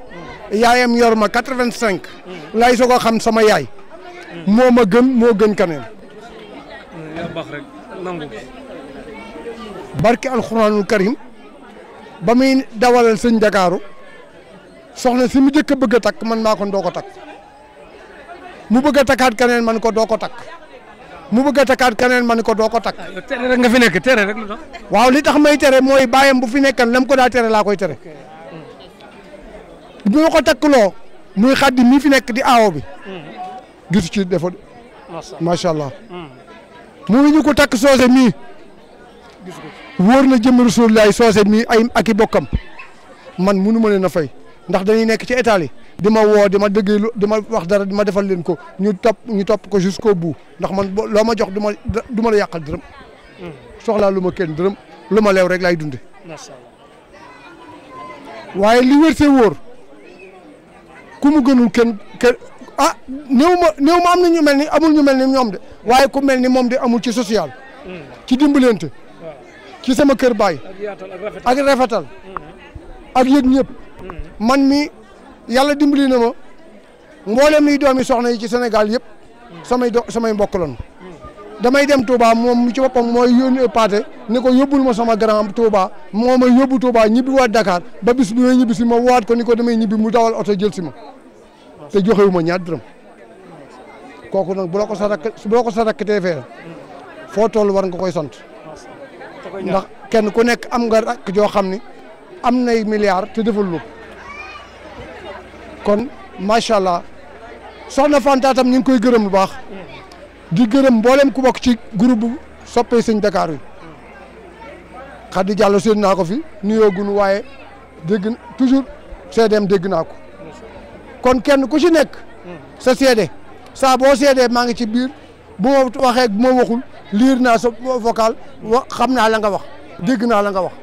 yaayam yor ma quatre-vingt-cinq lay soo xam sama yaay moo ma gën moo gën kaneen yaa baax rek nangu barke alxuraanul karim ba muy dawalal sëñ Ndakaaru soxna si mu jëkk bëgg a takk man maa ko doo ko takk mu bëgg a takkaat kaneen man ko doo ko takk mu bëgg a takkaat kaneen man ko doo ko takk. Ah, tere rek nga fi nekk tere rek waaw li tax may tere mooy bàyyam bu fi nekkan lam ko daa tere laa koy tere bi ma ko takkloo muy xaddi mi fi nekk di aawo bi. Mm. gisu ci defoon macha allah. mu hmm. ngi ñu ko takk soose mii. wóor na jëm Rasulullaay soose mii ay ak i bokkam man munu ma leen a fay ndax dañuy nekk ci état li di ma woo di ma dëggee di ma wax dara di ma defal leen ko ñu topp ñu topp ko jusqu'au bout ndax man loo ma jox du ma du ma la yàqal dërëm. Hmm. soxlaa lu ma kenn dërëm lu ma leew rek laay dunde waaye li wër te wóor ku mu gënul kenn kenn ah néew ma am na ñu mel ni amul ñu mel ni ñoom de waaye ku mel ni moom de amul ci social. Hmm. ci dimbalante. ci sama kër baay. ak rafetal ak hmm. yëg ñëpp. Hmm. man mi yàlla dimbali na ma mboolem yi doomi soxna yi ci senegal yëpp sama do samay mbokk lañu damay dem Touba moom i ci boppam mooy yónni paate ne ko yóbbul ma sama grand Touba moo ma yóbbu Touba ñibbi waat Dakar ba bis bi may ñibbi si ma waat ko ni ko damay ñibbi mu dawal oto jël si ma. te joxewu ma ñaar dërëm kooku nag bu la ko sa rakk bu ko sa rakk tee fee foo toll war nga koy sant ndax kenn ku nekk am nga rakk joo xam ni am nay milliards te deful lu kon macha allah soxna Fanta tam ñu ngi koy gërëm lu baax gi gërëm mboolem ku bokk ci groupe soppe soppee sëñ wi yi Khady Diallo seen naa ko fi nuyoo gunu waaye dégg toujours CDM dégg naa ko kon kenn ku ci nekk sa seede saa boo seedee maa ngi ci biir bu ma waxee bu ma waxul liir naa sa vocal wa xam naa la nga wax dégg naa la nga wax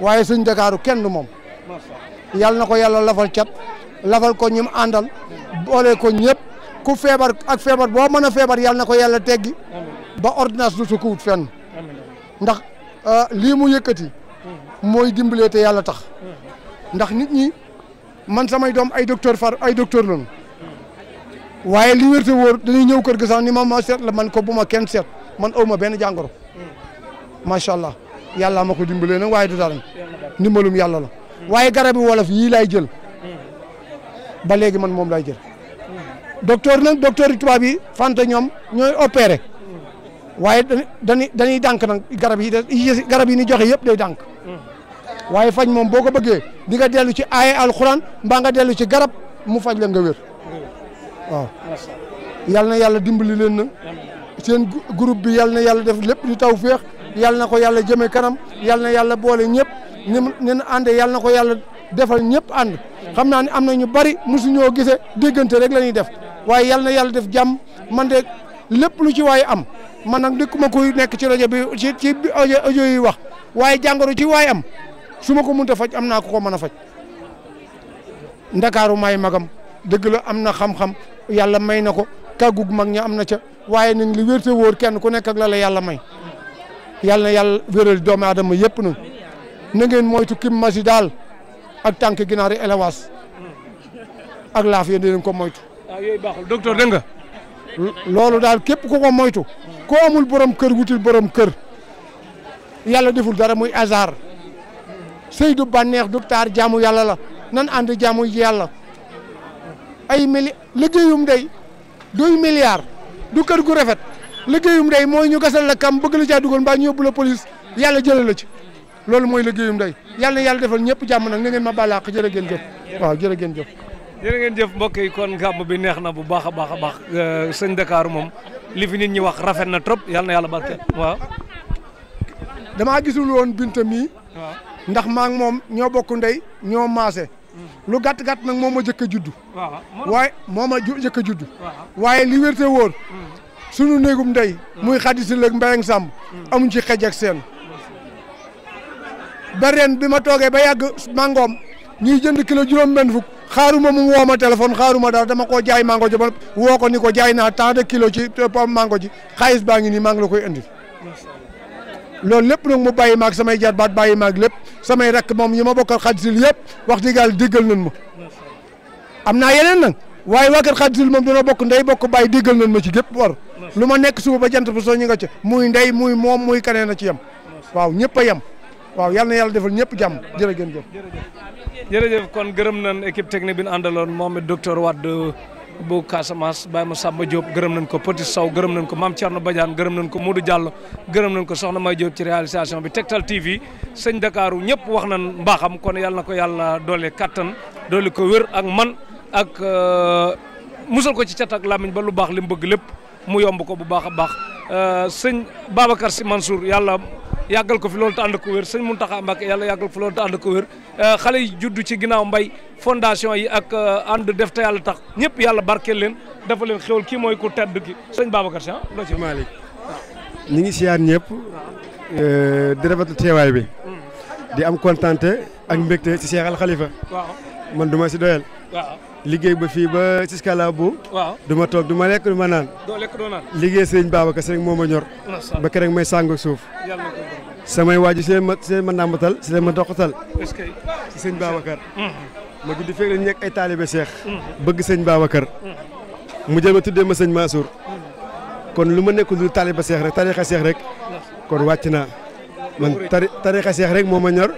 waaye sëñ Ndakaaru kenn moom yàlla na ko yàlla lafal cat lafal ko ñim àndal boole ko ñëpp ku feebar ak feebar boo mën a feebar yàlla na ko yàlla teggi ba ordonnance du sukkuwut fenn ndax euh, lii mu mooy dimbalee te yàlla tax ndax nit ñi man samay doom ay docteur far ay docteur lañu waaye li wér te wóor dañuy ñëw kër ga ni ma ma seet la man ko bu ma kenn seet man aw ma benn jàngoro macha allah yàlla ma ko dimbalee nag waaye du dara malum yàlla la waaye garabi wolof yii laay jël ba léegi man moom laay jël docteur nag docteur tubaab yi fanta ñoom ñooy opéré waaye dañuy dañuy dànk nag garab yi de garab yi ni joxe yëpp day dànk waaye faj moom boo ko bëggee di nga dellu ci aaye alxuraan mbaa nga dellu ci garab mu faj la nga wér yal na yàlla dimbali leen na seen groupe bi yal na yàlla def lépp di taw féex yal na ko yàlla jëme kanam yal na yàlla boole ñëpp ni mu ni yal na ko yàlla defal ñëpp ànd xam naa ne am na ñu bari mosu ñoo gisee déggante rek la ñuy def waaye yal na yàlla def jàmm man de lépp lu ci waaye am man nag dëkk ma koy nekk ci rajo bi ci ci wax waaye jàngoro ci waaye su ma ko mënta faj am na ko ko mën a faj ndakaaru may magam dëgg la am na xam-xam yàlla may na ko kàggug mag ña am na ca waaye nañ li wérte wóor kenn ku nekk ak la la yàlla may yàlla na yàlla wéral doomu aadama yëpp nag na ngeen moytu kim masi daal ak tànk ginaari élevage ak laaf yéen dinañ ko moytu. waaw ah, yooyu loolu daal képp ku ko moytu. ko amul borom kër wutil borom kër yàlla deful dara muy hasard. sëy du bànneex du taar jaamu yàlla la nan ànd jaamu yàlla ay mili liggéeyum day duy milliard du kër gu rafet liggéeyum day mooy ñu gasal la kam bëgg la caa dugal mbaa ñu yóbbu la police yàlla jëlee la ci loolu mooy liggéeyum day yàlla yàlla defal ñëpp jàmm nag na ma balaax jërë ngeen jëf waaw jërë ngeen jëf. jërë ngeen jëf mbokk yi kon bi neex na bu baax a baax a baax euh, sëñ moom li fi nit ñi wax rafet na trop yàlla na yàlla barke waaw. damaa gisul woon ndax maa moom ñoo bokk ndey ñoo maase. lu gàtt gàtt nag moom ma jëkk a juddu. waaye moo ma jëkk a juddu. waaye li wérte wóor. Hmm. sunu néegum ndey. Hmm. muy xaddi si léegi mbéy ak hmm. amu ci xej ak seen. ba bi ma toogee ba yàgg mangoom ñuy jënd kilo juróom-benn fukk xaaruma mu woo ma téléphone xaaruma dara dama koo jaay mango ji ba woo ko ni ko jaay naa tant de kilo ci pomme mango ji xaalis baa ngi nii maa ngi la koy indil. loolu lépp nag mu bàyyi maak samay jaar baat bàyyi maag lépp samay rakk moom ñi ma bokkal xaddisil yëpp wax dëgg yàlla déggal nañ ma am naa yeneen nag waaye waa kër xaddisil moom dina bokk ndey bokk bàyyi déggal nañ ma ci gépp war lu ma nekk suba ba jant ba soo ñi nga ca muy ndey muy moom muy kaneen a ci yem waaw ñëpp a yem waaw yal na yàlla defal ñëpp jàmm jërë ngeen jëf jërëjëf kon gërëm nañ équipe technique bi ñu àndaloon moom it docteur Wade bu Casamance Baye Massamba Diop gërëm nañ ko Petit Sow gërëm nañ ko Mame Thierno Badiane gërëm nañ ko Modou Diallo gërëm nañ ko Soxna May Diop ci réalisation bi Tektal TV sëñ Dakaru ñëpp wax nañ mbaaxam kon yàlla ko yàlla doole kattan doole ko wér ak man ak euh, musal ko ci cat ak làmmiñ ba lu baax li mu bëgg lépp mu yomb ko bu baax a baax Euh, sëñ Babacar Sy Mansour yàlla yàggal ko fi loolu te ànd ko wér sëñ a Mbacké yàlla yàggal ko fi loolu te ànd ko wér euh, xale yi juddu ci ginnaaw mbay fondation yi ak euh, ànd def te yàlla tax ñëpp yàlla barke leen dafa leen kii mooy ko tedd ki sëñ Babacar Sy ah loo ci Malick ñi ngi siyaar ñëpp di rafetlu teewaay bi di am kontaan ak mbégte ci seexal xalifa man duma si doyal liggéey ba fii ba Ciskala bu. waaw du ma toog du ma lekk du ma naan. doo lekk doo naan. liggéey sëriñ Babacar Si rek moo ma ñor. ba keroog may sàng ak suuf. samay waaju si leen ma si leen ma nàmbatal si ma doqatal. est-ce que si sëñ Babacar. Mm-hmm. ma judd fekk mm-hmm. mm-hmm. mu jël ma tuddee ma sëñ Mansour. kon lu ma nekkul lu taalibe Seex rek tariixa Seex rek. kon wàcc naa man tari tariixa Seex rek moo ma ñor.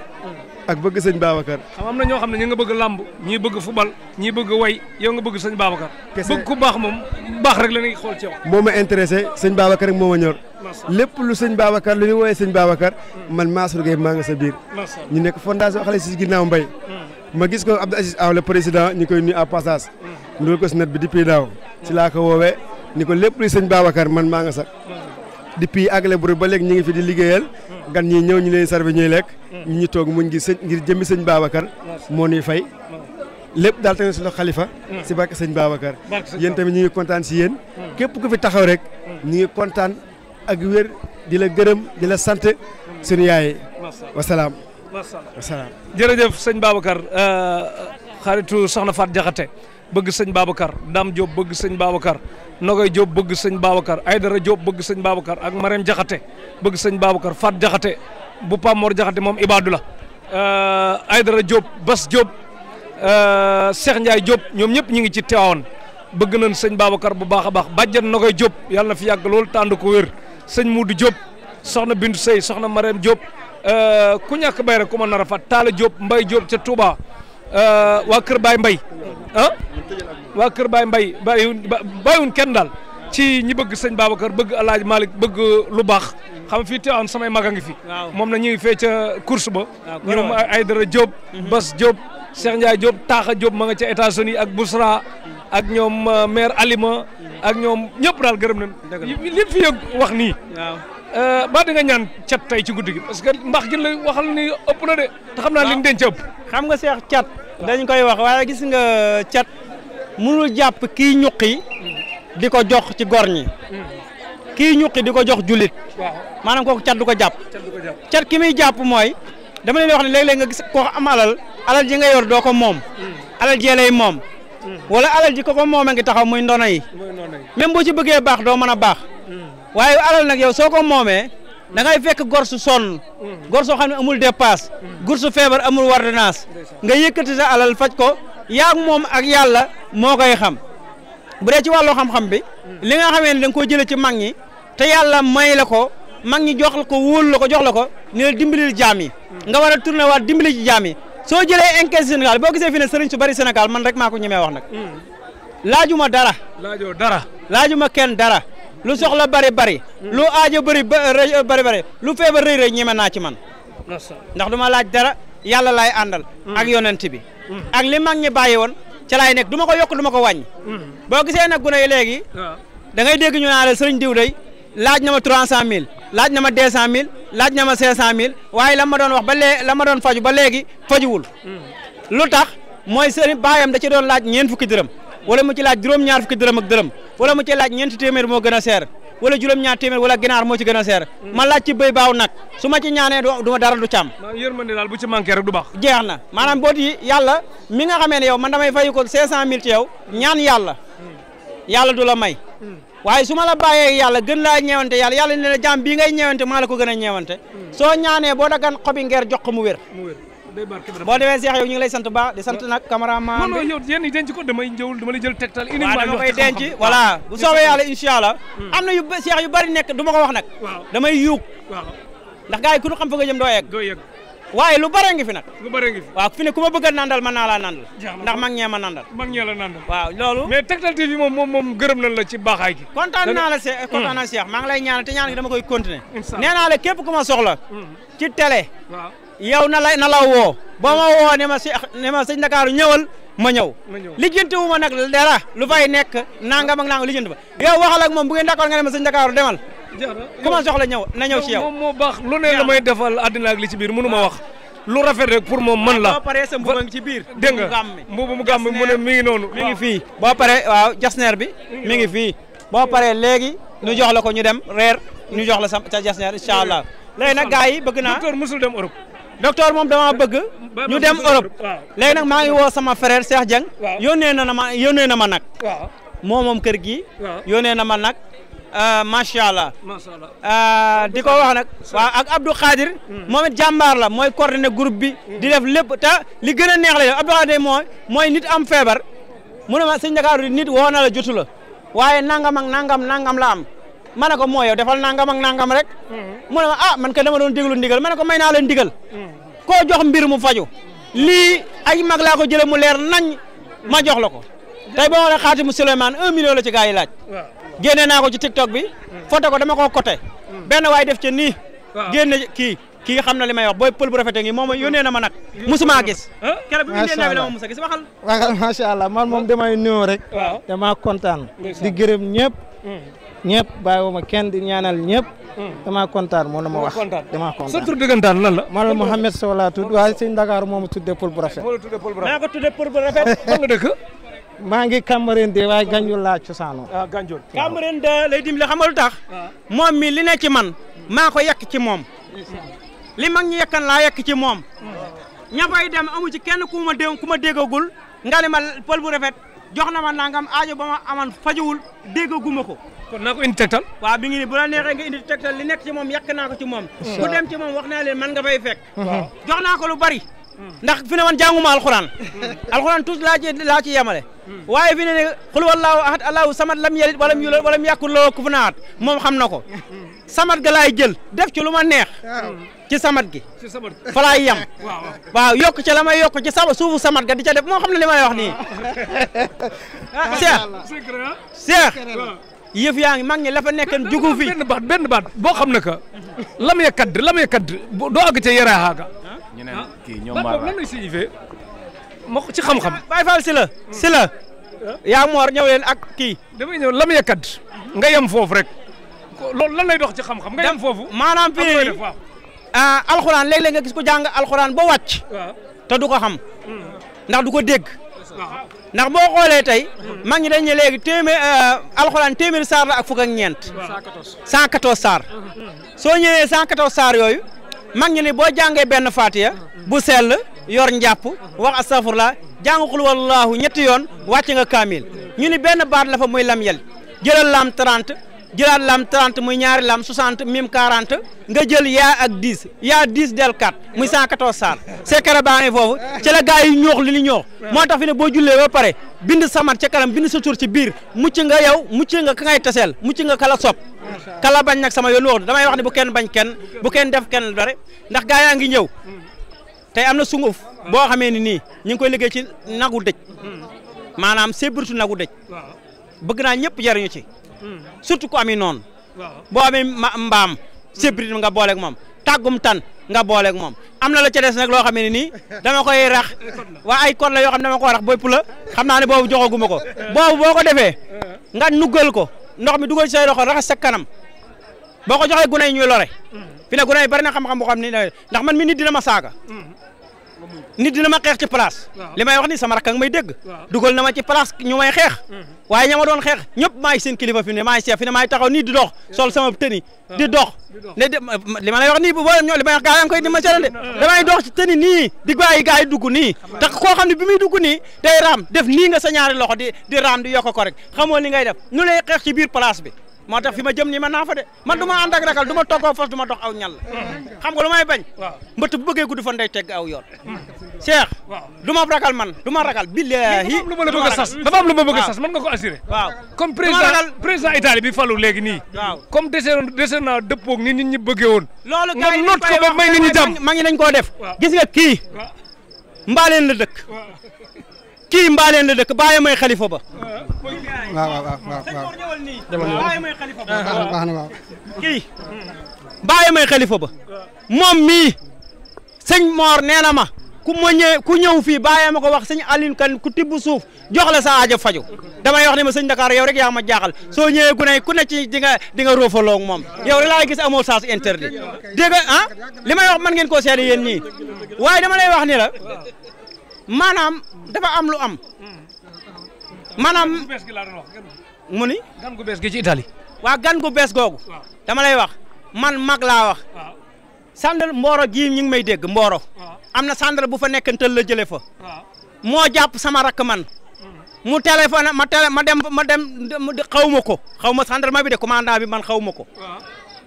ak bëgg sëñ Babacar. xam am na ñoo xam ne ñu nga bëgg làmb ñii bëgg fubal ñii bëgg way yow nga bëgg sëñ Babacar. bëgg ku baax moom baax rek la ñuy xool ci yow. moo ma intéressé sëñ Babacar rek moo ma ñor. lépp lu sëñ Babacar lu ñu woowee sëñ Babacar. man maa Gueye maa nga sa biir. ñu nekk fondation xale si ginnaaw mbay. Hmm. ma gis ko Abdou Aziz Aw le président ñu koy nuyu à passage. mu hmm. doon ko si net bi depuis daaw. ci laa ko woowee ni ko lépp luy sëñ Babacar man maa nga sax hmm. depuis anglais buri ba léegi ñu ngi fi di liggéeyal gan ñi ñëw ñu leen servi ñuy lekk ñu mm. ñu toog muñ ngi sëñ ngir jëmmi sëñ Babacar moo ñuy fay mm. lépp daal tamit si loxo xalifa mm. si barke sëñ Babacar yéen tamit ñu ngi kontaan si yéen képp ku fi taxaw rek ñu ngi kontaan ak wér di la gërëm di la sant suñu yaay wasalaam jërëjëf sëñ Babacar euh, xaritu soxna Faat Jaxate bëgg sëñ Babacar Dame Diop bëgg sëñ Babacar Nogoy jóob bëgg sëñ Babacar Aydara Diop bëgg sëñ Babacar ak Marème Jaxate bëgg sëñ Babacar Fat Jaxate bu Pamor Jaxate moom ibaadu la euh, Aydara Diop Bas Diop euh, Cheikh Ndiaye Diop ñoom ñëpp ñu ngi ci teewoon bëgg nañ sëñ Babacar bu baax a baax bàjjan Nogoy Diop yàlla na fi yàgg lool tànd ko wér sëñ Muudu Diop soxna Bintu Sey soxna Marème Diop euh, ku ñàkk bay rek ku ma nar a fat Taala Diop Mbay Diop ca Touba Euh, waa Kër Baye mbay ah waa Kër Baye Mbaye bàyyiwun bàyyiwun kenn daal ci ñi bëgg sëñ kër bëgg El Hadj Malick bëgg lu baax xam fii teewoon samay mag a ngi fi. moom na ñuy fee ca course ba. Ah, ñoom Aydara Diop. Mhm. Bas Diop Cheikh Ndiaye Diop Taaxa Diop ma nga ca états uni ak Bousra ak ñoom euh, maire aliment ak ñoom ñëpp daal gërëm nañ. li fi yëg wax nii. Euh, ba di nga ñaan cat tey ci guddi gi parce que mbax gi la waxal ni ëpp na de. te xam naa li ñu denc ëpp. xam nga Cheikh cat. dañ koy wax waaye gis nga uh, cat munu jàpp kii ñuqi di ko jox ci gor ñi kii ñuqi di ko jox jullit maanaam kooku cat du ko jàpp cat ki muy jàpp mooy dama leen wax ne léeg-léeg nga gis ko am alal alal ji nga yor doo ko moom mm. alal jee moom mm. wala alal ji ko ko moom a ngi taxaw muy ndono yi même ci bëggee baax doo mën a baax mm. waaye alal nag yow soo ko moomee da ngay fekk gor su sonn gor soo xam ne amul dépasse gor feebar amul ordonnance nga yëkkati sa alal faj ko yaa moom ak yàlla moo koy xam bu dee ci wàllu xam-xam bi li nga xamee ne da nga koo jëlee ci mag ñi te yàlla may la ko mag ñi jox la ko wóolu la ko jox la ko ni la dimbalil yi nga war a tourné waat dimbali ci soo jëlee enquête Sénégal boo gisee fi ne sëriñ su bari Sénégal man rek maa ko ñemee wax nag hmm. laajuma dara laajoo dara laajuma kenn dara lu soxla bari bari hmm. lu aajo bëri bari bari lu feebar rëy rëy ñeme naa ci man ndax du laaj dara yàlla laay àndal hmm. ak yonent bi hmm. ak li mag ñi bàyyi woon ca laay nekk du ma ko yokk duma ma ko wàññi boo gisee nag gune yi léegi da ngay dégg ñu naa la sëriñ diw laaj na ma trois cent mille laaj na ma deux cent mille laaj na ma cinq cent mille waaye la ma doon wax ba léegi la ma doon faju ba léegi fajuwul lu tax mooy sëriñ baayam da ci doon laaj ñeent fukki dërëm wala mu ci laaj juróom-ñaar fukki dërëm ak dërëm wala mu ci laaj ñeenti téeméer moo gën a seer wala juróom-ñaar téeméer wala ginaar moo ci gën a seer mm. ma laaj ci béy baaw nag su ma ci ñaanee du ma dara du càmm yërmande daal bu ci manqué rek baax jeex na maanaam booti yàlla mi nga xamee ne yow man damay fay ko cinq cent mille ci yow ñaan yàlla mm. yàlla du la may mm. waaye su ma la bàyyee yàlla gën laa ñeewante yàlla yàlla ne la jàmm bii ngay ñeewante maa la ko gën a ñeewante soo ñaanee boo dagan xobi ngeer jox ko mu wér boo demee Cheikh yow ñu ngi lay sant baax di sant nag cameraman non yow yéen ñi denc ko damay ñëwul dama lay jël tegtal uniquement dama koy denc voilà bu soobee yàlla incha allah hmm. am na yu Cheikh yu bari nekk du ma ko wax nag damay yuug ndax gars yi ku ñu xam fa nga jëm doo yegg waaye lu bare ngi fi nag lu bare ngi fi waaw fi ne ku ma bëgg a nandal mën naa laa nandal ndax mag ñee ma nandal mag ñee la nandal waaw loolu mais Tektal TV moom moom moom gërëm nañ la ci baaxaay gi kontaan naa la Cheikh kontaan naa Cheikh hmm. maa ngi lay ñaanal te ñaan gi dama koy continuer nee naa la képp ku ma soxla hmm. ci télé waaw yow na la na la woo boo ma woo ne ma si ne ma sëñ Ndakaaru ñëwal ma ñëw lijjanti wu ma nag dara lu fay nekk nangam ak nangam lijjanti ba yow waxal ak moom bu ngeen d'accord nga ne ma sëñ Ndakaaru demal ku ma soxla ñëw na ñëw ci yow moo baax lu ne la may defal àddina li ci biir mënu ma wax lu rafet rek pour moom mën la ci biir dégg nga mbubu mu gàmm mu ne mi ngi noonu mi ngi fii boo pare waaw jasneer bi mi ngi fii boo pare léegi ñu jox la ko ñu dem reer ñu jox la sa jasneer incha allah léegi nag gars yi bëgg naa docteur musul dem docteur moom dama bëgg ñu dem Europe léegi nag maa ngi woo sama frère Cheikh Dieng yónnee na ma yónnee na ma nag moo moom kër gi yónnee na ma nag euh, macha allah euh, di ko wax nag waaw ak Abdou Khadir hmm. moom it la mooy coordonné groupe bi hmm. di def lépp ta li gën a neex la yow Abdou Khadir mooy mooy nit am feebar mu ne ma sëñ Ndakaaru nit woo na la jotu la waaye nangam ak nangam nangam la am ma ne ko moo yow defal nangam ak nangam rek mm-hmm. mu ne ma ah man kay dama doon déglu ndigal ma ne ko may naa leen ndigal mm-hmm. koo jox mbir mu faju lii ay mag laa ko jële mu leer nañ ma jox la ko mm-hmm. tey boo xoolee xaatimu Souleymane un million la ci gars yi laaj génne naa ko ci TikTok bi foto ko dama koo côté benn waay def ca nii génne kii kii xam na li may wax booy pël bu rafete ngi moom yónnee na ma nag musuma gis keroog bi mu yónnee bi la ma musa gis waxal allah man moom damay nuyoo rek damaa kontaan di gërëm ñëpp ñëpp ma kenn di ñaanal ñëpp. Hmm. damaa kontaan moo la ma wax. damaa kontaan sa tur dëggantaan lan la. man la Mouhamed Sow laa tudd waaye sëñ Dakar moomu tuddee Pël bu rafet. moo la tuddee Pël bu rafet maa ko tuddee Pël bu rafet. fan nga dëkk. maa ngi Cambérène de waaye Gandiol laa cosaanoo. ah Gandiol Cambérène de lay dimbali xam ah. moom mi li ne ci man. maa ko yekk ci moom. li mag ñi yekkan laa yekk ci moom. Hmm. ña fay dem amu ci kenn ku ma dégg ku ma déggagul nga ne ma Pël bu rafet jox na ma nangam aajo ba aman fajowul fajuwul déggaguma ko kon naa ko indi waaw bi ngi ni bu li nekk ci moom yàq naa ko ci moom ku dem ci moom wax naa leen man nga fay fekk jox naa ko lu bari ndax fi ne man jànguma alxuraan hmm. alxuraan tous laa ci laa ci yemale hmm. waaye fi ne ne xul wallaahu ahad allahu samad lam yalit walam yulad walam yàkkul loo ku fu naat moom xam na ko hmm. samad ga laay jël def ci lu ma neex ci samat gi fa laay yem waaw yokk ca la ma yokk ci sama suufu samad ga di ca def moo xam ne li may wax nii Cheikh ah. Cheikh ah. yëf yaa ngi mag ñi la fa nekkan jugu fi benn baat benn baat boo xam ne que lam ya kadd lam ya kadd doo àgg ca yaraaxaaga ñu ne ah. kii ñoom maa lan lay ci xam-xam Baye yaa moor ñëw leen ak kii damay ñëw lam ya kadd nga yem foofu rek loolu lan lay dox ci xam-xam nga yem foofu maanaam fii ah, alxuraan léeg-léeg nga gis ko jàng alxuraan ba wàcc te du ko xam hmm. ndax du ko dégg ndax boo xoolee tey mag ñi dañ ne léegi téeméer euh, alxuraan téeméeri saar la ak fukk ak ñeent. 114 saar. soo ñëwee 114 saar yooyu mag ñi ni boo jàngee benn faatiya bu sell yor njàpp wax astafurla jàng xul wallaahu ñetti yoon wàcc nga kaamil ñu ni benn baat la fa muy lam yel jëlal lam 30. jëlaat lam 30 muy ñaari lam 60 mim 40 nga jël yaa ak 10 yaa 10 del 4 muy 114 saal seekare baa ngi foofu ci la gaa yi ñoox li ñu moo tax fi ne boo jullee ba pare bind samat ca kanam bind sa tur ci biir mucc nga yow mucc nga ka ngay taseel mucc nga kala sopp kala bañ nag sama yoon wax damay wax ne bu kenn bañ kenn bu kenn def kenn dara ndax gaa yaa ngi ñëw tey am na sunguf boo xamee ni nii ñu ngi koy liggéey ci nagu dëj maanaam sébbirtu nagu dëj bëgg naa ñëpp jariñu ci surtout ku ami noonu. boo amee mbaam. sébrit nga booleeg moom tàggum tan nga booleeg moom am na la ca des nag loo xam ne nii dama koy rax waa ay code la yoo xam ne dama ko rax bopp la xam naa ne boobu joxaguma ko boobu boo ko defee nga nuggal ko ndox mi dugal say loxo raxas sa kanam boo ko joxee gune yi ñuy lore mm. fi na gune yi bari na xam-xam boo xam ne ndax man mi nit dina ma saaga mm. nit dina ma xeex ci place li may wax ni sama rakk nga may dégg dugal na ma ci place ñu may xeex mhm. waaye ña ma doon xeex ñëpp maay seen kilifa fi ne maay chef fi ne maay taxaw nii di dox sol sama tëni di dox ne li ma lay wax nii boo ñoo li may wax gaa yaa di ma seetal de damay dox ci tëni nii di gaa yi gaa yi dugg nii te koo xam ne bi muy dugg ni day raam def nii nga sa ñaari loxo di di raam di yokk ko rek xamoo li ngay def ñu lay xeex ci biir place bi moo tax fi ma jëm nii man naa fa de man du ma ànd ak ragal du ma toggoo fas du ma dox aw ñal xam nga lu may bañ mbëtt bu bëggee gudd fan day tegg aw yoon Cheikh du ma ragal man du ma ragal billahi lu ma la bëgg a sas dafa am lu ma bëgg a sas mën nga ko assuré waaw comme président président bi falu léegi nii waaw comme deseeroon dese naa dëppoog ni nit ñi bëggee woon loolu nga not ko ba may nit ñi jàmm ma ngi nañ koo def gis nga kii mbaaleen la dëkk kii mbaaleen la dëkk bàyyi may xalifa ba. waaw moom mii sëñ Mor nee na ma ku ma ku ñëw fii bàyyi ma ko wax sëñ Alioune Kane ku tibb suuf jox la sa aajo faju damay wax ne ma sëñ Dakar rek yaa ma jaaxal soo ñëwee ku ne ku ne ci di nga di nga roofaloo ak moom yow rek laay gis amoo sens interdit dégg nga ah li may wax man ngeen koo seede yéen ñii waaye dama lay wax ni la. maanaam dafa am lu am. maanaam mu ni. gan gu bees gi ci Italie. waa gan gu bees googu. dama lay wax man mag laa wax. sandal mbooro ji ñu ngi may dégg mbooro. am na sandal bu fa nekkantal la jëlee fa. moo jàpp sama rakk man. Mm-hmm. mu téléphone ma télé ma dem ma dem xaw ma ko xaw ma gendarme bi de commandant bi man xaw ma ko.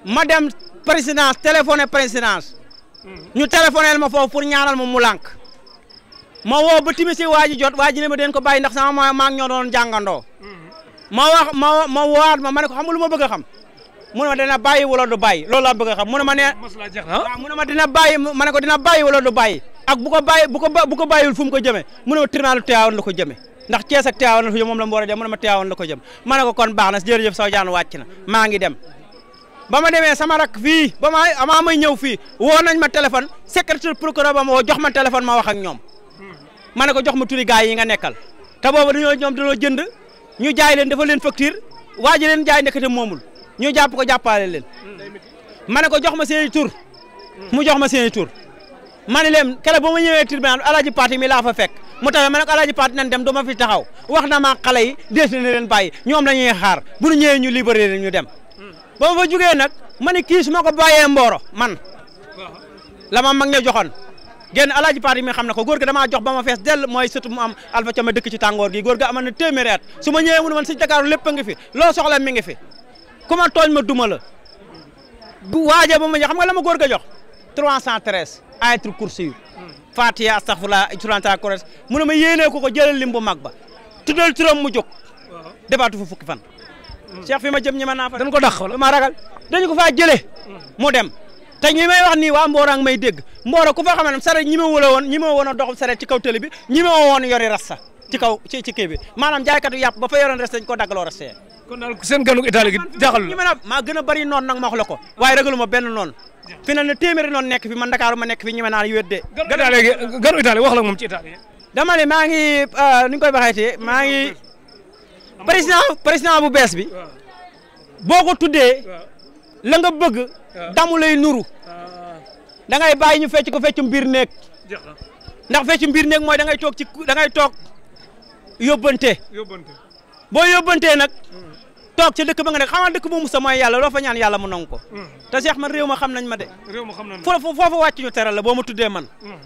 ma dem présidence téléphoné présidence. Mm-hmm. ñu téléphoné ma foofu pour ñaanal ma mu lànk ma woo ba timisi waa ji jot waa ji ne ma den ko bàyyi ndax sama maa ngi ñoo doon mm-hmm. ma wax ma ma woowaat ma ma ne ko xam ma bëgg a xam mu ne ma dina bàyyi wala du bàyyi loolu laa bëgg a xam mu ma nee mu ne ma dina bàyyi ma ne ko dina bàyyi wala du ak bu ko bàyyi bu ko bu ko bàyyiwul fu ko jëmee mu ne ma tribunalu Tivaouane la ko jëmee ndax Thiès ak Tivaouane la ko jëm moom a dem mu ne ma Tivaouane la ko jëm ma ne ko kon baax na jërëjëf saw jaan wàcc na maa ngi dem ba ma demee sama rak fii ba ma amaa may ñëw fii woo nañ ma téléphone secrétaire procureur ba ma woo jox ma téléphone ma wax ak ñoom ma ne ko jox ma turi gaay yi nga nekkal te boobu dañoo ñoom dañoo jënd ñu jaay leen dafa leen facture waa ji leen jaay nekkate moomul ñu jàpp ko jàppaale leen ma ne ko jox ma seen i tur mu jox ma seen i tur ma ne leen keroog ba ma ñëwee tribunal alaaji Paati mi laa fa fekk mu taxee ma ne ko alaaji Paati dem du ma fi taxaw wax na maa xale yi dees na leen bàyyi ñoom la xaar bu ñu ñëwee ñu libéré leen ñu dem ba ma fa jugee nag ma ne kii su ma ko bàyyee mbooro man la ma mag ña genn alaaji Paar yi mi xam na ko góor ga damaa jox ba ma fees dell mooy sëtu mu am alfa cama dëkk ci tàngoor gi góor ga amoon na téeméeri at su ma ñëwee mu ne man sëñ Dakaaru ngi fi loo soxla mi ngi fi ku ma tooñ ma duma la waaje ba ma jox xam nga la ma góor ga jox 313 ayatul kursi yu Fatiha astaghfirullah suranta kores mu ne ma yéenee ko ko jëlal lim bu mag ba tuddal turam mu jóg débaatu fa fukki fan hmm. Cheikh fi ma jëm ñi ma naa fa dañ ko dax ma ragal dañu ko faa jëlee hmm. mu dem te ñi may wax ni waa Mbooraang may dégg Mboora ku fa xamante ne sareet ñi ma wala woon ñi ma woon a dox sareet ci kaw télé bi ñi ma woon yori rasta ci kaw ci ci kii bi yàpp ba fa yoroon rasta dañ ko daggaloo rasta kon daal seen ganu Italie gi jaaxal maa gën bari bëri noonu nag ma wax la ko waaye ragalu ma benn noon fi na ne téeméeri noonu nekk fi man Dakar ma nekk fi ñi ma naan wédde ganu Italie wax la moom ci Italie dama ne maa ngi euh, ni ñu koy waxeetee maa ngi président président bu bees bi boo ko tuddee la nga bëgg ah. damu lay nuru ah. da ngay bàyyi ñu fecc ko feccum biir néeg ndax feccum biir néeg mooy dangay toog ci da ngay toog yóbbante boo yóbbantee nag hmm. toog ca dëkk ba nga ne xamaa dëkk bu Musa mooy yàlla loo fa ñaan yàlla mu nangu ko hmm. te Cheikh man réew ma xam nañ ma de foofu foofu wàcc ñu teral la boo ma tuddee man hmm.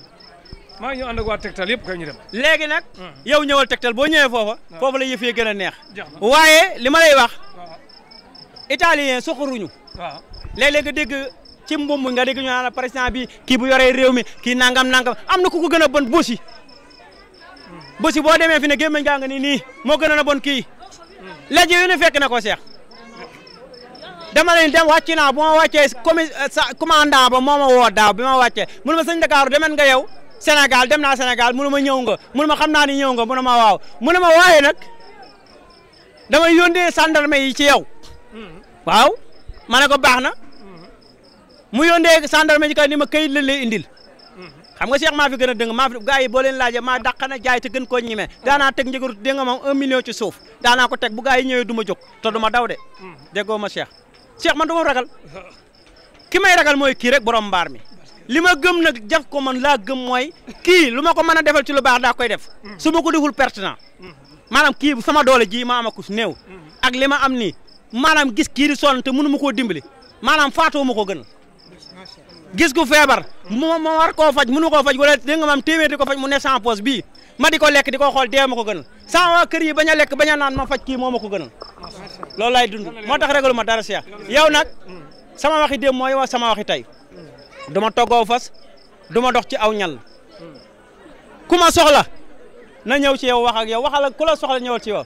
maa ngi ñëw ànd ak waa yëpp kay ñu dem léegi nag yow ñëwal tegtal boo ñëwee foofa foofu la yëf yi gën a neex waaye li ma lay wax italien soxoruñu waaw léeg-léeg nga dégg ci mbubb nga dégg ñu naan président bi kii bu yoree réew mi kii nangam nangam am na ku ko gën a bon bosi hmm. bosi boo demee fi ne gémmañ gaa nga ni nii moo gën a bon kii hmm. léegi yu ne fekk na ko seex dama leen dem wàcc naa bu ma wàccee euh, commandant ba moo ma woo daaw bi ma wàccee mun ma sëñ Dakar demen nga yow Sénégal dem naa senegal munu ma ñëw nga munu ma xam naa ni ñëw nga munu ma waaw munu ma waaye nag damay yónnee gendarme yi ci yow waaw ma ne ko baax na mu yónnee gendarme ji ni ma kayit la lay indil xam nga Cheikh maa fi gën a dëng maa fi gars yi boo leen laajee maa dàq na jaay te gën koo ñime daanaa teg njëgaru dégg nga moom un million ci suuf daanaa ko teg bu gars yi ñëwee du ma jóg te du daw de déggoo ma Cheikh Cheikh ma du ragal ki may ragal mooy kii rek borom mbaar mi li ma gëm na jaf ko man laa gëm mooy kii lu ma ko mën a defal ci lu baax daa koy def su ma ko deful pertinent maanaam kii sama doole ji ma am a li ma am nii maanaam gis kii di sonn te mënu ma koo dimbali maanaam faatoo ma ko gën gis ku feebar moo ma war koo faj mënu koo faj wala dégg nga maam téeméer di ko faj mu ne sans pause bii ma di ko lekk di ko xool dee ma ko gënal sans waa kër yi bañ a lekk bañ a naan ma faj kii moo ma ko gënal loolu laay dund moo tax régalu ma dara Cheikh yow nag sama waxi démb mooy sama waxi tey du ma fas du dox ci aw ñal ku ma soxla na ñëw ci yow wax ak yow waxal ku la soxla ñëwal ci yow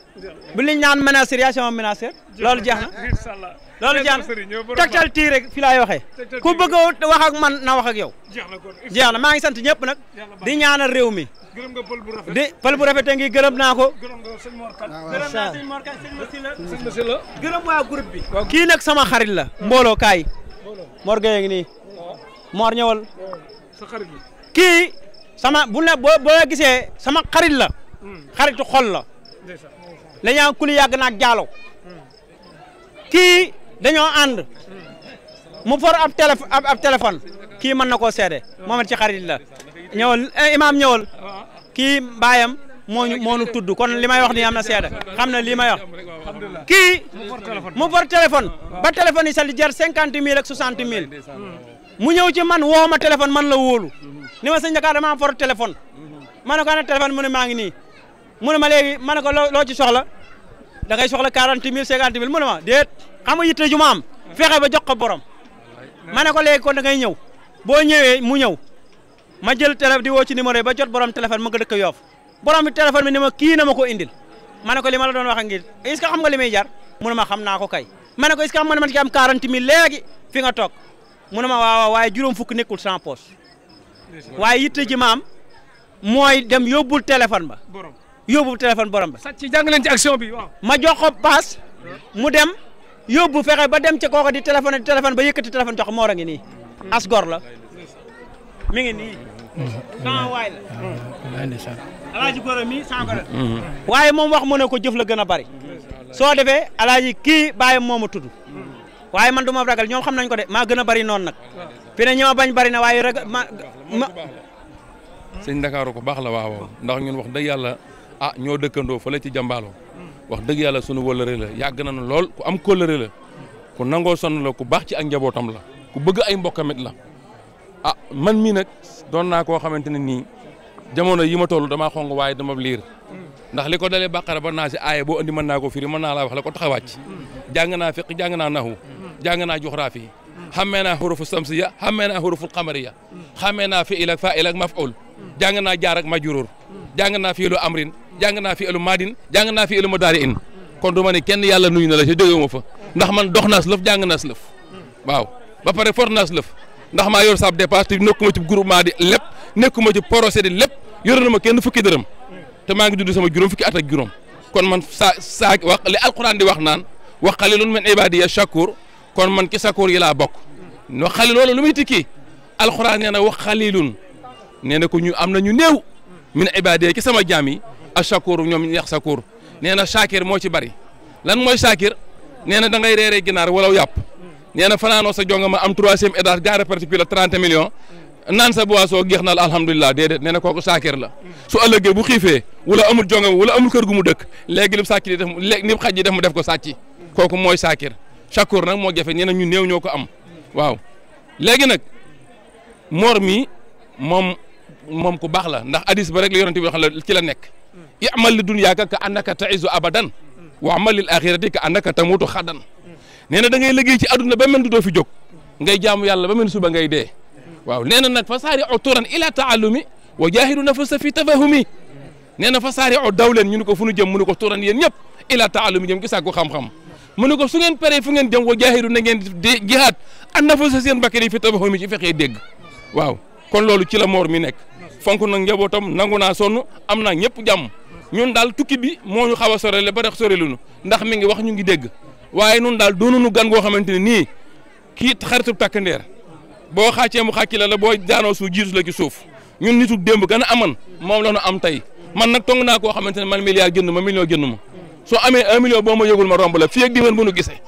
bu liñ naan menaceur yaa sama menaceur loolu jeex na loolu jeex na Tektal tii rek fi laay waxee ku bëgg a wax ak man na wax ak yow maa ngi sant ñëpp nag di ñaanal réew mi gërëm nga pël bu rafet di pël bu rafet ngi gërëm naa ko gërëm nga sëñ Mor Kane gërëm naa sëñ Mor Kane sëñ Masila sëñ Masila gërëm waa groupe bi kii nag sama xarit la mbooloo kaay Mor Gueye ngi nii Mor ñëwal kii sama bu ne boo boo gisee sama xarit la hmm. xaritu xol la la ñaa kuli yàgg naag jaalo hmm. kii dañoo ànd hmm. mu for ab télé ab téléphone kii man na ko seede moom ci xarit la ñëwal eh, imaam ñëwal uh-huh. kii mbaayam moo ñu moo ñu tudd kon li may wax nii am na seede xam na lii may wax kii mu for téléphone uh-huh. ba téléphone yi sa li jar cinquante mille ak mu ñëw ci man woo ma téléphone man la wóolu ni ma sëñ Dakar dama am for téléphone ma ne ko ana téléphone mu ne maa ngi nii mu ne ma léegi ma ne ko loo ci soxla da ngay soxla quarante mille cinquante mille mu ne ma déet xam nga yitte ju ma am fexe ba jox ko borom ma ne ko léegi kon da ngay ñëw boo ñëwee mu ñëw ma jël téléphone di woo ci numéro yi ba jot borom téléphone ma nga dëkk yoof borom bi téléphone ni ma kii na ma ko indil ma ne ko li ma la doon wax a ngi est-ce que xam li muy jar mu ma xam naa ko kay ma ne ko est-ce am quarante mille léegi fi nga mu ne ma waaw waaye juróom fukk nekkul sans poche waaye yitte ji maam mooy dem yóbbul téléphone ba yóbbul téléphone borom ba. ci jàng leen ci action bi waaw. ma jox ko paas mu dem yóbbu fexe ba dem ca kooka di téléphone di téléphone ba yëkkati téléphone jox ko moo ngi nii as gor la ngi nii. sans waay la. waaye moom wax mu ne ko jëf la gën a bari soo defee alaaji kii bàyyam moo ma tudd waaye man du ma ragal ñoom xam nañ ko de maa gën a bari noon nag fi ne ñi ma bañ bari na waaye ragal ma ma. Ndakaaru ko baax la waaw ndax ñun wax dëgg yàlla ah ñoo dëkkandoo fële ci jàmbaalo wax dëgg yàlla sunu wëllëre la yàgg na lool ku am kóllëre la ku nangoo sonn la ku baax ci ak njabootam la ku bëgg ay mbokkamit la ah man mii nag doon naa koo xamante ne nii jamono yi ma toll damaa xong waaye dama liir ndax li ko dalee bàqara ba naa si aaye boo mën naa ko firi mën naa wax la ko tax a wàcc naa fiq jàng naa naxu jàng naa juxraafi xammee naa xurufu samsiya xammee naa xurufu xamariya xammee naa fiil ak faa'il ak maf'ul jàng naa jaar ak majruur jàng naa fiilu amrin jàng naa fiilu maadin jàng naa fiilu mudaari in kon du ma ne kenn yàlla nuyu na la si jógewu ma fa ndax man dox naas lëf jàng naas lëf waaw ba pare for naas lëf ndax maa yor saab dépasse te nekkuma ci groupement di lépp nekkuma ci procédé lépp yor na kenn fukki dërëm te maa ngi dund sama juróom fukki at ak juróom kon man saa saa wax li alquran di wax wa qalilun min ibadiya shakur kon man ki sakkoor yi laa bokk no xali loolu lu muy tikki alxuraan nee na wax xalilun nee na ko ñu am na ñu néew min ibadee ci sama jaam yi a sakoor ñoom yax sakoor nee na saakir moo ci bari lan mooy saakir nee na da ngay reeree ginaar walaw yàpp nee na fanaanoo sa jonga ma am troisième étage gaare particulier trent million naan sa boisson geex na la alhamdulilah déedéet nee na kooku saakir la su ëllëgee bu xiifee wala amul jonga wala amul kër gu mu dëkk léegi lim sàcc di léegi ni xaj yi def def ko sàcc kooku mooy saakir Chakour nag moo jafe nee na ñu néew ñoo ko am waaw léegi nag moor mi moom moom ku baax la ndax hadis ba rek la yonent bi wax la ci la nekk i'mal li dunyaaka ka annaka ta'izu abadan wa amal lil axirati ka annaka tamutu xadan nee na da ngay liggéey ci àdduna ba mel du doo fi jóg ngay jaamu yàlla ba mel suba ngay dee waaw nee na nag fa saari'u turan ila ta'allumi wa jaahidu nafsa fi tafahumi nee na fa saari'u daw leen ñu ni ko fu nu jëm mu ni ko turan yéen ñëpp ila ta'allumi jëm ki sàkku xam-xam mu ne ko su ngeen paree fu ngeen jëm wa jaahidu na ngeen di jihaad an na fa sa seen bakkan yi fi tabaxoo mi ci fexee dégg waaw kon loolu ci la moor mi nekk fonk nag njabootam nangu naa sonn am naa ñëpp jàmm ñun daal tukki bi moo ñu xaw a sorele ba lu nu ndax mi ngi wax ñu ngi dégg waaye nun daal doonunu gan goo xamante ne nii kii xaritub takkandeer boo xàccee mu xàcci la la boo daanoo suuf jiitu la ci suuf ñun nitu démb gën a aman moom la am tey man nag tong naa koo xamante ne man milliard jënd ma million jënd ma soo amee un boo ma yëgul ma romb la fii ak diwén bu nu gisee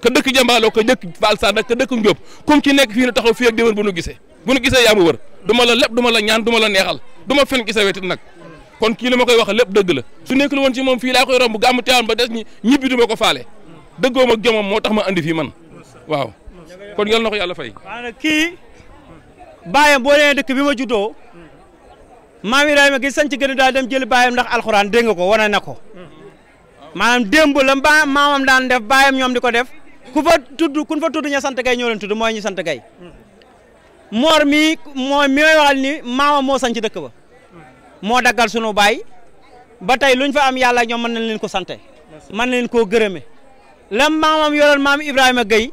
ka dëkk Jambaloo ka dëkk Fall Sane ka dëkk Ndiop kum ci nekk fii nu taxaw fii ak diwén bu nu gisee bu nu gisee yaa ma wër la lépp du la ñaan du la neexal du ma fen gisee wetit nag kon kii li ma koy wax lépp dëgg la su nekkul woon ci moom fii laa koy romb gàmmu teewaan ba des ñi ñibbi du ma ko faale dëggoom ak jomam moo tax ma andi fii man waaw kon yal na ko yàlla fay. maanaam kii bàyyam boo nee dëkk bi ma juddoo maam Ibrahima gi sanc gën daal dem jëli bàyyam ndax alxuraan dégg nga ko wane na ko maanaam démb la ba maamam daan def baayam ñoom di ko def ku fa tudd ku fa ña sant gay ñoo leen tudd mooy ñu sant gay moor mii mooy mi may ni maamam moo sanc dëkk ba moo daggal sunu baay ba tey luñ fa am yàlla ñoom man nañ leen ko sante man na leen koo gërëme lam maamam yoroon maam Ibrahima Gueye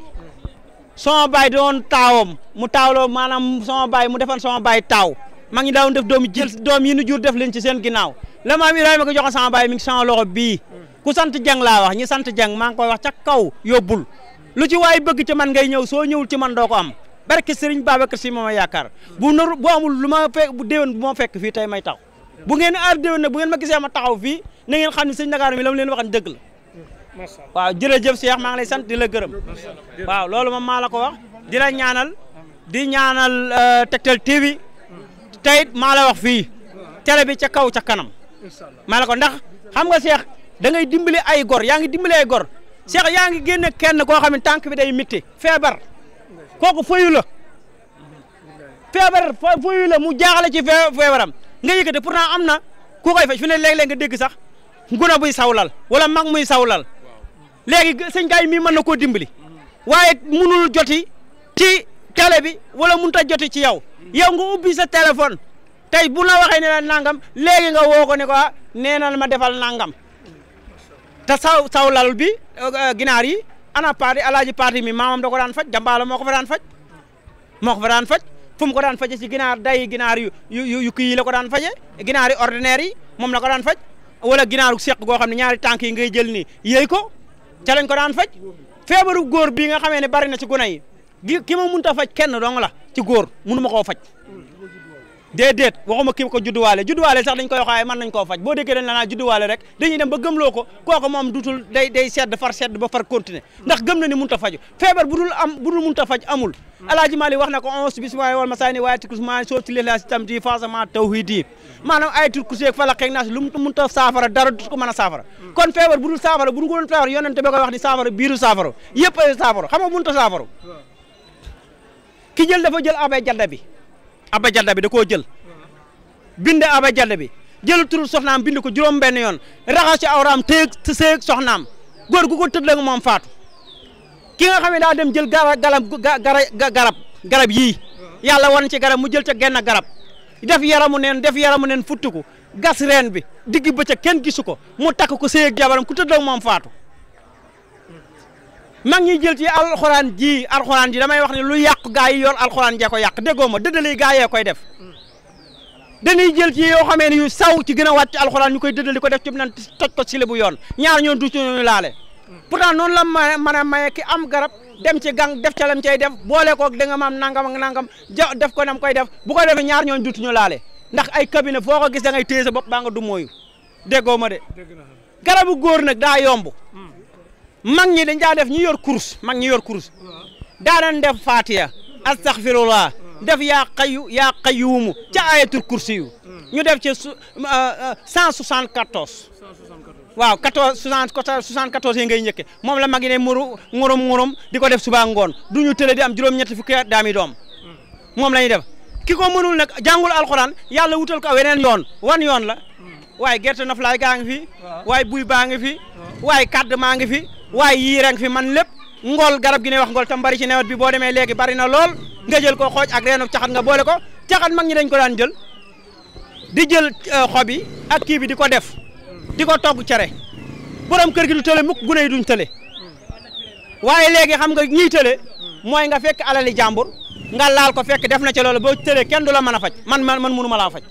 sama baay doon taawam mu taawloo maanaam sama baay mu defan sama baay taaw maa ngi daawoon def doom jël doom yi nu jur def leen ci seen ginnaaw la maam Ibrahima ko joxoon sama bii ku sant jang laa wax ñi sant jang maa ngi koy wax ca kaw yóbbul lu ci waay bëgg ci man ngay ñëw soo ñëwul ci man doo ko am barke Serigne Babacar Sy ma ma yaakaar bu nor bu amul lu ma fekk bu déwén bu ma fekk fii tey may taw bu ngeen aar déwén na bu ngeen ma gisee ma taxaw fii na ngeen xam ne sëñ Ndakaaru mi la mu leen waxan dëgg la waaw jërëjëf Cheikh maa ngi lay sant di la gërëm waaw loolu moom maa ko wax di la ñaanal di ñaanal euh, Tektal TV tey it maa la wax fii télé bi ca kaw ca kanam maa la ko ndax xam nga Cheikh da ngay dimbali ay gor yaa ngi dimbali ay gor Cheikh yaa ngi génne kenn koo xam ne tànk bi day métti feebar kooku fayu la feebar fayu la mu jaaxale ci feebaram nga yëkkate pourtant am na ku koy faj fi ne léeg-léeg nga dégg sax nguna buy sawlal wala mag muy sawlal léegi sëñ gaay mi mën na ko dimbali waaye munul joti ci télé bi wala mënut a joti ci yow yow nga ubbi sa téléphone tey bu la waxee ne nangam léegi nga woo ko ne ko ah, nee na ma defal nangam te saw saw lal bi euh, ginaar yi ana paati alaaji paati mi maamam da ko daan faj jambaala moo ko fa daan faj moo ko fa daan faj fu mu ko daan faje si ginaar day ginaar yu yu yu yi la ko daan faje ginaari yi ordinaire yi moom la ko daan faj wala ginaaru seq goo xam ne ñaari tànk yi ngay jël ni yéy ko ca lañ ko daan faj feebaru góor bii nga xamee ne bari na ci gune yi gi ki ma mënut a faj kenn dong la ci góor mënu koo faj déedéet ma kii ko judduwaale judduwaale sax dañ koy waxaaye man nañ koo faj boo déggee dañ la naa judduwaale rek dañuy dem ba gëmloo ko kooku moom dutul day day sedd far sedd ba far continuer ndax gëm na ni mun a faj feebar bu dul am bu dul mënut a faj amul alaaji Maali wax na ko onze bisimilahi wal masaani waaye tikus maa soof ci lixlaas itam di faasama tawhiid yi maanaam ay tur kuseeg fala xeeg naas lu mu mënut a saafara dara du ko mën a saafara kon feebar bu dul saafara bu dul ko doon saafara yonente ba koy wax ni saafara biiru saafara yëpp ay xam nga mënut a saafara ki jël dafa jël abay jadda bi aba Jadda bi da koo jël bind Abba Jadda bi jël turu soxnaam bind ko juróom benn yoon raxas ci awraam téeg séeg soxnaam góor gu ko tëdd ak faatu ki nga xam ne daa dem jël gara garab garab garab yii yàlla wan ci garab mu jël ca genn garab def yaramu neen def yaramu neen ko gas reen bi digg bëccëg kenn gisu ko mu takk ko séeg jabaram ku tëdd ak faatu mag ñi jël ci alxuraan ji alxuraan ji damay wax ne lu yàq gaa yi yor alxuraan jee ko yàq déggoo ma dëddale gaa yee koy def dañuy jël ci yoo xamee ne yu saw ci gën a wàcc alxuraan ñu koy dëddali ko def ci nan toj ko sile bu yoon ñaar ñoon du ci ñu laale pourtant noon la ma mën a maye ki am garab dem ci gang def ca lam cay def boole koog da nga nangam ak nangam ja def ko nam koy def bu ko defee ñaar ñoon dutuñu laale ndax ay cabinet foo ko gis da ngay téye bopp baa du mooyu déggoo ma de garabu góor nag daa yomb hmm. mag ñi dañ daa def ñu yor course mag ñi yor course daanan def fatiya astaghfirullah def yaa qayu yaa qayuumu ca ayatul kursi yu hmm. ñu def ci uh, uh, cent soixante quatorze waaw quatorze soixante quatorze yi ngay njëkke moom la mag yi ne muru ngurum ngurum di ko def suba ngoon du ñu tële di am juróom-ñetti fukki at daami doom hmm. moom la ñuy def ki ko mënul nag jàngul alxuraan yàlla wutal ko a weneen yoon wan yoon la hmm. waaye gerte naflaay gaa ngi fi waaye buy baa ngi fi waaye kàdd maa ngi fi waaye yii reng fi man lépp ngool garab gi ne wax ngool tam bari ci nawet bi boo demee léegi bari na lool nga jël ko xooj ak reenu caxat nga boole ko caxat mag ñi dañ ko daan jël di jël euh, xob yi ak kii bi di ko def di ko togg cere borom kër gi du tële mukk gune duñ tële waaye léegi xam nga ñii tële mooy nga fekk alali jàmbur nga laal ko fekk def na ci boo tëlee kenn du la man a faj man man man mënu ma laa faj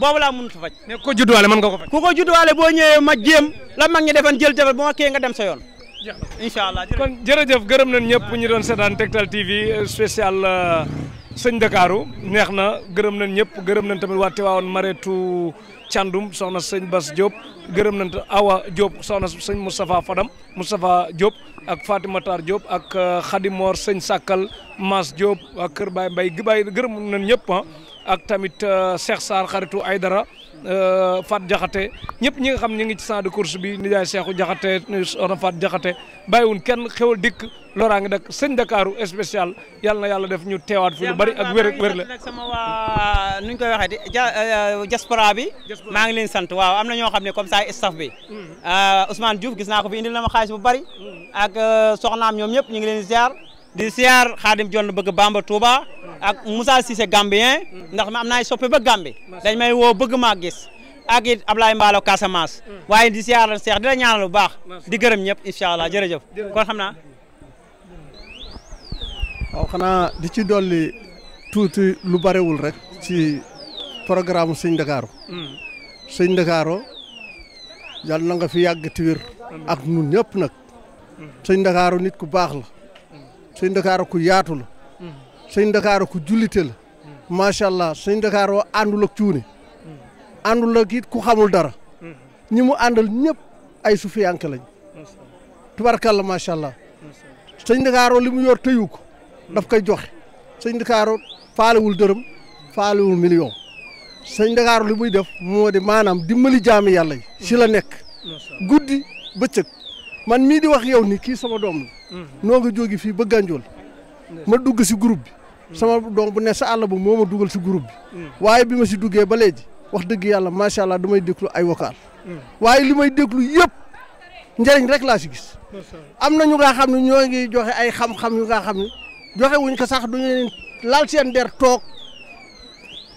boobu laa mënut a faj mais ku ko judduwaale mën nga ko faj ku ko judduwaale boo ñëwee ma jéem la mag ñi defoon jël defal bu ma kii nga dem sa yoon incha allah kon jërëjëf gërëm nañ ñëpp ñu doon seetaan Tektal TV euh, spécial euh, sëñ Ndakaaru neex na gërëm nañ ñëpp gërëm nañ tamit waa Tivaouane Marietou Thiandoum soxna sëñ Bas Diop gërëm nañ Awa Diop soxna sëñ Moustapha Fadam Moustapha Diop ak Fatima Tar Diop ak euh, Khadimor sëñ Sakkal Mas Diop ak Kër Baye Mbaye gi Baye gërëm nañ ñëpp ah ak tamit euh, Cheikh Sarr xaritu dara Fat Jaxate ñëpp ñi nga xam ñu ngi ci champ de course bi nijaay Seexu Jaxate soxna Fat Jaxate bàyyiwun kenn xewal dikk loraa ngi dak sëñ Dakaru spécial yàlla yàlla def ñu teewaat fu lu bari ak wér wér la sama waa nuñ koy waxee diaspora bi maa ngi leen sant waaw am na ñoo xam ne comme ça staff bi Ousmane Diouf gis naa ko fi indil na ma xaalis bu bari ak soxnaam ñoom ñëpp ñu ngi leen ziar di siyaar xaadim jonn bëgg Bamba Touba ak Moussa Cissé Gambien ndax ma naa soppe ba Gambie dañ may woo bëgg maa gis ak it Ablaye Mballo Casamance mm. waaye di siyaar seex di la ñaanal bu baax di gërëm ñëpp incha allah jërëjëf kon xam naa di ci dolli tuuti lu barewul rek si programme sëñ Ndakaaru mm. sëñ Ndakaaru yàlla na nga fi yàgg ti wér ak nun ñëpp nag mm. sëñ Ndakaaru nit ku baax la sëñ Ndakaaru ku yaatu la. sëñ Ndakaaru ku jullite la. macha allah sëñ Ndakaaru àndul ak cuune. àndul ak it ku xamul dara. ñi mu àndal ñëpp ay sufiyanke lañ. tubarkalla macha allah. sëñ Ndakaaru li mu yor tëyu ko. daf koy joxe. sëñ Ndakaaru faalewul dërëm faalewul million. sëñ Ndakaaru li muy def moo di maanaam dimbali jaami yàlla yi. si la nekk. guddi bëccëg man mii di wax yow ni kii sama doom noo nga jóge fii ba Gànjool ma dugg si groupe bi bu doom bu ne sa àll ba moo ma dugal si groupe waaye bi ma si duggee ba léegi wax dëgg yàlla macha allah du may déglu ay vocal waaye li may déglu yëpp njëriñ rek laa si gis am na ñu nga xam ne ñoo ngi joxe ay xam-xam yu nga xam ne joxe wuñ ko sax duñu leen laal seen der toog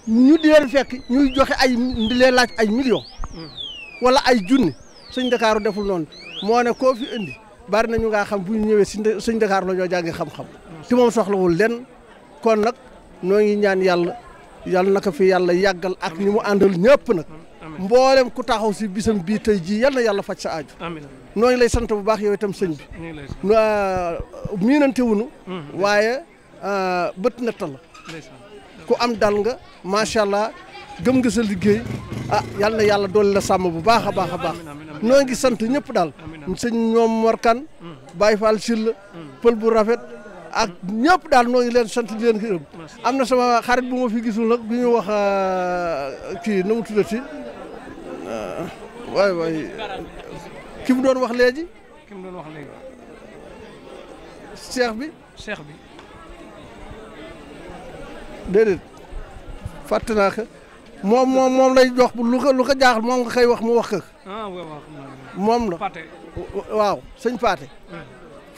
ñu di leen fekk ñuy joxe ay di laaj ay millions mm. wala ay junni sëñ Ndakaaru deful noonu moo ne koo fi indi bari nañu ngaa xam bu ñu si suñ Dakar la ñoo jàngi xam-xam te moom soxlawul lenn kon nag noo ngi ñaan yàlla yàlla na fi yàlla yàggal ak ñi mu àndal ñëpp nag mboolem ku taxaw si bisam bii tey jii yal na yàlla faj sa aaju noo ngi lay sant bu baax yow itam sëñ bi ah, miinante wunu mm-hmm. waaye ah, bët netta la ku am dal nga macha gëm nga sa liggéey ah yal na yàlla doole la sàmm bu baax a baax a baax noo ngi sant ñëpp daal sëñ ñoom morkan Baye Fall Sylla pël bu rafet ak ñëpp daal noo ngi leen sant di leen gërëm am na sama xarit bu ma fi gisul nag bu ñu wax euh, ki nu mu tuddati euh, waay ki mu doon wax léegi ki mu wax léegi seex bi seex bi déedéet fàtte moom moom moom lay jox lu ko lu ka jaaxal moom nga koy wax mu wax ko. ah moom la waaw sëñ Paate. Hmm.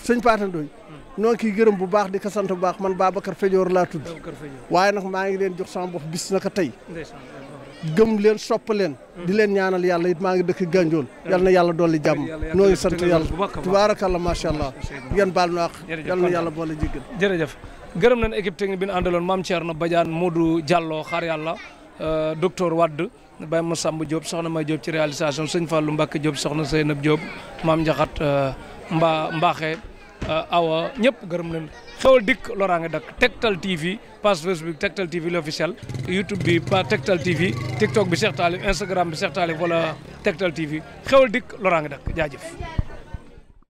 sëñ Paate Ndoye. Hmm. noo ngi kiy gërëm bu baax di ka sant bu baax man baa Babacar Fédior laa tudd. waaye nag maa ngi leen jox sama bopp bis na ko tey. gëm leen sopp leen. Hmm. di leen ñaanal yàlla it maa ngi dëkk Gandiol. yal na yàlla dolli jàmm noo ngi sant yàlla tubaarakalla macha allah. ngeen baal ñu yal na yàlla boole jéggal. jërëjëf gërëm nañ équipe technique bi ñu mam Mame Thierno Badiane Modou Diallo xaar yàlla Euh, docteur Wadd ma Massamba Diop soxna ma Diop ci réalisation sëñ fallu Mbacke Diop soxna Seynab Diop maam Ndiakhate euh, Mba Mbaxe euh, awa ñëpp gërëm nañu xewal dikk loraange dakk Tektal TV page Facebook Tektal TV l'officiel YouTube bi pa Tektal TV TikTok bi Cheikh Talib Instagram bi Cheikh Talib wala Tektal TV xewal dikk loraange dakk jaajëf.